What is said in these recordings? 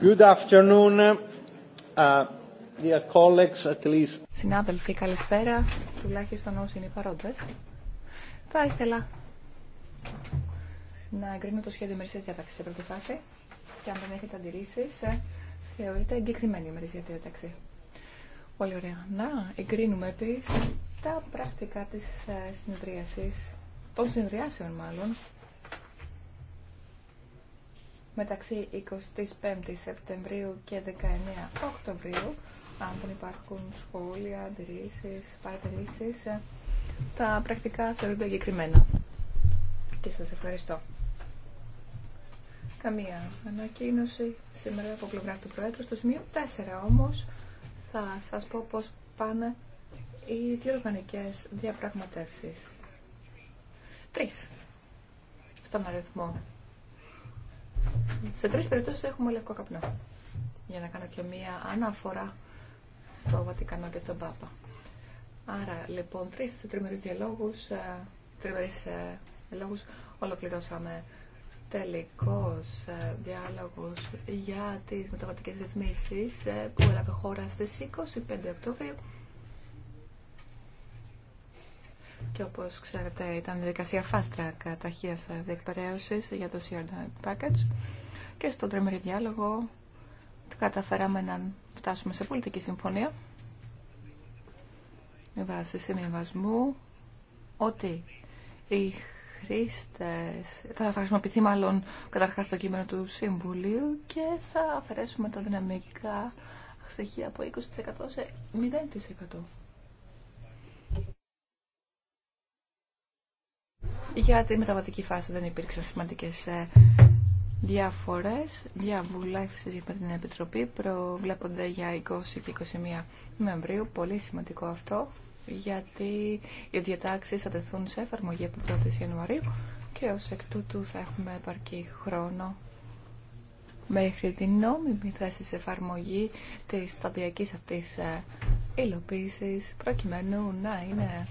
Good uh, Συνάδελφοι, καλησπέρα, τουλάχιστον όσοι είναι παρόντες. Θα ήθελα να εγκρίνω το σχέδιο ημερησίας διάταξης σε πρώτη φάση και αν δεν έχετε αντιρρήσεις, ε, θεωρείται εγκεκριμένη η ημερησία διάταξη. Πολύ ωραία. Να εγκρίνουμε επίσης τα πρακτικά της ε, συνεδρίασης, των συνεδριάσεων μάλλον, μεταξύ 25 Σεπτεμβρίου και 19 Οκτωβρίου. Αν δεν υπάρχουν σχόλια, αντιρρήσει, παρατηρήσει, τα πρακτικά θεωρούνται εγκεκριμένα. Και σα ευχαριστώ. Καμία ανακοίνωση σήμερα από πλευρά του Προέδρου. Στο σημείο 4 όμω θα σα πω πώ πάνε οι διοργανικέ διαπραγματεύσει. Τρει στον αριθμό σε τρεις περιπτώσεις έχουμε λευκό καπνό. Για να κάνω και μία αναφορά στο Βατικανό και στον Πάπα. Άρα, λοιπόν, τρεις τριμερείς διαλόγους, ε, τριμερείς ε, διαλόγους ολοκληρώσαμε τελικός ε, διάλογος για τις μεταβατικές ρυθμίσει που έλαβε χώρα στις 25 Οκτωβρίου Και όπω ξέρετε ήταν διαδικασία fast track ταχεία διεκπαιρέωση για το CRD package και στον τρεμερή διάλογο καταφέραμε να φτάσουμε σε πολιτική συμφωνία με βάση συμβιβασμού ότι οι χρήστες θα χρησιμοποιηθεί μάλλον καταρχάς το κείμενο του Συμβουλίου και θα αφαιρέσουμε τα δυναμικά στοιχεία από 20% σε 0%. Για τη μεταβατική φάση δεν υπήρξαν σημαντικές ε, διαφορές. Διαβουλεύσει για την Επιτροπή προβλέπονται για 20 και 21 Νοεμβρίου. Πολύ σημαντικό αυτό γιατί οι διατάξει θα τεθούν σε εφαρμογή από 1η Ιανουαρίου και ω εκ τούτου θα έχουμε επαρκή χρόνο μέχρι την νόμιμη θέση σε εφαρμογή της σταδιακής αυτής ε, υλοποίησης προκειμένου να είναι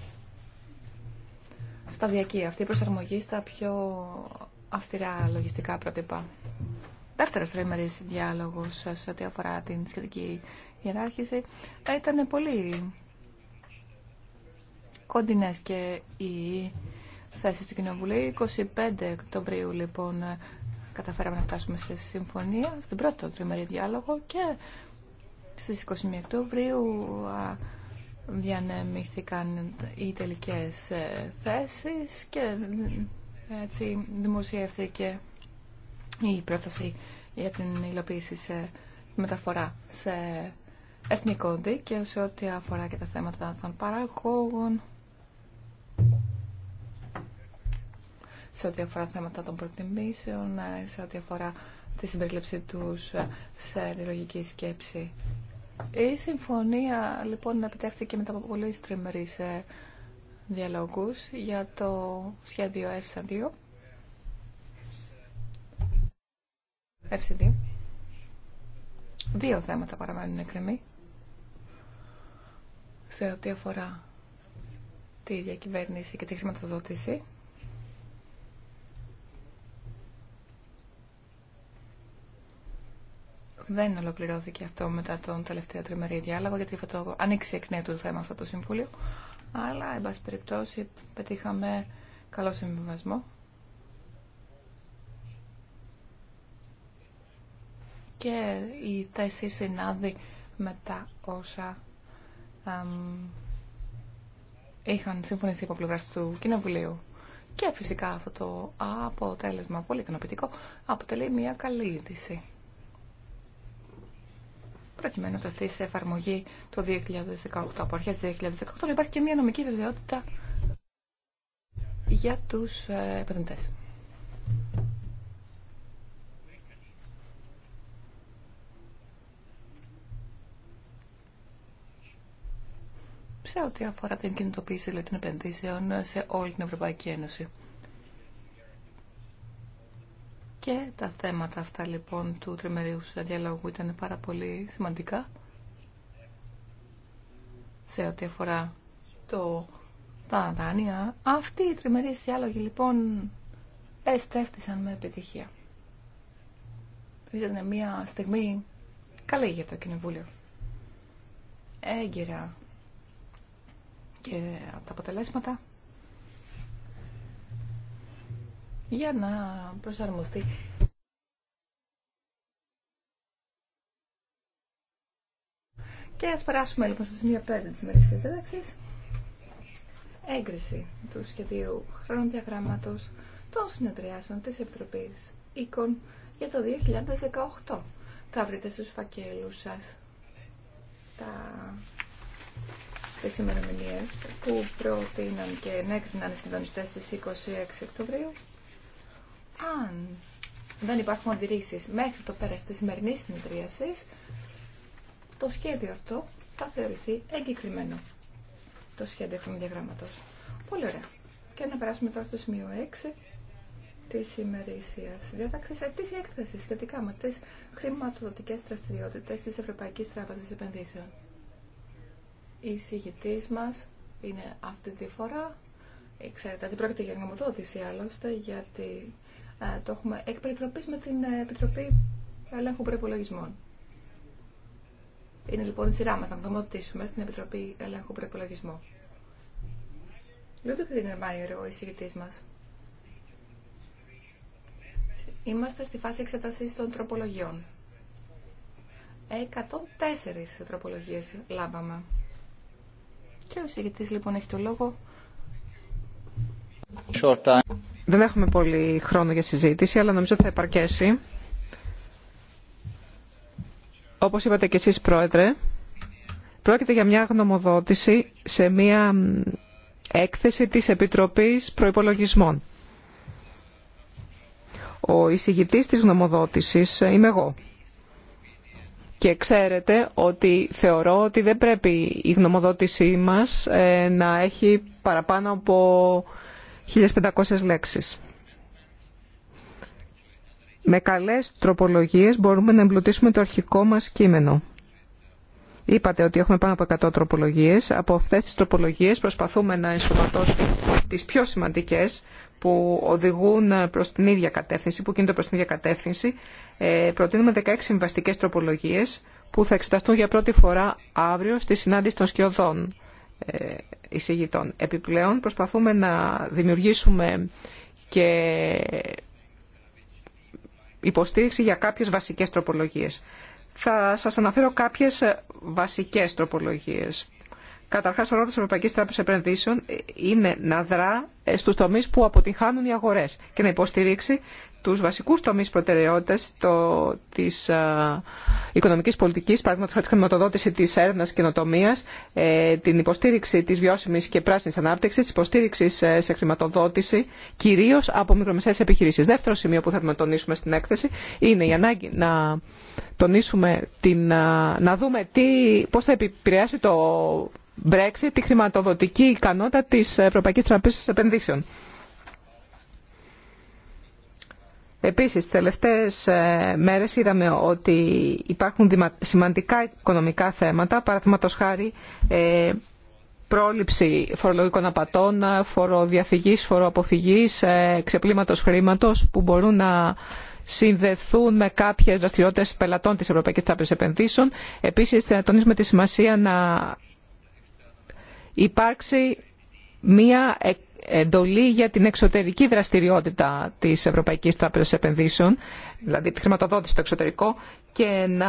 σταδιακή αυτή η προσαρμογή στα πιο αυστηρά λογιστικά πρότυπα. Δεύτερο τρίμερη διάλογο σε ό,τι αφορά την σχετική ιεράρχηση ήταν πολύ κοντινέ και οι θέσει του Κοινοβουλίου. 25 Οκτωβρίου λοιπόν καταφέραμε να φτάσουμε σε συμφωνία, στην πρώτο τριμερή διάλογο και στις 21 Οκτωβρίου διανεμήθηκαν οι τελικές ε, θέσεις και ε, έτσι δημοσιεύθηκε η πρόταση για την υλοποίηση σε μεταφορά σε εθνικό δίκαιο σε ό,τι αφορά και τα θέματα των παραγόγων σε ό,τι αφορά θέματα των προτιμήσεων ε, σε ό,τι αφορά τη συμπερίληψη τους σε λογική σκέψη η συμφωνία λοιπόν επιτεύχθηκε μετά από πολλοί σε διαλόγους για το σχεδιο ΕΦΣΑ FC2. Δύο θέματα παραμένουν εκκρεμή σε ό,τι αφορά τη διακυβέρνηση και τη χρηματοδότηση δεν ολοκληρώθηκε αυτό μετά τον τελευταίο τριμερή διάλογο, γιατί θα το ανοίξει εκ νέου το θέμα αυτό το Συμβούλιο. Αλλά, εν πάση περιπτώσει, πετύχαμε καλό συμβιβασμό. Και η θέση συνάδει με τα όσα είχαν συμφωνηθεί από πλευρά του Κοινοβουλίου. Και φυσικά αυτό το αποτέλεσμα, πολύ ικανοποιητικό, αποτελεί μια καλή είδηση προκειμένου να τεθεί σε εφαρμογή το 2018. Από αρχές 2018 υπάρχει και μια νομική βεβαιότητα για τους ε, επενδυτές. σε ό,τι αφορά την κινητοποίηση των επενδύσεων σε όλη την Ευρωπαϊκή Ένωση. Και τα θέματα αυτά λοιπόν του τριμερίου διαλόγου ήταν πάρα πολύ σημαντικά σε ό,τι αφορά το, τα δάνεια. Αυτοί οι τριμερείς διάλογοι λοιπόν εστέφτησαν με επιτυχία. Ήταν μια στιγμή καλή για το Κοινοβούλιο. Έγκυρα και τα αποτελέσματα για να προσαρμοστεί. Και ας περάσουμε λοιπόν στο σημείο 5 της μερικής Έγκριση του σχεδίου χρονοδιαγράμματος των συνεδριάσεων της Επιτροπής Οίκων για το 2018. Θα βρείτε στους φακέλους σας τα... τις ημερομηνίες που πρότειναν και ενέκριναν οι συντονιστές της 26 Οκτωβρίου αν δεν υπάρχουν αντιρρήσεις μέχρι το πέρας της σημερινής συνεδρίασης, το σχέδιο αυτό θα θεωρηθεί εγκεκριμένο. Το σχέδιο χρονοδιαγράμματος. Πολύ ωραία. Και να περάσουμε τώρα στο σημείο 6 της ημερήσιας διατάξης ε, της έκθεσης σχετικά με τις χρηματοδοτικές δραστηριότητε της Ευρωπαϊκής Τράπεζας Επενδύσεων. Η συγητή μα είναι αυτή τη φορά. Ξέρετε ότι πρόκειται για γνωμοδότηση άλλωστε, γιατί ε, το έχουμε εκπεριτροπής με την ε, Επιτροπή Ελέγχου Προπολογισμών. Είναι λοιπόν η σειρά μας να γνωμοτήσουμε στην Επιτροπή Ελέγχου Προπολογισμού. Λούτε Κρίνερ Μάιερ, ο εισηγητής μας. Είμαστε στη φάση εξετασής των τροπολογιών. 104 τροπολογίες λάβαμε. Και ο εισηγητής λοιπόν έχει το λόγο. Δεν έχουμε πολύ χρόνο για συζήτηση, αλλά νομίζω ότι θα επαρκέσει. Όπως είπατε και εσείς, Πρόεδρε, πρόκειται για μια γνωμοδότηση σε μια έκθεση της Επιτροπής Προϋπολογισμών. Ο εισηγητής της γνωμοδότησης είμαι εγώ. Και ξέρετε ότι θεωρώ ότι δεν πρέπει η γνωμοδότησή μας ε, να έχει παραπάνω από 1500 λέξεις. Με καλές τροπολογίες μπορούμε να εμπλουτίσουμε το αρχικό μας κείμενο. Είπατε ότι έχουμε πάνω από 100 τροπολογίες. Από αυτές τις τροπολογίες προσπαθούμε να ενσωματώσουμε τις πιο σημαντικές που οδηγούν προς την ίδια κατεύθυνση, που κινούνται προς την ίδια κατεύθυνση. Ε, προτείνουμε 16 συμβαστικές τροπολογίες που θα εξεταστούν για πρώτη φορά αύριο στη συνάντηση των σκιωδών εισηγητών. Επιπλέον προσπαθούμε να δημιουργήσουμε και υποστήριξη για κάποιες βασικές τροπολογίες. Θα σας αναφέρω κάποιες βασικές τροπολογίες. Καταρχάς, ο ρόλος της Ευρωπαϊκής Τράπεζας Επενδύσεων είναι να δρά στους τομείς που αποτυγχάνουν οι αγορές και να υποστηρίξει τους βασικούς τομείς προτεραιότητας το, της α, οικονομικής πολιτικής, παραδείγματος τη χρηματοδότηση της έρευνας και καινοτομίας, ε, την υποστήριξη της βιώσιμης και πράσινης ανάπτυξης, υποστήριξη σε, σε χρηματοδότηση, κυρίως από μικρομεσαίες επιχειρήσεις. Δεύτερο σημείο που θέλουμε να τονίσουμε στην έκθεση είναι η ανάγκη να τονίσουμε, την, να δούμε τι, πώς θα επηρεάσει το Brexit τη χρηματοδοτική ικανότητα της Ευρωπαϊκής Τραπέζας Επενδύσεων. Επίσης, τις τελευταίες ε, μέρες είδαμε ότι υπάρχουν σημαντικά οικονομικά θέματα, παραδείγματος χάρη ε, πρόληψη φορολογικών απατών, φοροδιαφυγής, φοροαποφυγής, ε, ξεπλήματος χρήματος που μπορούν να συνδεθούν με κάποιες δραστηριότητε πελατών της Ευρωπαϊκής Τράπεζα Επενδύσεων. Επίση, θα τονίσουμε τη σημασία να υπάρξει μία εντολή για την εξωτερική δραστηριότητα της Ευρωπαϊκής Τράπεζας Επενδύσεων, δηλαδή τη χρηματοδότηση στο εξωτερικό, και να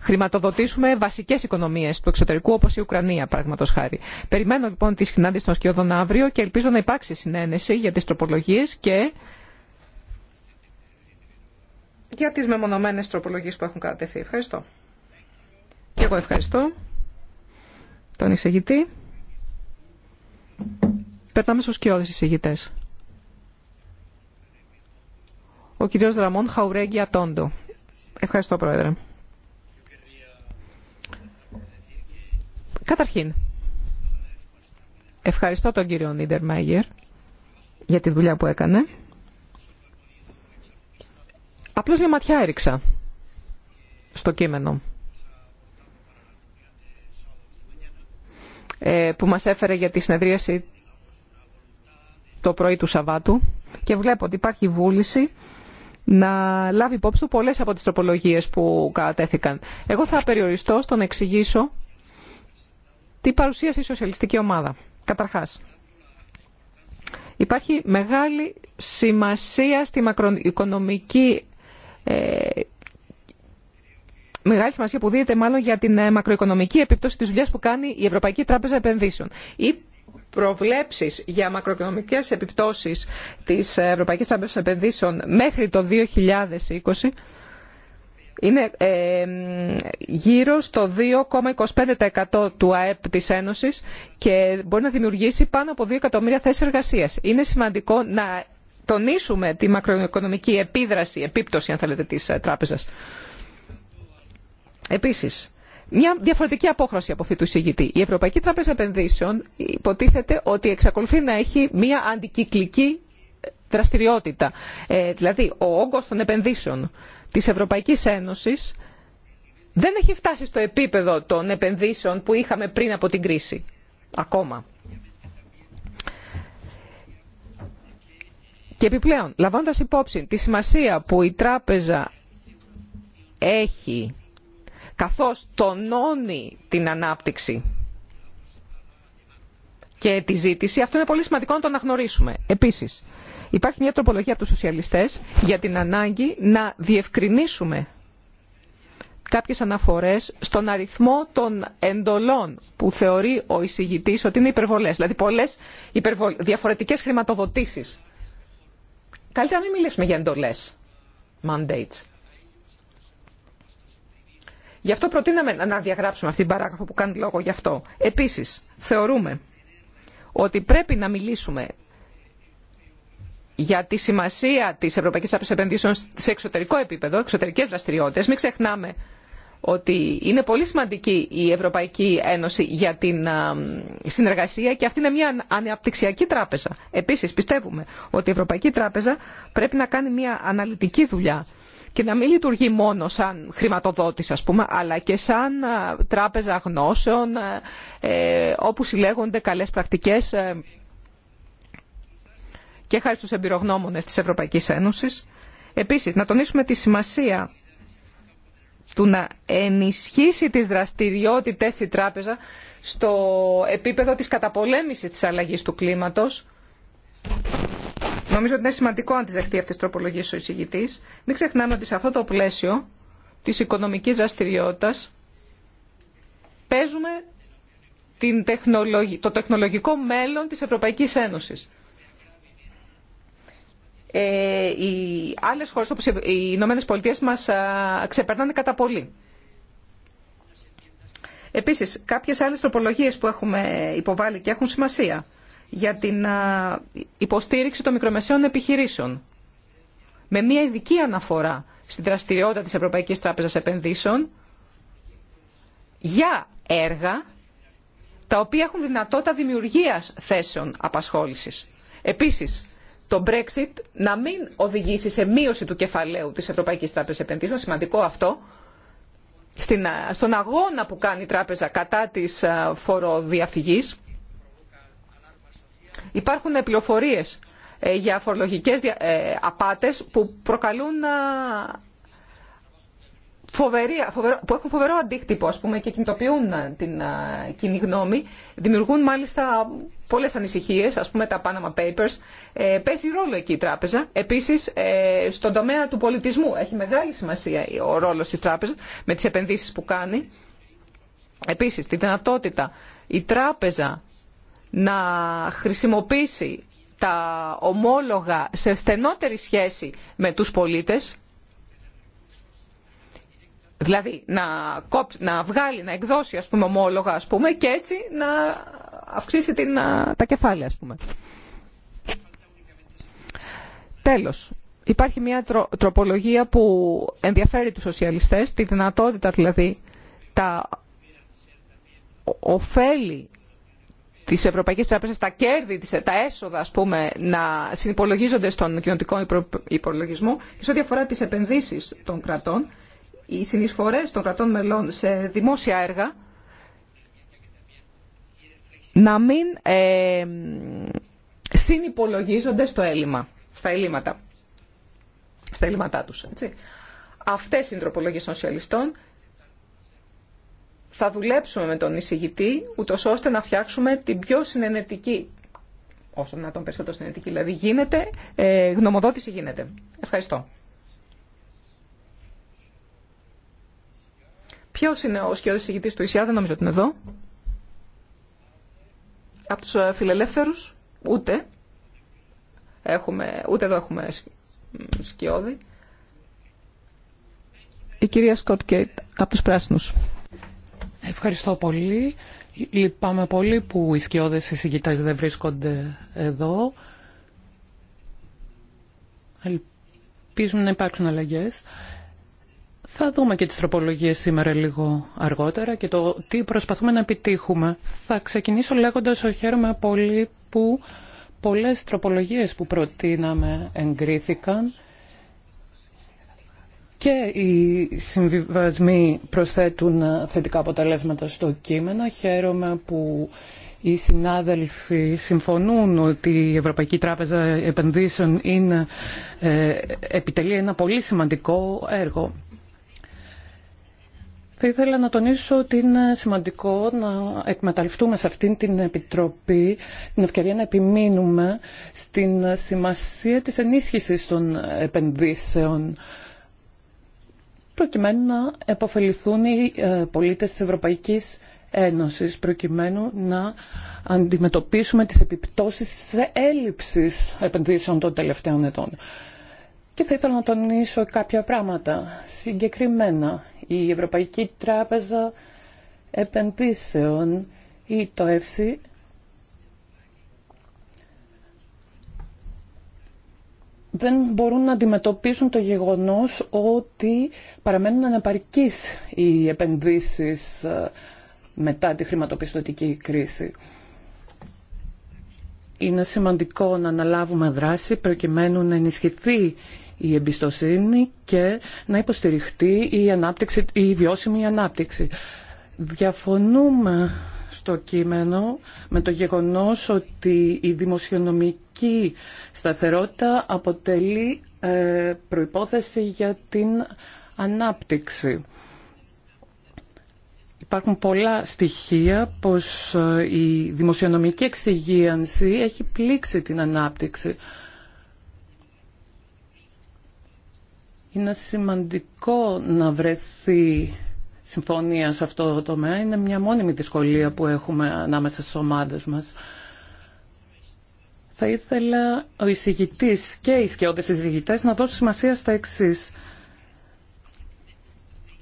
χρηματοδοτήσουμε βασικέ οικονομίε του εξωτερικού, όπω η Ουκρανία, παραδείγματο χάρη. Περιμένω λοιπόν τη συνάντηση των σκιωδών αύριο και ελπίζω να υπάρξει συνένεση για τι τροπολογίε και για τι μεμονωμένε τροπολογίε που έχουν κατατεθεί. Ευχαριστώ. Και εγώ ευχαριστώ τον εισηγητή. Περνάμε στους κοιόδες εισηγητές. Ο κύριος Ραμόν Χαουρέγγι Ατόντο. Ευχαριστώ, Πρόεδρε. Καταρχήν, ευχαριστώ τον κύριο Νίντερ Μάγερ για τη δουλειά που έκανε. Απλώς μια ματιά έριξα στο κείμενο. Ε, που μας έφερε για τη συνεδρίαση το πρωί του Σαββάτου και βλέπω ότι υπάρχει βούληση να λάβει υπόψη του πολλές από τις τροπολογίες που κατέθηκαν. Εγώ θα περιοριστώ στο να εξηγήσω τι παρουσίασε η σοσιαλιστική ομάδα. Καταρχάς, υπάρχει μεγάλη σημασία στη μακροοικονομική ε, μεγάλη σημασία που δίνεται μάλλον για την ε, μακροοικονομική επίπτωση της δουλειάς που κάνει η Ευρωπαϊκή Τράπεζα Επενδύσεων. Οι προβλέψεις για μακροοικονομικές επιπτώσεις της ε, Ευρωπαϊκής Τράπεζας Επενδύσεων μέχρι το 2020 είναι ε, γύρω στο 2,25% του ΑΕΠ της Ένωσης και μπορεί να δημιουργήσει πάνω από 2 εκατομμύρια θέσεις εργασίας. Είναι σημαντικό να τονίσουμε τη μακροοικονομική επίδραση, επίπτωση αν θέλετε, της τράπεζας. Επίσης, μια διαφορετική απόχρωση από αυτή του εισηγητή. Η Ευρωπαϊκή Τράπεζα Επενδύσεων υποτίθεται ότι εξακολουθεί να έχει μια αντικυκλική δραστηριότητα. Ε, δηλαδή, ο όγκος των επενδύσεων της Ευρωπαϊκής Ένωσης δεν έχει φτάσει στο επίπεδο των επενδύσεων που είχαμε πριν από την κρίση. Ακόμα. Και επιπλέον, λαμβάνοντας υπόψη τη σημασία που η τράπεζα έχει καθώς τονώνει την ανάπτυξη και τη ζήτηση, αυτό είναι πολύ σημαντικό να το αναγνωρίσουμε. Επίσης, υπάρχει μια τροπολογία από τους σοσιαλιστές για την ανάγκη να διευκρινίσουμε κάποιες αναφορές στον αριθμό των εντολών που θεωρεί ο εισηγητής ότι είναι υπερβολές, δηλαδή πολλές υπερβολ... διαφορετικές χρηματοδοτήσεις. Καλύτερα να μην μιλήσουμε για εντολές, mandates. Γι' αυτό προτείναμε να διαγράψουμε αυτή την παράγραφο που κάνει λόγο γι' αυτό. Επίσης, θεωρούμε ότι πρέπει να μιλήσουμε για τη σημασία της Ευρωπαϊκή Τράπεζα Επενδύσεων σε εξωτερικό επίπεδο, εξωτερικέ δραστηριότητες. Μην ξεχνάμε ότι είναι πολύ σημαντική η Ευρωπαϊκή Ένωση για την συνεργασία και αυτή είναι μια αναπτυξιακή τράπεζα. Επίσης πιστεύουμε ότι η Ευρωπαϊκή Τράπεζα πρέπει να κάνει μια αναλυτική δουλειά και να μην λειτουργεί μόνο σαν χρηματοδότης ας πούμε, αλλά και σαν τράπεζα γνώσεων ε, όπου συλλέγονται καλές πρακτικές ε, και χάρη στους εμπειρογνώμονες της Ευρωπαϊκής Ένωσης. Επίσης, να τονίσουμε τη σημασία του να ενισχύσει τις δραστηριότητες η τράπεζα στο επίπεδο της καταπολέμησης της αλλαγής του κλίματος. Νομίζω ότι είναι σημαντικό να τις δεχτεί αυτές τις τροπολογίες ο εισηγητής. Μην ξεχνάμε ότι σε αυτό το πλαίσιο της οικονομικής δραστηριότητα παίζουμε την το τεχνολογικό μέλλον της Ευρωπαϊκής Ένωσης. Ε, οι άλλε χώρε όπω οι Ηνωμένε Πολιτείε μας ξεπερνάνε κατά πολύ. Επίση, κάποιε άλλε τροπολογίε που έχουμε υποβάλει και έχουν σημασία για την υποστήριξη των μικρομεσαίων επιχειρήσεων με μια ειδική αναφορά στην δραστηριότητα της Ευρωπαϊκής Τράπεζας Επενδύσεων για έργα τα οποία έχουν δυνατότητα δημιουργίας θέσεων απασχόλησης. Επίσης, το Brexit να μην οδηγήσει σε μείωση του κεφαλαίου της Ευρωπαϊκής Τράπεζας Επενδύσεων, σημαντικό αυτό, στον αγώνα που κάνει η τράπεζα κατά της φοροδιαφυγής. Υπάρχουν πληροφορίες ε, για φορολογικές ε, απάτες που προκαλούν που έχουν φοβερό αντίκτυπο ας και κινητοποιούν ε, την ε, κοινή γνώμη, δημιουργούν μάλιστα πολλέ ανησυχίε, α πούμε τα Panama Papers. Ε, παίζει ρόλο εκεί η τράπεζα. Επίση, στον τομέα του πολιτισμού έχει μεγάλη σημασία ο ρόλο τη τράπεζα με τι επενδύσει που κάνει. Επίση, τη δυνατότητα η τράπεζα να χρησιμοποιήσει τα ομόλογα σε στενότερη σχέση με τους πολίτες Δηλαδή να, να βγάλει, να εκδώσει ας πούμε ομόλογα ας πούμε και έτσι να αυξήσει την, τα κεφάλαια ας πούμε. Τέλος, υπάρχει μια τροπολογία που ενδιαφέρει τους σοσιαλιστές, τη δυνατότητα δηλαδή τα ωφέλη τη Ευρωπαϊκή Τράπεζα, τα κέρδη, τα έσοδα, ας πούμε, να συνυπολογίζονται στον κοινοτικό υπολογισμό και σε ό,τι αφορά τι επενδύσει των κρατών, οι συνεισφορές των κρατών μελών σε δημόσια έργα να μην ε, συνυπολογίζονται στο έλλειμμα, στα ελλείμματα, στα ελλείμματά τους. Έτσι. Αυτές οι τροπολογίες των σοσιαλιστών θα δουλέψουμε με τον εισηγητή, ούτω ώστε να φτιάξουμε την πιο συνενετική, όσο να τον περισσότερο συνενετική δηλαδή γίνεται, ε, γνωμοδότηση γίνεται. Ευχαριστώ. Ποιο είναι ο σκιώδη ηγητή του ΙΣΙΑ, δεν νομίζω ότι είναι εδώ. Από του ε, φιλελεύθερου, ούτε. Έχουμε, ούτε εδώ έχουμε σκιώδη. Η κυρία Σκοτ Κέιτ από τους Πράσινους. Ευχαριστώ πολύ. Λυπάμαι πολύ που οι σκιώδε εισηγητές δεν βρίσκονται εδώ. Ελπίζουμε να υπάρξουν αλλαγές. Θα δούμε και τις τροπολογίες σήμερα λίγο αργότερα και το τι προσπαθούμε να επιτύχουμε. Θα ξεκινήσω λέγοντας ότι χαίρομαι πολύ που πολλές τροπολογίες που προτείναμε εγκρίθηκαν και οι συμβιβασμοί προσθέτουν θετικά αποτελέσματα στο κείμενο. Χαίρομαι που οι συνάδελφοι συμφωνούν ότι η Ευρωπαϊκή Τράπεζα Επενδύσεων ε, επιτελεί ένα πολύ σημαντικό έργο. Θα ήθελα να τονίσω ότι είναι σημαντικό να εκμεταλλευτούμε σε αυτήν την Επιτροπή την ευκαιρία να επιμείνουμε στην σημασία της ενίσχυσης των επενδύσεων προκειμένου να επωφεληθούν οι ε, πολίτες της Ευρωπαϊκής Ένωσης προκειμένου να αντιμετωπίσουμε τις επιπτώσεις της έλλειψης επενδύσεων των τελευταίων ετών. Και θα ήθελα να τονίσω κάποια πράγματα συγκεκριμένα η Ευρωπαϊκή Τράπεζα Επενδύσεων ή το ΕΦΣΥ δεν μπορούν να αντιμετωπίσουν το γεγονός ότι παραμένουν αναπαρκείς οι επενδύσεις ε, μετά τη χρηματοπιστωτική κρίση. Είναι σημαντικό να αναλάβουμε δράση προκειμένου να ενισχυθεί η εμπιστοσύνη και να υποστηριχτεί η, ανάπτυξη, η βιώσιμη ανάπτυξη. Διαφωνούμε στο κείμενο με το γεγονός ότι η δημοσιονομική σταθερότητα αποτελεί ε, προϋπόθεση για την ανάπτυξη. Υπάρχουν πολλά στοιχεία πως ε, η δημοσιονομική εξυγίανση έχει πλήξει την ανάπτυξη. Είναι σημαντικό να βρεθεί συμφωνία σε αυτό το τομέα. Είναι μια μόνιμη δυσκολία που έχουμε ανάμεσα στις ομάδες μας. Θα ήθελα ο εισηγητής και οι σκιώδες εισηγητές να δώσουν σημασία στα εξή.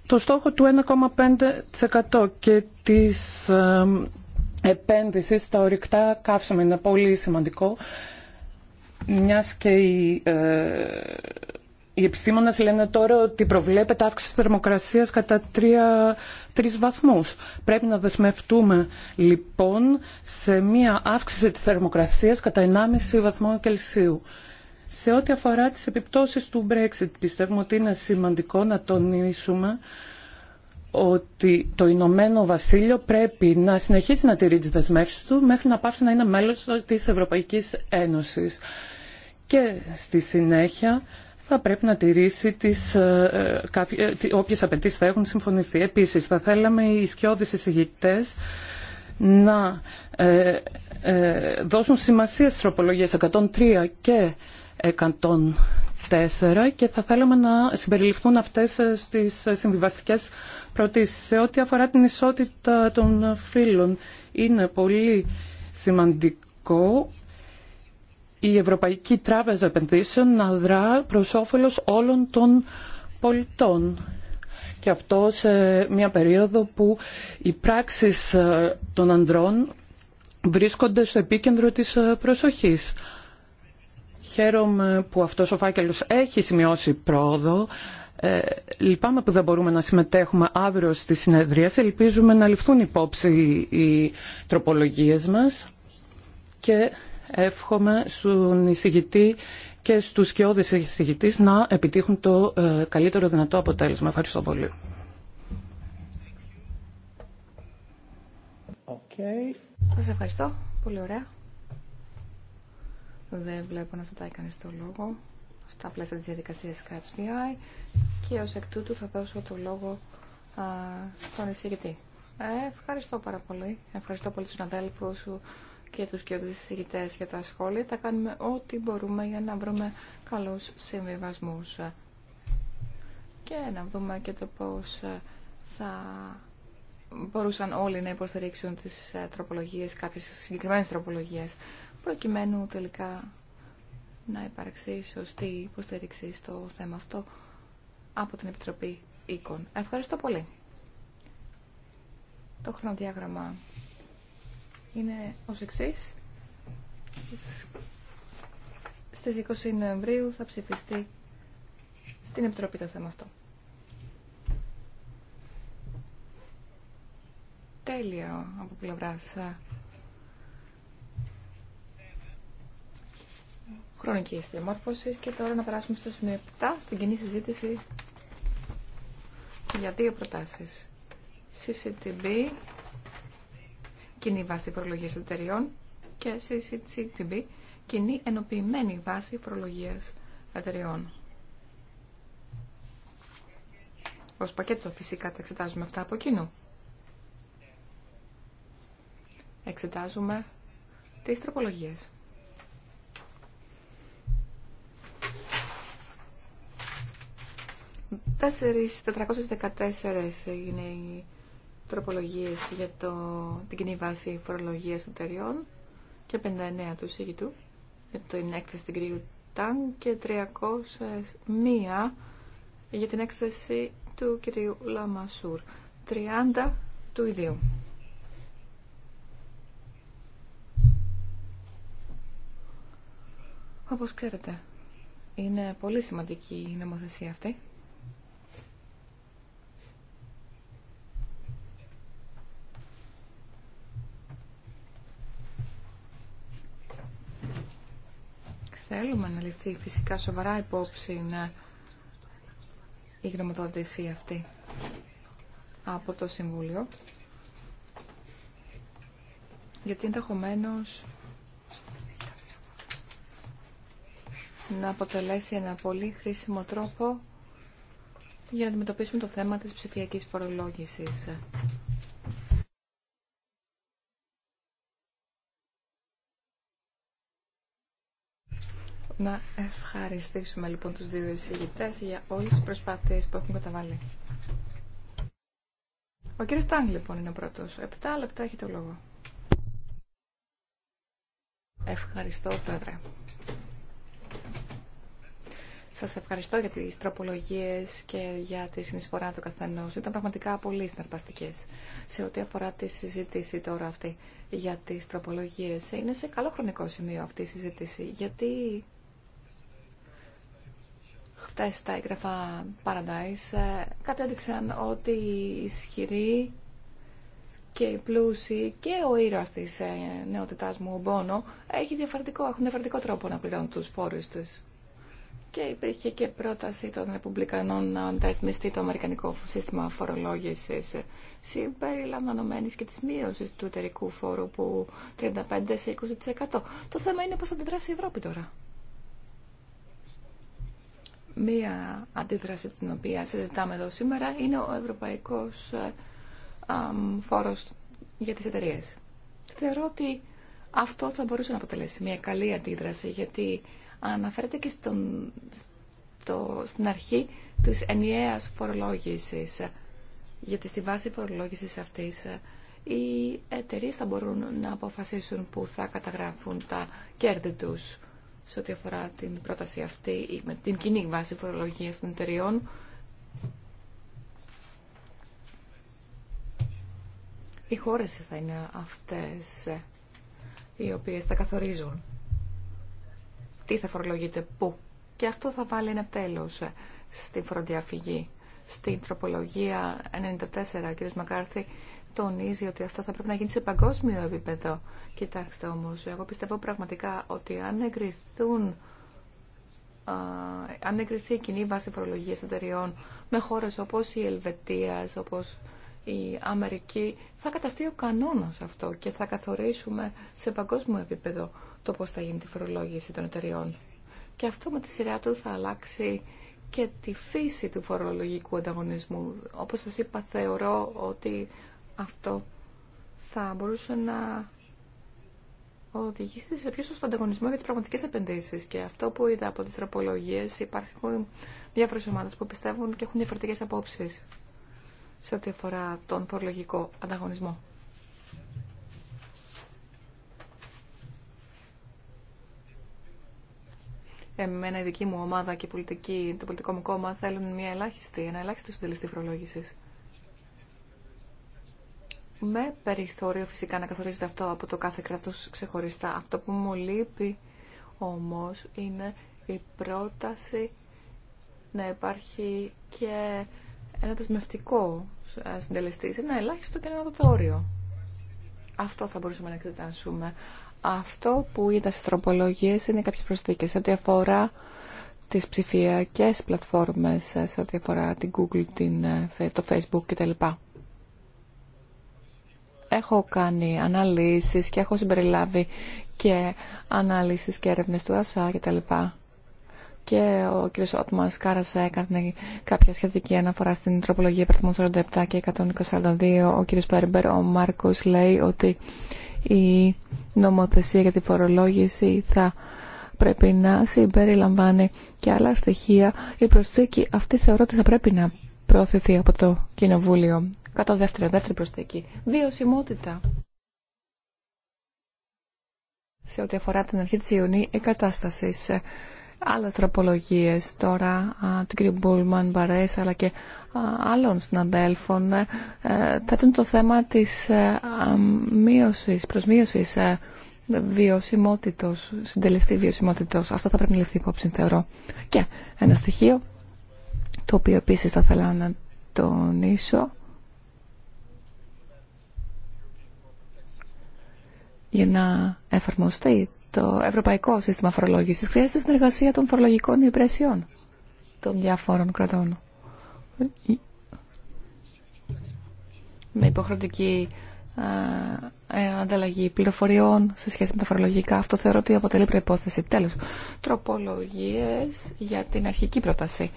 Το στόχο του 1,5% και της επένδυσης στα ορυκτά καύσιμα είναι πολύ σημαντικό μιας και η ε, οι επιστήμονες λένε τώρα ότι προβλέπεται αύξηση θερμοκρασίας κατά 3, βαθμού. βαθμούς. Πρέπει να δεσμευτούμε λοιπόν σε μία αύξηση της θερμοκρασίας κατά 1,5 βαθμό Κελσίου. Σε ό,τι αφορά τις επιπτώσεις του Brexit, πιστεύουμε ότι είναι σημαντικό να τονίσουμε ότι το Ηνωμένο Βασίλειο πρέπει να συνεχίσει να τηρεί τις δεσμεύσεις του μέχρι να πάψει να είναι μέλος της Ευρωπαϊκής Ένωσης. Και στη συνέχεια θα πρέπει να τηρήσει τις, απαιτήσει ε, ε, ε, όποιες απαιτήσεις θα έχουν συμφωνηθεί. Επίσης, θα θέλαμε οι σκιώδεις εισηγητές να δώσουν σημασία στις τροπολογίες 103 και 104 και θα θέλαμε να συμπεριληφθούν αυτές στις συμβιβαστικές προτίσεις. Σε ό,τι αφορά την ισότητα των φύλων είναι πολύ σημαντικό η Ευρωπαϊκή Τράπεζα Επενδύσεων να δρά προς όφελος όλων των πολιτών. Και αυτό σε μια περίοδο που οι πράξεις ε, των ανδρών βρίσκονται στο επίκεντρο της ε, προσοχής. Χαίρομαι που αυτός ο φάκελος έχει σημειώσει πρόοδο. Ε, λυπάμαι που δεν μπορούμε να συμμετέχουμε αύριο στη συνεδρία. Ελπίζουμε να ληφθούν υπόψη οι τροπολογίες μας και εύχομαι στον εισηγητή και στους σκιώδες εισηγητής να επιτύχουν το ε, καλύτερο δυνατό αποτέλεσμα. Ευχαριστώ πολύ. Okay. Σας ευχαριστώ. Πολύ ωραία. Δεν βλέπω να ζητάει κανείς το λόγο στα πλαίσια της διαδικασίας CatchDI και ως εκ τούτου θα δώσω το λόγο α, στον εισηγητή. Ε, ευχαριστώ πάρα πολύ. Ευχαριστώ πολύ τους συναδέλφους και τους κοιοδησυγητές για τα σχόλια. Θα κάνουμε ό,τι μπορούμε για να βρούμε καλούς συμβιβασμούς και να δούμε και το πώς ε, θα μπορούσαν όλοι να υποστηρίξουν τις ε, τροπολογίες, κάποιες συγκεκριμένες τροπολογίες, προκειμένου τελικά να υπάρξει σωστή υποστήριξη στο θέμα αυτό από την Επιτροπή Οίκων. Ευχαριστώ πολύ. Το χρονοδιάγραμμα είναι ως εξή. Στις 20 Νοεμβρίου θα ψηφιστεί στην Επιτροπή το θέμα αυτό. Τέλειο από πλευράς χρονική διαμόρφωση και τώρα να περάσουμε στο σημείο 7 στην κοινή συζήτηση για δύο προτάσεις. CCTB κοινή βάση φορολογίας εταιρεών και CCTB, κοινή ενοποιημένη βάση φορολογίας εταιρεών. Ω πακέτο φυσικά τα εξετάζουμε αυτά από κοινού. Εξετάζουμε τις τροπολογίες. Τέσσερις, 414 είναι οι τροπολογίες για το, την κοινή βάση φορολογίας εταιριών και 59 του ΣΥΓΙΤΟΥ για την έκθεση στην κυρίου Τάν και 301 για την έκθεση του κυρίου Λαμασούρ. 30 του ιδίου. Όπως ξέρετε, είναι πολύ σημαντική η νομοθεσία αυτή. Θέλουμε να ληφθεί φυσικά σοβαρά υπόψη ε, η γνωμοδότηση αυτή από το Συμβούλιο γιατί ενδεχομένω να αποτελέσει ένα πολύ χρήσιμο τρόπο για να αντιμετωπίσουμε το θέμα της ψηφιακής φορολόγησης. Να ευχαριστήσουμε λοιπόν τους δύο εισηγητές για όλες τις προσπάθειες που έχουν καταβάλει. Ο κύριος Τάνγκ, λοιπόν είναι ο πρώτος. Επτά λεπτά έχει το λόγο. Ευχαριστώ πρόεδρε. Σας ευχαριστώ για τις τροπολογίες και για τη συνεισφορά του καθενός. Ήταν πραγματικά πολύ συναρπαστικές σε ό,τι αφορά τη συζήτηση τώρα αυτή για τις τροπολογίες. Είναι σε καλό χρονικό σημείο αυτή η συζήτηση, γιατί Χτες τα έγγραφα Paradise ε, κατέδειξαν ότι οι ισχυροί και οι πλούσιοι και ο ήρωας της ε, νεότητάς μου, ο Μπόνο, έχει διαφορετικό, έχουν διαφορετικό τρόπο να πληρώνουν τους φόρους τους. Και υπήρχε και πρόταση των Ρεπουμπλικανών να μεταρρυθμιστεί το Αμερικανικό σύστημα φορολόγησης ε, συμπεριλαμβανομένης και της μείωσης του εταιρικού φόρου που 35 σε 20%. Το θέμα είναι πώς αντιδράσει η Ευρώπη τώρα μία αντίδραση την οποία συζητάμε εδώ σήμερα είναι ο ευρωπαϊκός ε, φόρος για τις εταιρείε. Θεωρώ ότι αυτό θα μπορούσε να αποτελέσει μια καλή αντίδραση γιατί αναφέρεται και στον, στην αρχή της ενιαίας φορολόγησης γιατί στη βάση φορολόγησης αυτής ε, οι εταιρείε θα μπορούν να αποφασίσουν που θα καταγράφουν τα κέρδη τους σε ό,τι αφορά την πρόταση αυτή με την κοινή βάση φορολογίας των εταιριών. Οι χώρες θα είναι αυτές ε, οι οποίες θα καθορίζουν τι θα φορολογείται πού. Και αυτό θα βάλει ένα τέλος ε, στην φοροδιαφυγή. Στην τροπολογία 94, κ. Μακάρθη, τονίζει ότι αυτό θα πρέπει να γίνει σε παγκόσμιο επίπεδο. Κοιτάξτε όμως, εγώ πιστεύω πραγματικά ότι αν εγκριθούν αν εγκριθεί η κοινή βάση φορολογία εταιριών με χώρες όπως η Ελβετία, όπως η Αμερική, θα καταστεί ο κανόνας αυτό και θα καθορίσουμε σε παγκόσμιο επίπεδο το πώς θα γίνει τη φορολόγηση των εταιριών. Και αυτό με τη σειρά του θα αλλάξει και τη φύση του φορολογικού ανταγωνισμού. Όπως σας είπα, θεωρώ ότι αυτό θα μπορούσε να οδηγήσει σε πιο σωστό ανταγωνισμό για τις πραγματικές επενδύσει. Και αυτό που είδα από τι τροπολογίε: υπάρχουν διάφορε ομάδε που πιστεύουν και έχουν διαφορετικές απόψεις σε ό,τι αφορά τον φορολογικό ανταγωνισμό. Εμένα η δική μου ομάδα και πολιτική, το πολιτικό μου κόμμα θέλουν μια ελάχιστη, ένα ελάχιστο συντελεστή φορολόγηση με περιθώριο φυσικά να καθορίζεται αυτό από το κάθε κράτος ξεχωριστά. Αυτό που μου λείπει όμως είναι η πρόταση να υπάρχει και ένα δεσμευτικό ε, συντελεστή, ένα ελάχιστο και ένα δωτόριο. Αυτό θα μπορούσαμε να εξετάσουμε. Αυτό που είδα στις τροπολογίες είναι κάποιες προσθήκες σε ό,τι αφορά τις ψηφιακές πλατφόρμες, ε, σε ό,τι αφορά την Google, την, ε, το Facebook κτλ έχω κάνει αναλύσεις και έχω συμπεριλάβει και αναλύσεις και έρευνες του ΑΣΑ κτλ. Και ο κ. Ότμας Κάρας έκανε κάποια σχετική αναφορά στην τροπολογία υπερθυμών 47 και 142. Ο κ. Φέρμπερ, ο Μάρκος, λέει ότι η νομοθεσία για τη φορολόγηση θα πρέπει να συμπεριλαμβάνει και άλλα στοιχεία. Η προσθήκη αυτή θεωρώ ότι θα πρέπει να προωθηθεί από το Κοινοβούλιο. Κατά δεύτερο, δεύτερη προσθήκη. Βιωσιμότητα. Σε ό,τι αφορά την αρχή της Ιουνίου σε Άλλες τροπολογίες τώρα του κ. Μπούλμαν, Μπαρές αλλά και α, άλλων συναντέλφων, ε, ε, θέτουν το θέμα της ε, μείωσης, προσμείωσης ε, βιωσιμότητος, συντελεστή βιωσιμότητος. Αυτό θα πρέπει να λεφθεί υπόψη, θεωρώ. Και ένα στοιχείο το οποίο επίσης θα ήθελα να τονίσω για να εφαρμοστεί το ευρωπαϊκό σύστημα φορολόγηση, χρειάζεται συνεργασία των φορολογικών υπηρεσιών των διάφορων κρατών. Με υποχρεωτική ε, ε, ανταλλαγή πληροφοριών σε σχέση με τα φορολογικά. Αυτό θεωρώ ότι αποτελεί προπόθεση. τέλο. τροπολογίες για την αρχική πρόταση.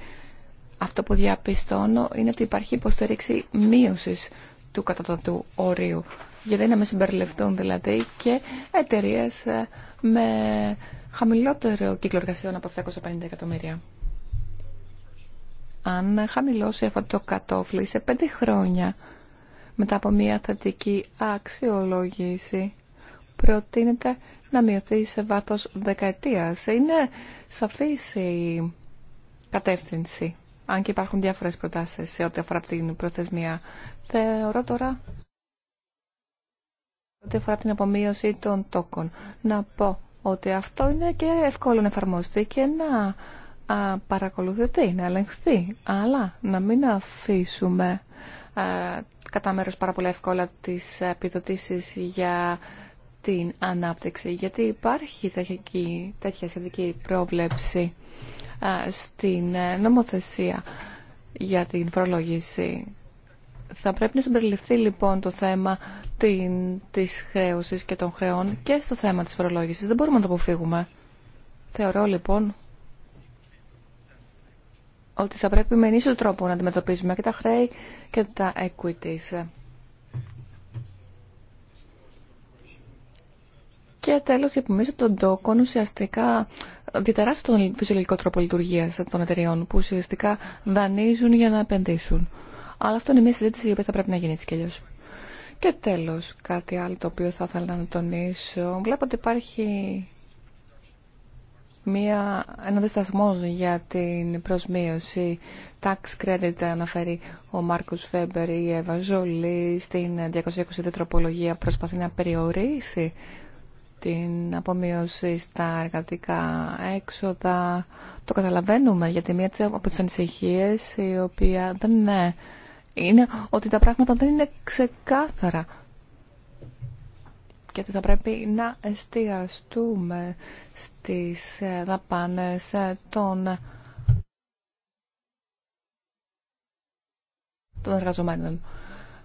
Αυτό που διαπιστώνω είναι ότι υπάρχει υποστήριξη μείωση του κατατατού ορίου γιατί να με συμπεριληφθούν δηλαδή και εταιρείε ε, με χαμηλότερο κύκλο εργασιών από 750 εκατομμύρια. Αν χαμηλώσει αυτό το κατόφλι σε πέντε χρόνια μετά από μια θετική αξιολόγηση προτείνεται να μειωθεί σε βάθος δεκαετίας. Είναι σαφής η κατεύθυνση, αν και υπάρχουν διάφορες προτάσεις σε ό,τι αφορά την προθεσμία. Θεωρώ τώρα Ό,τι αφορά την απομείωση των τόκων. Να πω ότι αυτό είναι και εύκολο να εφαρμοστεί και να α, να ελεγχθεί. Αλλά να μην αφήσουμε α, κατά μέρος πάρα πολύ εύκολα τις επιδοτήσεις για την ανάπτυξη. Γιατί υπάρχει τέτοια, τέτοια σχετική πρόβλεψη α, στην ε, νομοθεσία για την προλόγηση θα πρέπει να συμπεριληφθεί λοιπόν το θέμα την, της χρέωσης και των χρεών και στο θέμα της φορολόγησης. Δεν μπορούμε να το αποφύγουμε. Θεωρώ λοιπόν ότι θα πρέπει με ενίσχυο τρόπο να αντιμετωπίζουμε και τα χρέη και τα equities. Και τέλος, υπομίζω τον τόκων, ουσιαστικά διαταράσσει τον φυσιολογικό τρόπο λειτουργίας των εταιριών που ουσιαστικά δανείζουν για να επενδύσουν. Αλλά αυτό είναι μια συζήτηση η οποία θα πρέπει να γίνει έτσι κι αλλιώ. Και τέλο, κάτι άλλο το οποίο θα ήθελα να τονίσω. Βλέπω ότι υπάρχει μια, ένα διστασμό για την προσμείωση. Tax credit αναφέρει ο Μάρκο Φέμπερ, η η Εύα Ζολή, στην 220 τροπολογία προσπαθεί να περιορίσει την απομείωση στα εργατικά έξοδα. Το καταλαβαίνουμε γιατί μία από τις ανησυχίες η οποία δεν είναι είναι ότι τα πράγματα δεν είναι ξεκάθαρα και ότι θα πρέπει να εστιαστούμε στις ε, δαπάνες ε, των, των εργαζομένων.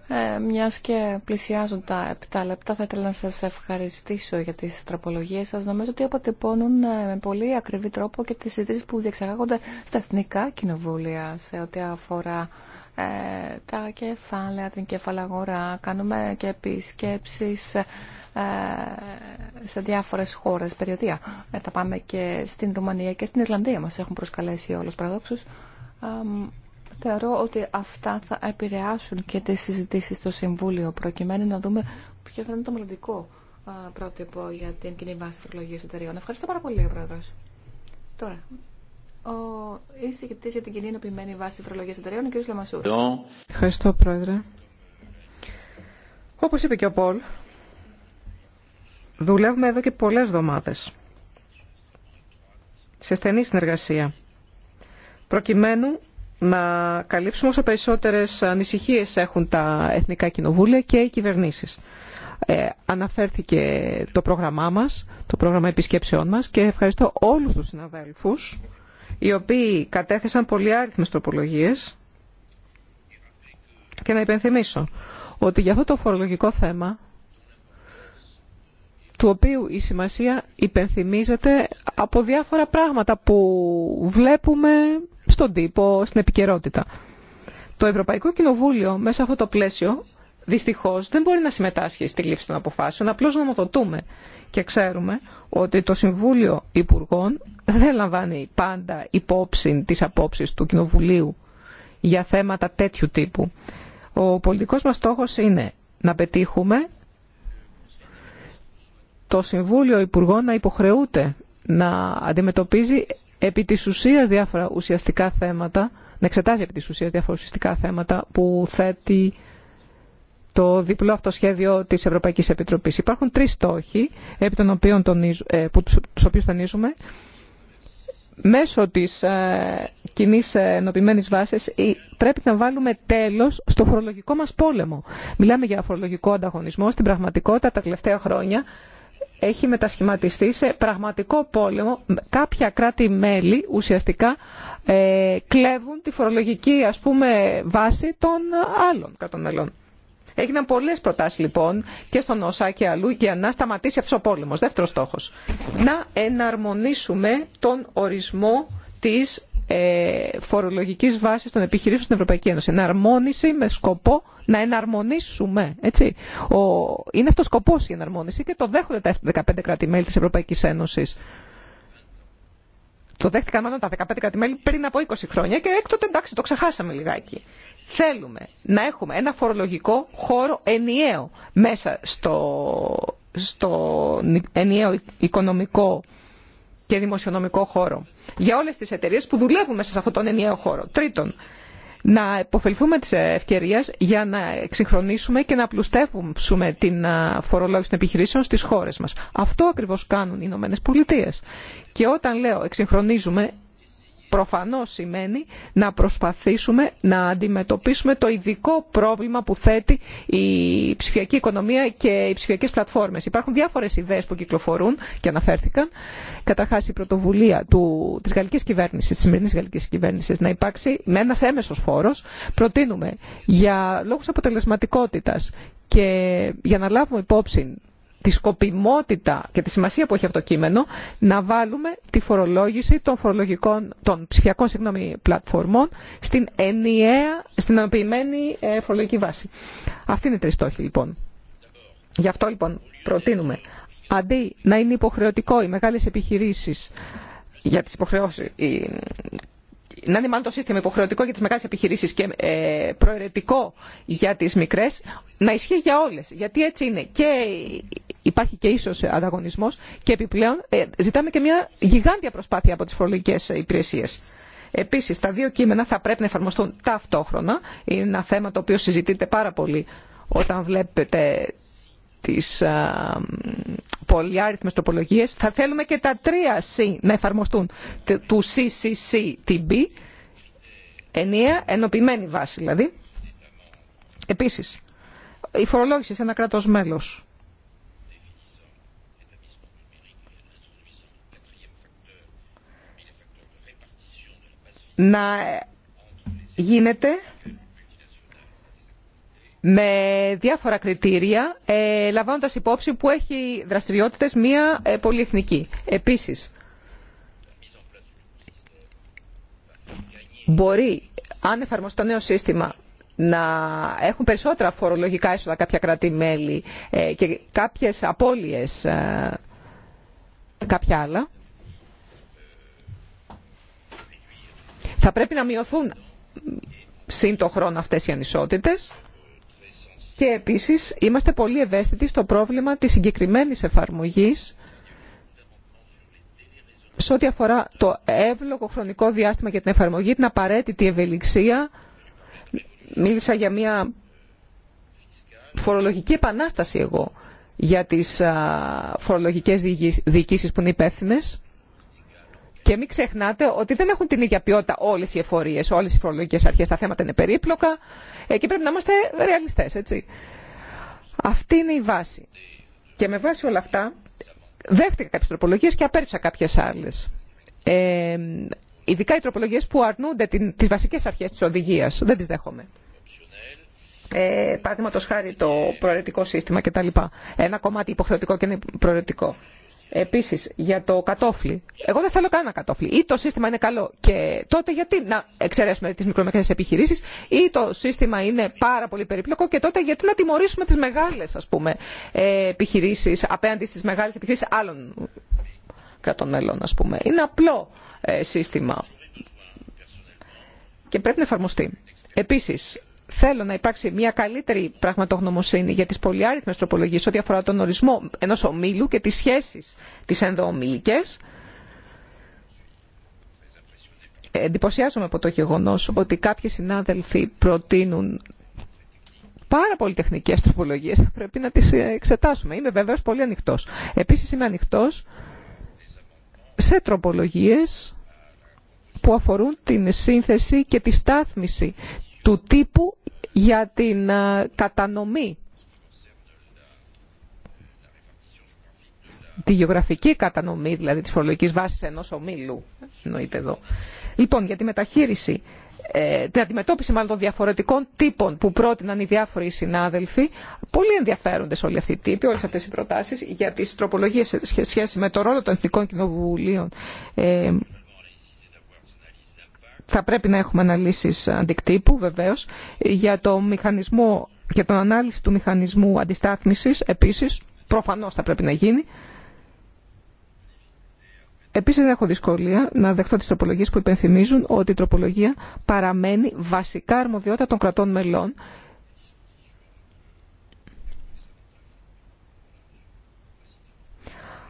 Ε, μιας και πλησιάζουν τα επτά λεπτά, θα ήθελα να σας ευχαριστήσω για τις τροπολογίες σας. Νομίζω ότι αποτυπώνουν ε, με πολύ ακριβή τρόπο και τις συζητήσεις που διεξαγάγονται στα εθνικά κοινοβούλια σε ό,τι αφορά τα κεφάλαια, την κεφαλαγορά. Κάνουμε και επισκέψεις ε, σε διάφορες χώρες, περιοδία. Ε, τα πάμε και στην Ρουμανία και στην Ιρλανδία μας έχουν προσκαλέσει όλους παραδόξους. θεωρώ ότι αυτά θα επηρεάσουν και τις συζητήσεις στο Συμβούλιο προκειμένου να δούμε ποιο θα είναι το μελλοντικό ε, πρότυπο για την κοινή βάση φορολογίας εταιρεών. Ευχαριστώ πάρα πολύ, Πρόεδρος. Τώρα, ο εισηγητή για την κοινή ενωπημένη βάση φορολογία εταιρεών, ο κ. Λαμασούρ. Ευχαριστώ, Πρόεδρε. Όπως είπε και ο Πολ, δουλεύουμε εδώ και πολλές εβδομάδε. σε στενή συνεργασία προκειμένου να καλύψουμε όσο περισσότερες ανησυχίες έχουν τα εθνικά κοινοβούλια και οι κυβερνήσεις. Ε, αναφέρθηκε το πρόγραμμά μας, το πρόγραμμα επισκέψεών μας και ευχαριστώ όλους τους συναδέλφους οι οποίοι κατέθεσαν πολλοί άριθμες τροπολογίες και να υπενθυμίσω ότι για αυτό το φορολογικό θέμα του οποίου η σημασία υπενθυμίζεται από διάφορα πράγματα που βλέπουμε στον τύπο, στην επικαιρότητα. Το Ευρωπαϊκό Κοινοβούλιο μέσα αυτό το πλαίσιο δυστυχώ δεν μπορεί να συμμετάσχει στη λήψη των αποφάσεων. Απλώ νομοθετούμε. Και ξέρουμε ότι το Συμβούλιο Υπουργών δεν λαμβάνει πάντα υπόψη τι απόψει του Κοινοβουλίου για θέματα τέτοιου τύπου. Ο πολιτικός μας στόχος είναι να πετύχουμε το Συμβούλιο Υπουργών να υποχρεούται να αντιμετωπίζει επί της ουσίας διάφορα ουσιαστικά θέματα, να εξετάζει επί της ουσίας διάφορα ουσιαστικά θέματα που θέτει το διπλό αυτό σχέδιο της Ευρωπαϊκής Επιτροπής. Υπάρχουν τρεις στόχοι επί των οποίων ε, που, τους οποίους τονίζουμε. Μέσω της ε, κοινή ε, ενωπημένης βάσης πρέπει να βάλουμε τέλος στο φορολογικό μας πόλεμο. Μιλάμε για φορολογικό ανταγωνισμό. Στην πραγματικότητα τα τελευταία χρόνια έχει μετασχηματιστεί σε πραγματικό πόλεμο. Κάποια κράτη-μέλη ουσιαστικά ε, κλέβουν τη φορολογική ας πούμε, βάση των άλλων κρατών μελών. Έγιναν πολλέ προτάσει λοιπόν και στον ΩΣΑ και αλλού για να σταματήσει αυτό ο πόλεμο. Δεύτερο στόχο. Να εναρμονίσουμε τον ορισμό τη ε, φορολογικής βάσης των επιχειρήσεων στην Ευρωπαϊκή Ένωση. Εναρμόνιση με σκοπό να εναρμονίσουμε. Έτσι. Ο, είναι αυτό ο σκοπός η εναρμόνιση και το δέχονται τα 15 κράτη-μέλη της Ευρωπαϊκής Ένωσης. Το δέχτηκαν μάλλον τα 15 κράτη-μέλη πριν από 20 χρόνια και έκτοτε εντάξει το ξεχάσαμε λιγάκι. Θέλουμε να έχουμε ένα φορολογικό χώρο ενιαίο μέσα στο, στο ενιαίο οικονομικό και δημοσιονομικό χώρο για όλες τις εταιρείες που δουλεύουν μέσα σε αυτόν τον ενιαίο χώρο. Τρίτον, να υποφελθούμε της ευκαιρίας για να εξυγχρονίσουμε και να πλουστεύσουμε την φορολόγηση των επιχειρήσεων στις χώρες μας. Αυτό ακριβώς κάνουν οι Ηνωμένε Πολιτείε. Και όταν λέω εξυγχρονίζουμε, προφανώς σημαίνει να προσπαθήσουμε να αντιμετωπίσουμε το ειδικό πρόβλημα που θέτει η ψηφιακή οικονομία και οι ψηφιακές πλατφόρμες. Υπάρχουν διάφορες ιδέες που κυκλοφορούν και αναφέρθηκαν. Καταρχάς η πρωτοβουλία του, της γαλλικής κυβέρνησης, της σημερινής γαλλικής κυβέρνησης να υπάρξει με ένας έμεσος φόρος. Προτείνουμε για λόγους αποτελεσματικότητας και για να λάβουμε υπόψη τη σκοπιμότητα και τη σημασία που έχει αυτό το κείμενο να βάλουμε τη φορολόγηση των, φορολογικών, των ψηφιακών συγγνώμη, πλατφορμών στην ενιαία, στην ενοποιημένη ε, φορολογική βάση. Αυτή είναι η τριστόχη λοιπόν. Γι' αυτό λοιπόν προτείνουμε αντί να είναι υποχρεωτικό οι μεγάλες επιχειρήσεις για τις υποχρεώσεις, να είναι μάλλον το σύστημα υποχρεωτικό για τι μεγάλε επιχειρήσει και ε, προαιρετικό για τι μικρέ, να ισχύει για όλε. Γιατί έτσι είναι και υπάρχει και ίσως ε, ανταγωνισμός και επιπλέον ε, ζητάμε και μια γιγάντια προσπάθεια από τις φορολογικές ε, υπηρεσίε. Επίσης, τα δύο κείμενα θα πρέπει να εφαρμοστούν ταυτόχρονα. Είναι ένα θέμα το οποίο συζητείται πάρα πολύ όταν βλέπετε τις πολυάριθμε πολυάριθμες Θα θέλουμε και τα τρία C να εφαρμοστούν του CCCTB, ενιαία ενωπημένη βάση δηλαδή. Επίση, η φορολόγηση σε ένα κρατό μέλο. να γίνεται με διάφορα κριτήρια, ε, λαμβάνοντας υπόψη που έχει δραστηριότητες μία ε, πολυεθνική. Επίσης, μπορεί, αν εφαρμοστεί το νέο σύστημα, να έχουν περισσότερα φορολογικά έσοδα κάποια κράτη-μέλη ε, και κάποιες απώλειες ε, κάποια άλλα. Θα πρέπει να μειωθούν σύν το χρόνο αυτές οι ανισότητες και επίσης είμαστε πολύ ευαίσθητοι στο πρόβλημα της συγκεκριμένης εφαρμογής σε ό,τι αφορά το εύλογο χρονικό διάστημα για την εφαρμογή, την απαραίτητη ευελιξία. Μίλησα για μια φορολογική επανάσταση εγώ για τις φορολογικές διοικήσεις που είναι υπεύθυνε. Και μην ξεχνάτε ότι δεν έχουν την ίδια ποιότητα όλε οι εφορίε, όλε οι φορολογικέ αρχέ. Τα θέματα είναι περίπλοκα ε, και πρέπει να είμαστε ρεαλιστέ, έτσι. Αυτή είναι η βάση. Και με βάση όλα αυτά, δέχτηκα κάποιε τροπολογίε και απέρριψα κάποιε άλλε. Ε, ειδικά οι τροπολογίε που αρνούνται τι βασικέ αρχέ τη οδηγία. Δεν τι δέχομαι. Ε, Παραδείγματο χάρη το προαιρετικό σύστημα κτλ. Ένα κομμάτι υποχρεωτικό και ένα προαιρετικό. Επίσης, για το κατόφλι. Εγώ δεν θέλω κανένα κατόφλι. Ή το σύστημα είναι καλό και τότε γιατί να εξαιρέσουμε τις μικρομεσαίες επιχειρήσεις ή το σύστημα είναι πάρα πολύ περίπλοκο και τότε γιατί να τιμωρήσουμε τις μεγάλες επιχειρήσει, επιχειρήσεις απέναντι στις μεγάλες επιχειρήσεις άλλων κρατών μελών. Ας πούμε. Είναι απλό ε, σύστημα και πρέπει να εφαρμοστεί. Επίσης, θέλω να υπάρξει μια καλύτερη πραγματογνωμοσύνη για τις πολυάριθμες τροπολογίες ό,τι αφορά τον ορισμό ενός ομίλου και τις σχέσεις τις ενδοομιλικές. Εντυπωσιάζομαι από το γεγονός ότι κάποιοι συνάδελφοι προτείνουν πάρα πολύ τεχνικές τροπολογίες. Θα πρέπει να τις εξετάσουμε. Είμαι βεβαίως πολύ ανοιχτό. Επίσης είμαι ανοιχτό σε τροπολογίες που αφορούν την σύνθεση και τη στάθμιση του τύπου για την ε, κατανομή, τη γεωγραφική κατανομή δηλαδή της φορολογικής βάσης ενός ομίλου, εννοείται εδώ. Λοιπόν, για τη μεταχείριση, ε, την αντιμετώπιση μάλλον των διαφορετικών τύπων που πρότειναν οι διάφοροι συνάδελφοι, πολύ ενδιαφέροντες όλοι αυτοί οι τύποι, όλες αυτές οι προτάσεις για τις τροπολογίες σε σχέση με το ρόλο των εθνικών κοινοβουλίων ε, θα πρέπει να έχουμε αναλύσεις αντικτύπου βεβαίως για το μηχανισμό και τον ανάλυση του μηχανισμού αντιστάθμισης επίσης προφανώς θα πρέπει να γίνει Επίσης δεν έχω δυσκολία να δεχτώ τις τροπολογίες που υπενθυμίζουν ότι η τροπολογία παραμένει βασικά αρμοδιότητα των κρατών μελών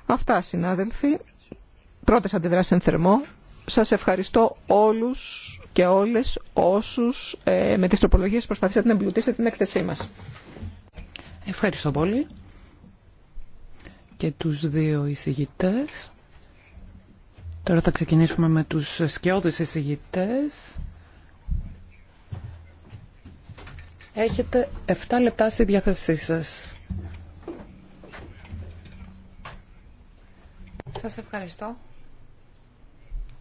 Αυτά συνάδελφοι πρώτες αντιδράσεις εν θερμό σας ευχαριστώ όλους και όλες όσους ε, με τις τροπολογίες προσπαθήσατε να εμπλουτίσετε την έκθεσή μας. Ευχαριστώ πολύ και τους δύο εισηγητές. Τώρα θα ξεκινήσουμε με τους σκιώδους εισηγητές. Έχετε 7 λεπτά στη διάθεσή σας. Σας ευχαριστώ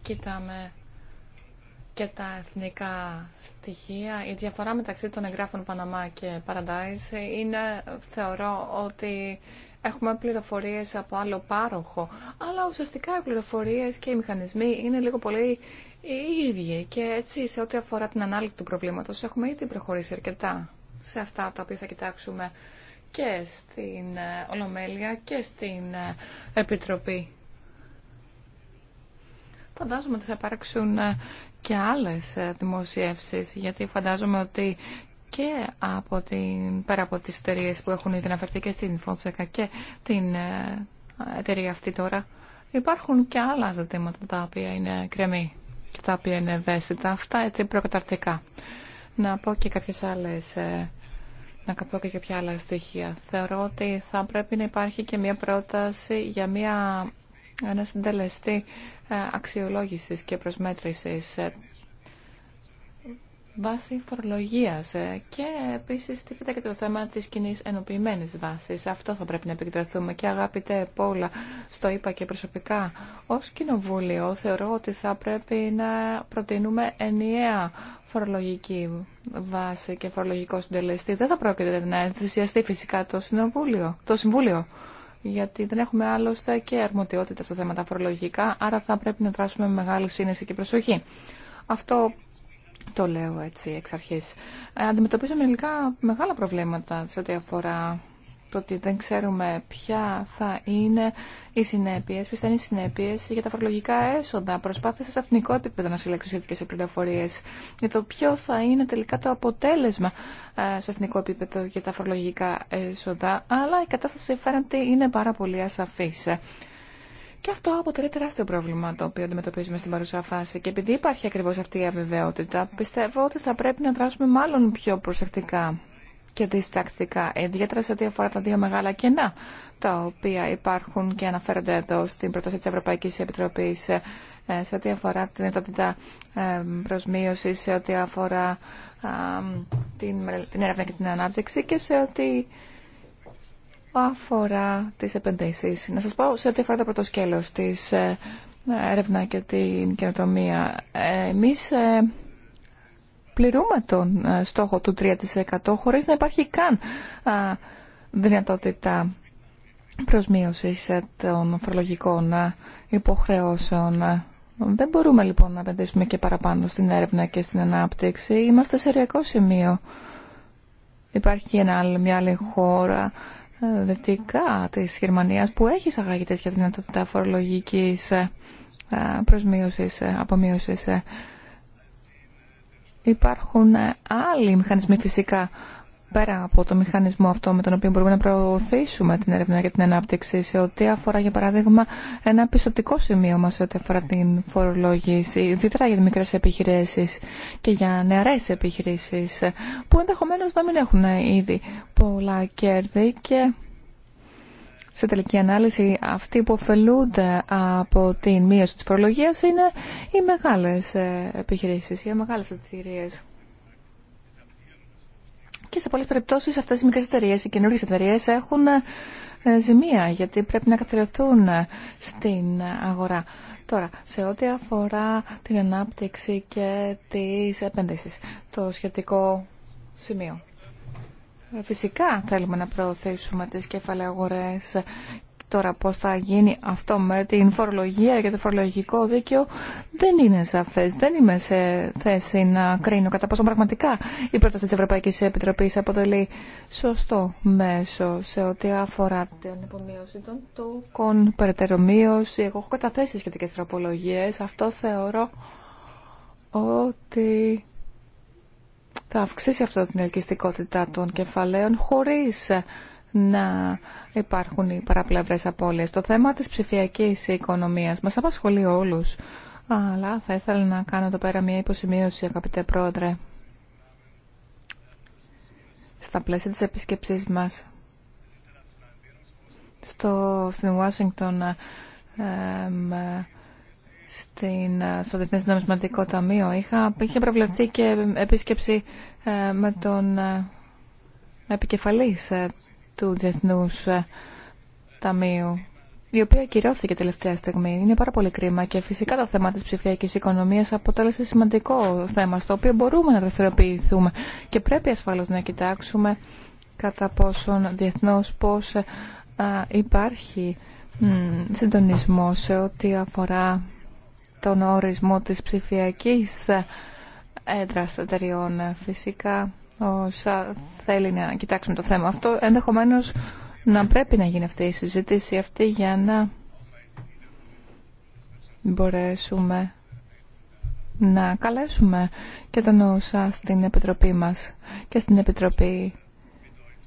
κοιτάμε και τα εθνικά στοιχεία, η διαφορά μεταξύ των εγγράφων Παναμά και Paradise είναι, θεωρώ, ότι έχουμε πληροφορίες από άλλο πάροχο, αλλά ουσιαστικά οι πληροφορίες και οι μηχανισμοί είναι λίγο πολύ οι ίδιοι και έτσι σε ό,τι αφορά την ανάλυση του προβλήματος έχουμε ήδη προχωρήσει αρκετά σε αυτά τα οποία θα κοιτάξουμε και στην Ολομέλεια και στην Επιτροπή φαντάζομαι ότι θα υπάρξουν ε, και άλλες ε, δημοσιεύσεις, γιατί φαντάζομαι ότι και από την, πέρα από τις εταιρείε που έχουν ήδη αναφερθεί και στην Φόντσεκα και την ε, εταιρεία αυτή τώρα, υπάρχουν και άλλα ζητήματα τα οποία είναι κρεμή και τα οποία είναι ευαίσθητα. Αυτά έτσι προκαταρτικά. Να πω και κάποιες άλλες να καπώ και κάποια άλλα στοιχεία. Θεωρώ ότι θα πρέπει να υπάρχει και μια πρόταση για μια ένα συντελεστή ε, αξιολόγησης και προσμέτρησης ε, βάση φορολογίας ε, και επίσης τίθεται και το θέμα της κοινή ενοποιημένης βάσης. Αυτό θα πρέπει να επικεντρωθούμε και αγαπητέ Πόλα, στο είπα και προσωπικά, ως Κοινοβούλιο θεωρώ ότι θα πρέπει να προτείνουμε ενιαία φορολογική βάση και φορολογικό συντελεστή. Δεν θα πρόκειται να ενθουσιαστεί φυσικά το, το Συμβούλιο γιατί δεν έχουμε άλλωστε και αρμοδιότητα στα θέματα φορολογικά, άρα θα πρέπει να δράσουμε με μεγάλη σύνεση και προσοχή. Αυτό το λέω έτσι εξ αρχής. Ε, αντιμετωπίζουμε υλικά μεγάλα προβλήματα σε ό,τι αφορά ότι δεν ξέρουμε ποια θα είναι οι συνέπειε, ποιε θα είναι οι συνέπειε για τα φορολογικά έσοδα. Προσπάθησα σε εθνικό επίπεδο να συλλέξω σχετικέ πληροφορίε για το ποιο θα είναι τελικά το αποτέλεσμα ε, σε εθνικό επίπεδο για τα φορολογικά έσοδα, αλλά η κατάσταση φαίνεται είναι πάρα πολύ ασαφή. Και αυτό αποτελεί τεράστιο πρόβλημα το οποίο αντιμετωπίζουμε στην παρούσα φάση. Και επειδή υπάρχει ακριβώ αυτή η αβεβαιότητα, πιστεύω ότι θα πρέπει να δράσουμε μάλλον πιο προσεκτικά και διστακτικά, ιδιαίτερα σε ό,τι αφορά τα δύο μεγάλα κενά τα οποία υπάρχουν και αναφέρονται εδώ στην πρόταση της Ευρωπαϊκής Επιτροπής ε, σε ό,τι αφορά την δυνατότητα ε, προσμείωση, σε ό,τι αφορά ε, την έρευνα και την ανάπτυξη και σε ό,τι αφορά τις επενδύσεις. Να σας πω σε ό,τι αφορά το πρώτο σκέλος της έρευνα και την καινοτομία. Εμείς πληρούμε τον ε, στόχο του 3% χωρίς να υπάρχει καν ε, δυνατότητα προσμείωσης ε, των φορολογικών υποχρεώσεων. Δεν μπορούμε λοιπόν να επενδύσουμε και παραπάνω στην έρευνα και στην ανάπτυξη. Είμαστε σε ριακό σημείο. Υπάρχει μια άλλη χώρα δυτικά της Γερμανίας που έχει εισαγάγει τέτοια δυνατότητα φορολογικής προσμείωσης, απομείωσης. Υπάρχουν ε, άλλοι μηχανισμοί φυσικά πέρα από το μηχανισμό αυτό με τον οποίο μπορούμε να προωθήσουμε την έρευνα και την ανάπτυξη σε ό,τι αφορά για παράδειγμα ένα πιστοτικό σημείο μας σε ό,τι αφορά την φορολόγηση ιδιαίτερα για μικρές επιχειρήσεις και για νεαρές επιχειρήσεις που ενδεχομένως να μην έχουν ήδη πολλά κέρδη και σε τελική ανάλυση αυτοί που ωφελούνται από την μείωση της φορολογίας είναι οι μεγάλες ε, επιχειρήσεις, οι μεγάλες εταιρείε. Και σε πολλές περιπτώσεις αυτές οι μικρές εταιρείες, οι καινούργιες εταιρείες έχουν ε, ζημία γιατί πρέπει να καθιερωθούν στην αγορά. Τώρα, σε ό,τι αφορά την ανάπτυξη και τις επένδυσεις, το σχετικό σημείο. Φυσικά θέλουμε να προωθήσουμε τις κεφαλαίες Τώρα πώς θα γίνει αυτό με την φορολογία και το φορολογικό δίκαιο δεν είναι σαφές. Δεν είμαι σε θέση να κρίνω κατά πόσο πραγματικά η πρόταση της Ευρωπαϊκής Επιτροπής αποτελεί σωστό μέσο σε ό,τι αφορά την υπομείωση των τόκων, περαιτέρω Εγώ έχω καταθέσει σχετικές τροπολογίες. Αυτό θεωρώ ότι θα αυξήσει αυτό την ελκυστικότητα των κεφαλαίων χωρίς να υπάρχουν οι παραπλευρές απώλειες. Το θέμα της ψηφιακής οικονομίας μας απασχολεί όλους. Αλλά θα ήθελα να κάνω εδώ πέρα μια υποσημείωση, αγαπητέ Πρόεδρε. Στα πλαίσια της επισκεψής μας στο, στην Ουάσιγκτον ε, στην, ε, στο Διεθνές Νομισματικό Ταμείο. Είχα, είχε προβλεφτεί και επίσκεψη ε, με τον ε, επικεφαλής του Διεθνούς Ταμείου η οποία κυρώθηκε τελευταία στιγμή. Είναι πάρα πολύ κρίμα και φυσικά το θέμα της ψηφιακής οικονομίας αποτέλεσε σημαντικό θέμα στο οποίο μπορούμε να δραστηριοποιηθούμε και πρέπει ασφαλώς να κοιτάξουμε κατά πόσον διεθνώς πώς υπάρχει συντονισμό σε ό,τι αφορά τον ορισμό της ψηφιακής έντρας εταιριών. Φυσικά, όσα θέλει να κοιτάξουμε το θέμα αυτό, ενδεχομένως να πρέπει να γίνει αυτή η συζήτηση αυτή για να μπορέσουμε να καλέσουμε και τον ΩΣΑ στην Επιτροπή μας και στην Επιτροπή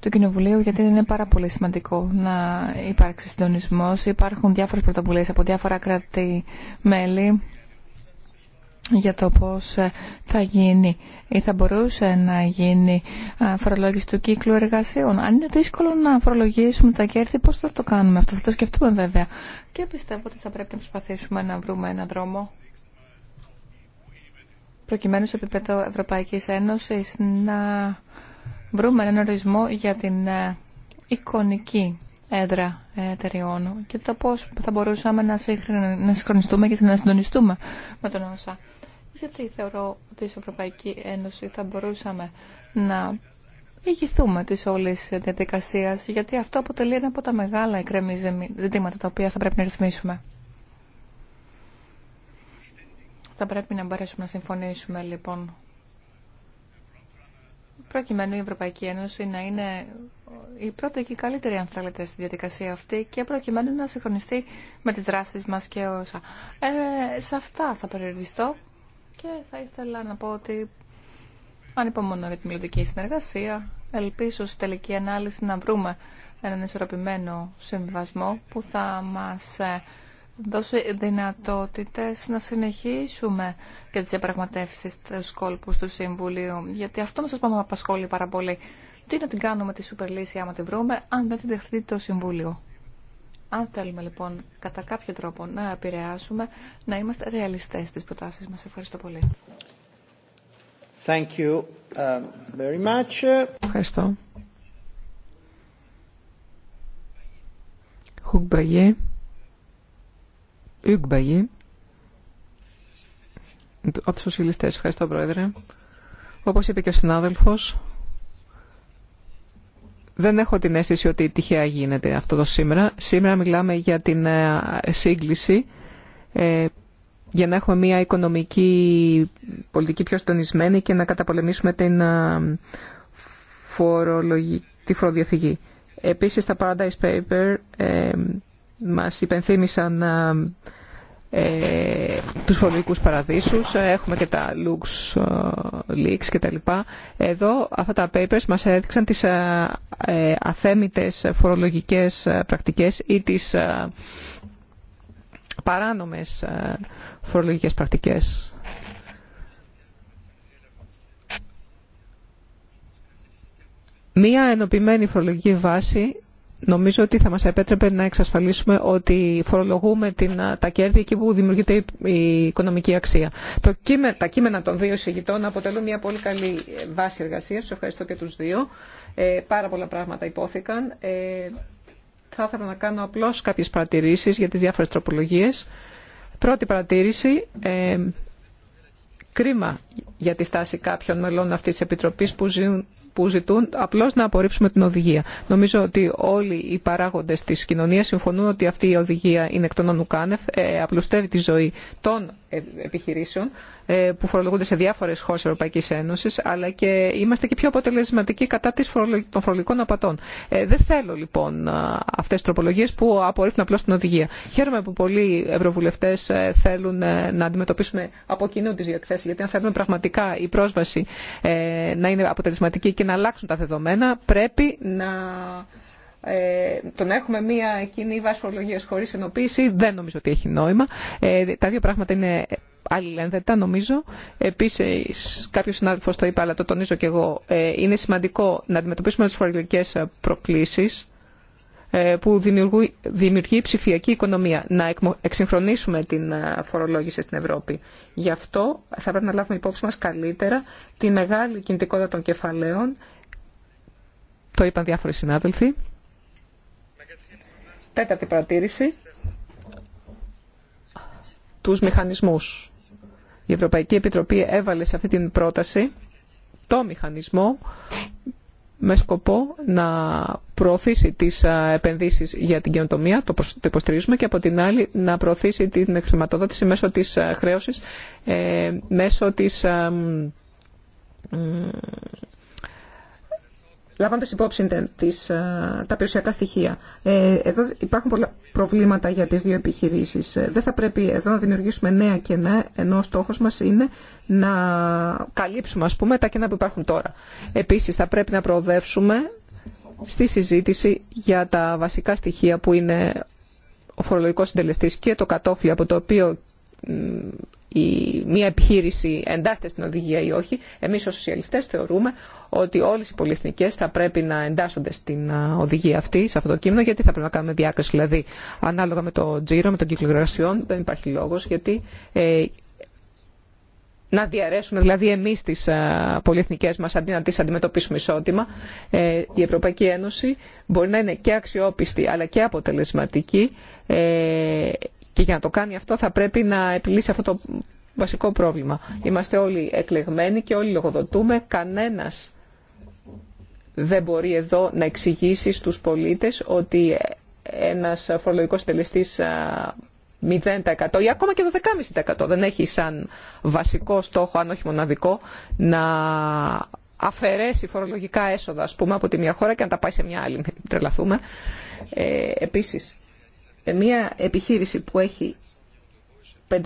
του Κοινοβουλίου, γιατί είναι πάρα πολύ σημαντικό να υπάρξει συντονισμό. Υπάρχουν διάφορε πρωτοβουλίε από διάφορα κράτη-μέλη για το πώς ε, θα γίνει ή θα μπορούσε να γίνει ε, φορολόγηση του κύκλου εργασίων. Αν είναι δύσκολο να φορολογήσουμε τα κέρδη, πώς θα το κάνουμε αυτό, θα το σκεφτούμε βέβαια. Και πιστεύω ότι θα πρέπει να προσπαθήσουμε να βρούμε έναν δρόμο προκειμένου σε επίπεδο Ευρωπαϊκής Ένωσης να βρούμε έναν ορισμό για την ε, εικονική έδρα ε, εταιριών και το πώς θα μπορούσαμε να, να συγχρονιστούμε και να συντονιστούμε με τον ΩΣΑ. Γιατί θεωρώ ότι στην Ευρωπαϊκή Ένωση θα μπορούσαμε να ηγηθούμε τη όλη διαδικασία, γιατί αυτό αποτελεί ένα από τα μεγάλα εκκρεμή ζητήματα τα οποία θα πρέπει να ρυθμίσουμε. Θα πρέπει να μπορέσουμε να συμφωνήσουμε λοιπόν προκειμένου η Ευρωπαϊκή Ένωση να είναι η πρώτη και η καλύτερη, αν θέλετε, στη διαδικασία αυτή και προκειμένου να συγχρονιστεί με τις δράσεις μας και όσα. Ε, σε αυτά θα περιοριστώ και θα ήθελα να πω ότι ανυπομονώ για τη μελλοντική συνεργασία. Ελπίζω στη τελική ανάλυση να βρούμε έναν ισορροπημένο συμβιβασμό που θα μας ε, δώσει δυνατότητες να συνεχίσουμε και τις διαπραγματεύσεις στους κόλπους του Συμβουλίου. Γιατί αυτό να σας με απασχόλει πάρα πολύ. Τι να την κάνουμε τη σούπερ λύση άμα την βρούμε, αν δεν την δεχτεί το Συμβούλιο. Αν θέλουμε λοιπόν κατά κάποιο τρόπο να επηρεάσουμε, να είμαστε ρεαλιστές στις προτάσεις μας. Ευχαριστώ πολύ. Thank you um, very much. Ευχαριστώ. Ουγκμπαγή από τους Ευχαριστώ, Πρόεδρε. Όπως είπε και ο συνάδελφος, δεν έχω την αίσθηση ότι τυχαία γίνεται αυτό το σήμερα. Σήμερα μιλάμε για την ε, σύγκληση ε, για να έχουμε μια οικονομική πολιτική πιο στονισμένη και να καταπολεμήσουμε την ε, φορολογική, τη φοροδιαφυγή. Επίσης, τα Paradise Paper μας υπενθύμησαν ε, ε, τους φορολογικούς παραδείσους, έχουμε και τα Lux ε, Leaks και τα λοιπά. Εδώ αυτά τα papers μας έδειξαν τις ε, ε αθέμητες φορολογικές πρακτικές ή τις ε, παράνομες φορολογικές πρακτικές. Μία ενοποιημένη φορολογική βάση νομίζω ότι θα μας επέτρεπε να εξασφαλίσουμε ότι φορολογούμε την, τα κέρδη εκεί που δημιουργείται η οικονομική αξία. Το τα κείμενα των δύο εισηγητών αποτελούν μια πολύ καλή ε, βάση εργασίας. Σας ευχαριστώ και τους δύο. Ε, πάρα πολλά πράγματα υπόθηκαν. Ε, θα ήθελα να κάνω απλώς κάποιες παρατηρήσεις για τις διάφορες τροπολογίες. Πρώτη παρατήρηση, ε, Κρίμα για τη στάση κάποιων μελών αυτής της Επιτροπής που, ζουν, που ζητούν απλώς να απορρίψουμε την οδηγία. Νομίζω ότι όλοι οι παράγοντες της κοινωνίας συμφωνούν ότι αυτή η οδηγία είναι εκ των ονουκάνευ, ε, απλουστεύει τη ζωή των ε, επιχειρήσεων, ε, που φορολογούνται σε διάφορε χώρε Ευρωπαϊκή Ένωση, αλλά και είμαστε και πιο αποτελεσματικοί κατά των φορολογικών απατών. Ε, δεν θέλω λοιπόν ε, αυτέ τι τροπολογίε που απορρίπτουν απλώ την οδηγία. Χαίρομαι που πολλοί ευρωβουλευτέ θέλουν να αντιμετωπίσουμε από κοινού τι διεκθέσει, γιατί αν θέλουμε πραγματικά η πρόσβαση να είναι αποτελεσματική και να αλλάξουν τα δεδομένα, πρέπει να ε, το να έχουμε μία κοινή βάση φορολογία χωρί ενοποίηση δεν νομίζω ότι έχει νόημα. Ε, τα δύο πράγματα είναι αλληλένδετα νομίζω. Επίση, κάποιο συνάδελφο το είπε, αλλά το τονίζω και εγώ, ε, είναι σημαντικό να αντιμετωπίσουμε τι φορολογικέ προκλήσει ε, που δημιουργεί, η ψηφιακή οικονομία, να εξυγχρονίσουμε την ε, φορολόγηση στην Ευρώπη. Γι' αυτό θα πρέπει να λάβουμε υπόψη μας καλύτερα τη μεγάλη κινητικότητα των κεφαλαίων, το είπαν διάφοροι συνάδελφοι, Τέταρτη παρατήρηση. Τους μηχανισμούς. Η Ευρωπαϊκή Επιτροπή έβαλε σε αυτή την πρόταση το μηχανισμό με σκοπό να προωθήσει τις επενδύσεις για την καινοτομία, το υποστηρίζουμε, και από την άλλη να προωθήσει την χρηματοδότηση μέσω της χρέωσης, ε, μέσω της λαμβάνοντα υπόψη τις, ε, τα περιουσιακά στοιχεία. Ε, εδώ υπάρχουν πολλά προβλήματα για τις δύο επιχειρήσεις. Ε, δεν θα πρέπει εδώ να δημιουργήσουμε νέα κενά, ενώ ο στόχος μας είναι να καλύψουμε ας πούμε, τα κενά που υπάρχουν τώρα. Επίσης θα πρέπει να προοδεύσουμε στη συζήτηση για τα βασικά στοιχεία που είναι ο φορολογικός συντελεστής και το κατόφλι από το οποίο η, μια επιχείρηση εντάσσεται στην οδηγία ή όχι. Εμείς ως σοσιαλιστές θεωρούμε ότι όλες οι πολυεθνικές θα πρέπει να εντάσσονται στην οδηγία αυτή, σε αυτό το κείμενο, γιατί θα πρέπει να κάνουμε διάκριση, δηλαδή ανάλογα με το τζίρο, με τον κύκλο εργασιών, δεν υπάρχει λόγος, γιατί ε, να διαρρέσουμε δηλαδή εμείς τις πολυεθνικές μα αντί να τι αντιμετωπίσουμε ισότιμα. Ε, η Ευρωπαϊκή Ένωση μπορεί να είναι και αξιόπιστη αλλά και αποτελεσματική ε, και για να το κάνει αυτό θα πρέπει να επιλύσει αυτό το βασικό πρόβλημα. Είμαστε όλοι εκλεγμένοι και όλοι λογοδοτούμε. Κανένας δεν μπορεί εδώ να εξηγήσει στους πολίτες ότι ένας φορολογικός τελεστής 0% ή ακόμα και 12,5% δεν έχει σαν βασικό στόχο, αν όχι μοναδικό, να αφαιρέσει φορολογικά έσοδα ας πούμε, από τη μια χώρα και να τα πάει σε μια άλλη. Τρελαθούμε. Ε, επίσης, ε, μια επιχείρηση που έχει 500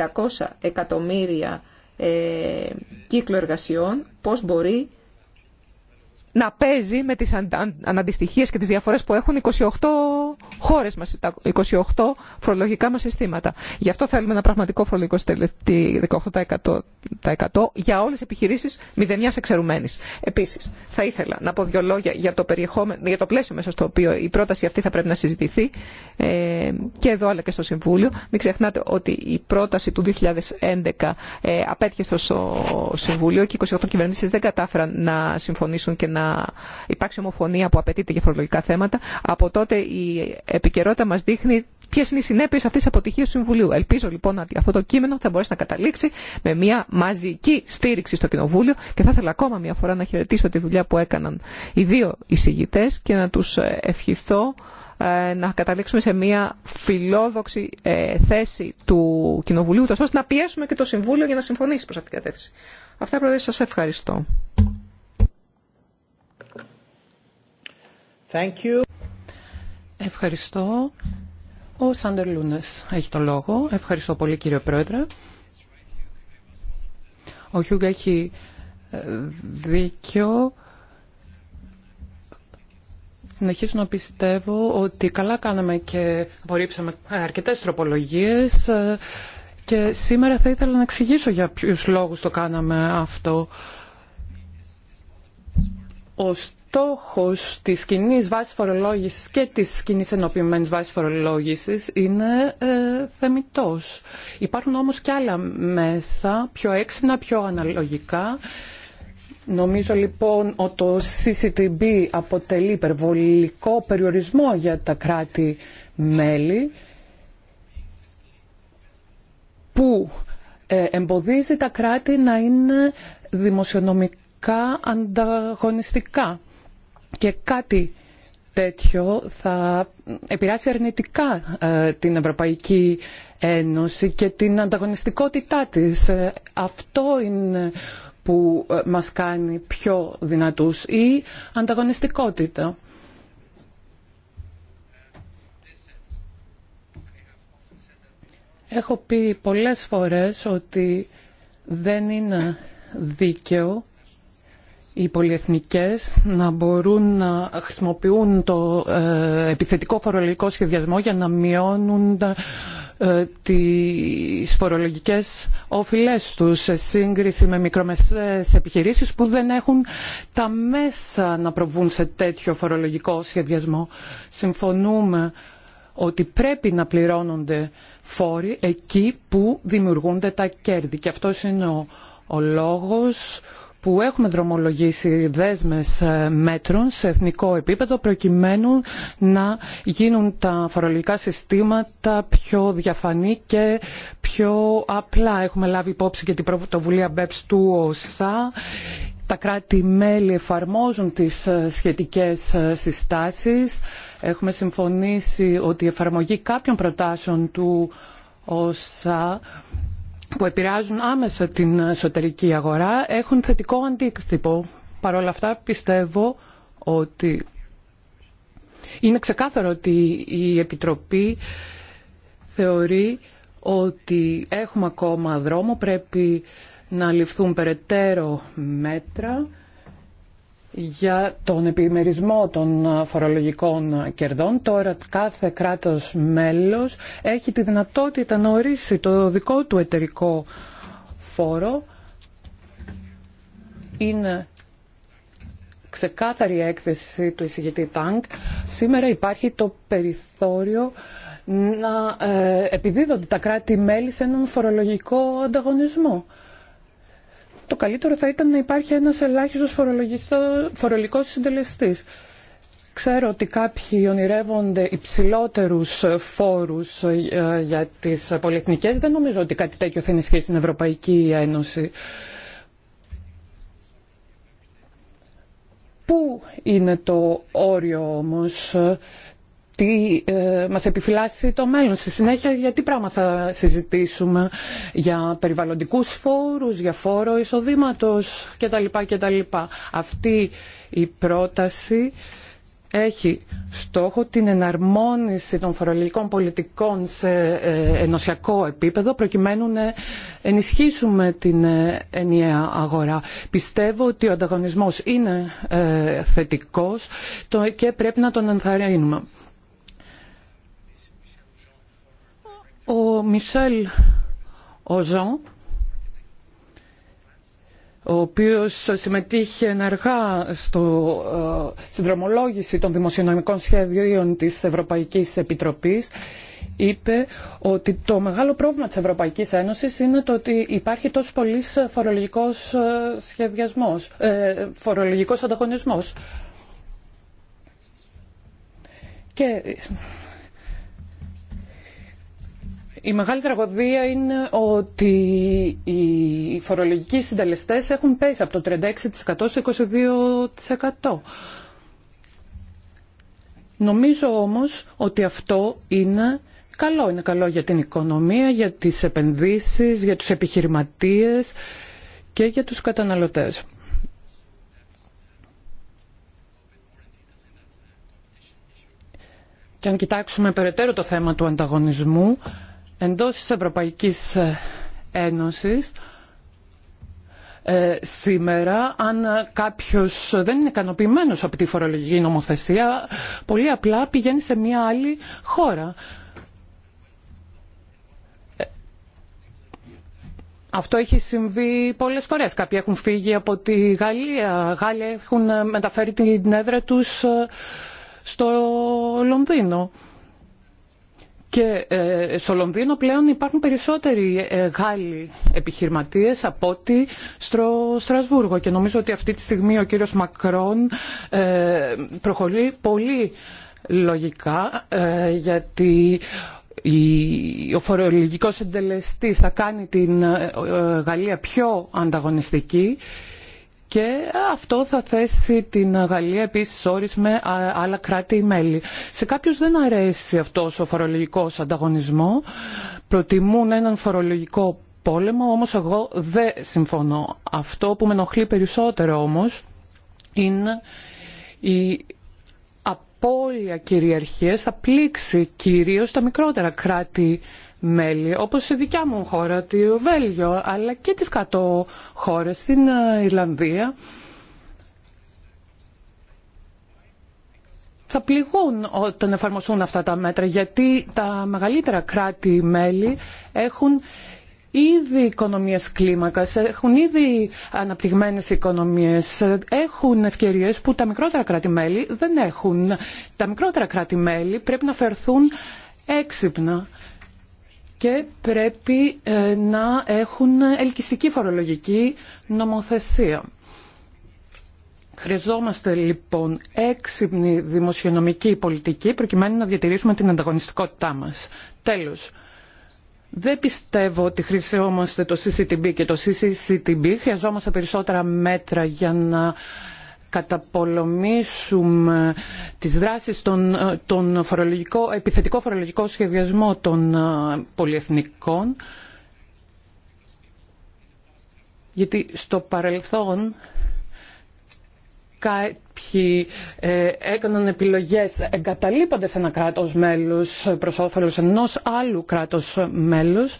εκατομμύρια ε, κύκλο εργασιών, πώς μπορεί να παίζει με τις αναντιστοιχίες και τις διαφορές που έχουν 28 χώρε μα, τα 28 φορολογικά μα συστήματα. Γι' αυτό θέλουμε ένα πραγματικό φορολογικό συντελεστή 18% για όλε τι επιχειρήσει μηδενιά εξαιρουμένη. Επίση, θα ήθελα να πω δύο λόγια για το, για το πλαίσιο μέσα στο οποίο η πρόταση αυτή θα πρέπει να συζητηθεί ε, και εδώ αλλά και στο Συμβούλιο. Μην ξεχνάτε ότι η πρόταση του 2011 ε, απέτυχε στο Συμβούλιο και 28 κυβερνήσει δεν κατάφεραν να συμφωνήσουν και να υπάρξει ομοφωνία που απαιτείται για φορολογικά θέματα. Από τότε η επικαιρότητα μα δείχνει ποιε είναι οι συνέπειε αυτή τη αποτυχία του Συμβουλίου. Ελπίζω λοιπόν ότι αυτό το κείμενο θα μπορέσει να καταλήξει με μια μαζική στήριξη στο Κοινοβούλιο και θα ήθελα ακόμα μια φορά να χαιρετήσω τη δουλειά που έκαναν οι δύο εισηγητέ και να του ε, ευχηθώ ε, να καταλήξουμε σε μια φιλόδοξη ε, θέση του Κοινοβουλίου, τόσο ώστε να πιέσουμε και το Συμβούλιο για να συμφωνήσει προ αυτήν την κατεύθυνση. Αυτά, Πρόεδρε, σα ευχαριστώ. Thank you. Ευχαριστώ. Ο Σάντερ Λούνες έχει το λόγο. Ευχαριστώ πολύ κύριε Πρόεδρε. Ο Χιούγκ έχει ε, δίκιο. Συνεχίζω να πιστεύω ότι καλά κάναμε και απορρίψαμε αρκετές τροπολογίες ε, και σήμερα θα ήθελα να εξηγήσω για ποιους λόγους το κάναμε αυτό. Ο στόχος της κοινή βάσης φορολόγησης και της κοινή ενοποιημένης βάσης φορολόγησης είναι ε, θεμητός. Υπάρχουν όμως και άλλα μέσα, πιο έξυπνα, πιο αναλογικά. Νομίζω λοιπόν ότι το CCTB αποτελεί υπερβολικό περιορισμό για τα κράτη-μέλη που ε, εμποδίζει τα κράτη να είναι δημοσιονομικά ανταγωνιστικά και κάτι τέτοιο θα επηρεάσει αρνητικά ε, την Ευρωπαϊκή Ένωση και την ανταγωνιστικότητά της. Ε, αυτό είναι που ε, μας κάνει πιο δυνατούς η ανταγωνιστικότητα. Έχω πει πολλές φορές ότι δεν είναι δίκαιο οι πολυεθνικές να μπορούν να χρησιμοποιούν το ε, επιθετικό φορολογικό σχεδιασμό για να μειώνουν ε, τις φορολογικές οφειλές τους σε σύγκριση με μικρομεσαίες επιχειρήσεις που δεν έχουν τα μέσα να προβούν σε τέτοιο φορολογικό σχεδιασμό. Συμφωνούμε ότι πρέπει να πληρώνονται φόροι εκεί που δημιουργούνται τα κέρδη και αυτός είναι ο, ο λόγος που έχουμε δρομολογήσει δέσμες ε, μέτρων σε εθνικό επίπεδο προκειμένου να γίνουν τα φορολογικά συστήματα πιο διαφανή και πιο απλά. Έχουμε λάβει υπόψη και την πρωτοβουλία BEPS του ΟΣΑ τα κράτη-μέλη εφαρμόζουν τις ε, σχετικές ε, συστάσεις. Έχουμε συμφωνήσει ότι η εφαρμογή κάποιων προτάσεων του ΟΣΑ που επηρεάζουν άμεσα την εσωτερική αγορά έχουν θετικό αντίκτυπο. Παρ' όλα αυτά πιστεύω ότι είναι ξεκάθαρο ότι η Επιτροπή θεωρεί ότι έχουμε ακόμα δρόμο, πρέπει να ληφθούν περαιτέρω μέτρα για τον επιμερισμό των φορολογικών κερδών. Τώρα κάθε κράτος μέλος έχει τη δυνατότητα να ορίσει το δικό του εταιρικό φόρο. Είναι ξεκάθαρη έκθεση του εισηγητή ΤΑΝΚ. Σήμερα υπάρχει το περιθώριο να ε, επιδίδονται τα κράτη-μέλη σε έναν φορολογικό ανταγωνισμό το καλύτερο θα ήταν να υπάρχει ένας ελάχιστος φορολογικός συντελεστής. Ξέρω ότι κάποιοι ονειρεύονται υψηλότερους φόρους ε, για τις πολυεθνικές. Δεν νομίζω ότι κάτι τέτοιο θα ενισχύσει στην Ευρωπαϊκή Ένωση. Πού είναι το όριο όμως τι ε, μας επιφυλάσσει το μέλλον. Στη συνέχεια για τι πράγμα θα συζητήσουμε, για περιβαλλοντικούς φόρους, για φόρο εισοδήματος κτλ. κτλ. Αυτή η πρόταση έχει στόχο την εναρμόνιση των φορολογικών πολιτικών σε ε, ενωσιακό επίπεδο προκειμένου να ενισχύσουμε την ε, ενιαία αγορά. Πιστεύω ότι ο ανταγωνισμός είναι ε, θετικός και πρέπει να τον ενθαρρύνουμε. Ο Μισελ Οζόν, ο οποίος συμμετείχε ενεργά στο, ε, στην δρομολόγηση των δημοσιονομικών σχέδιων της Ευρωπαϊκής Επιτροπής, είπε ότι το μεγάλο πρόβλημα της Ευρωπαϊκής Ένωσης είναι το ότι υπάρχει τόσο πολύ φορολογικός ε, σχεδιασμός, ε, φορολογικός ανταγωνισμός. Και η μεγάλη τραγωδία είναι ότι οι φορολογικοί συντελεστές έχουν πέσει από το 36% στο 22%. Νομίζω όμως ότι αυτό είναι καλό. Είναι καλό για την οικονομία, για τις επενδύσεις, για τους επιχειρηματίες και για τους καταναλωτές. Και αν κοιτάξουμε περαιτέρω το θέμα του ανταγωνισμού, εντός της Ευρωπαϊκής ε, Ένωσης ε, σήμερα αν κάποιος δεν είναι ικανοποιημένος από τη φορολογική νομοθεσία πολύ απλά πηγαίνει σε μια άλλη χώρα. Ε, αυτό έχει συμβεί πολλές φορές. Κάποιοι έχουν φύγει από τη Γαλλία. Γάλλοι έχουν μεταφέρει την έδρα τους στο Λονδίνο. Και ε, στο Λονδίνο πλέον υπάρχουν περισσότεροι ε, Γάλλοι επιχειρηματίες από ότι στο Στρασβούργο. Και νομίζω ότι αυτή τη στιγμή ο κύριος Μακρόν ε, προχωρεί πολύ λογικά γιατί ο φορολογικός εντελεστής θα κάνει την Γαλλία πιο ανταγωνιστική και αυτό θα θέσει την Γαλλία επίσης όρις με άλλα κράτη-μέλη. Σε κάποιους δεν αρέσει αυτός ο φορολογικός ανταγωνισμό. Προτιμούν έναν φορολογικό πόλεμο, όμως εγώ δεν συμφωνώ. Αυτό που με ενοχλεί περισσότερο όμως είναι η απώλεια κυριαρχία θα πλήξει κυρίως τα μικρότερα κράτη μέλη, όπως η δικιά μου χώρα, το Βέλγιο, αλλά και τις κατώ χώρες, στην ε, Ιρλανδία, θα πληγούν όταν εφαρμοστούν αυτά τα μέτρα, γιατί τα μεγαλύτερα κράτη-μέλη έχουν ήδη οικονομίες κλίμακας, έχουν ήδη αναπτυγμένες οικονομίες, έχουν ευκαιρίες που τα μικρότερα κράτη-μέλη δεν έχουν. Τα μικρότερα κράτη-μέλη πρέπει να φερθούν έξυπνα και πρέπει ε, να έχουν ελκυστική φορολογική νομοθεσία. Χρειαζόμαστε λοιπόν έξυπνη δημοσιονομική πολιτική προκειμένου να διατηρήσουμε την ανταγωνιστικότητά μας. Τέλος, δεν πιστεύω ότι χρειαζόμαστε το CCTB και το CCCTB. Χρειαζόμαστε περισσότερα μέτρα για να καταπολεμήσουμε τις δράσεις ε, των φορολογικό, επιθετικό φορολογικό σχεδιασμό των ε, πολυεθνικών γιατί στο παρελθόν κάποιοι ε, έκαναν επιλογές εγκαταλείποντας ένα κράτος μέλους προς όφελος ενός άλλου κράτος μέλους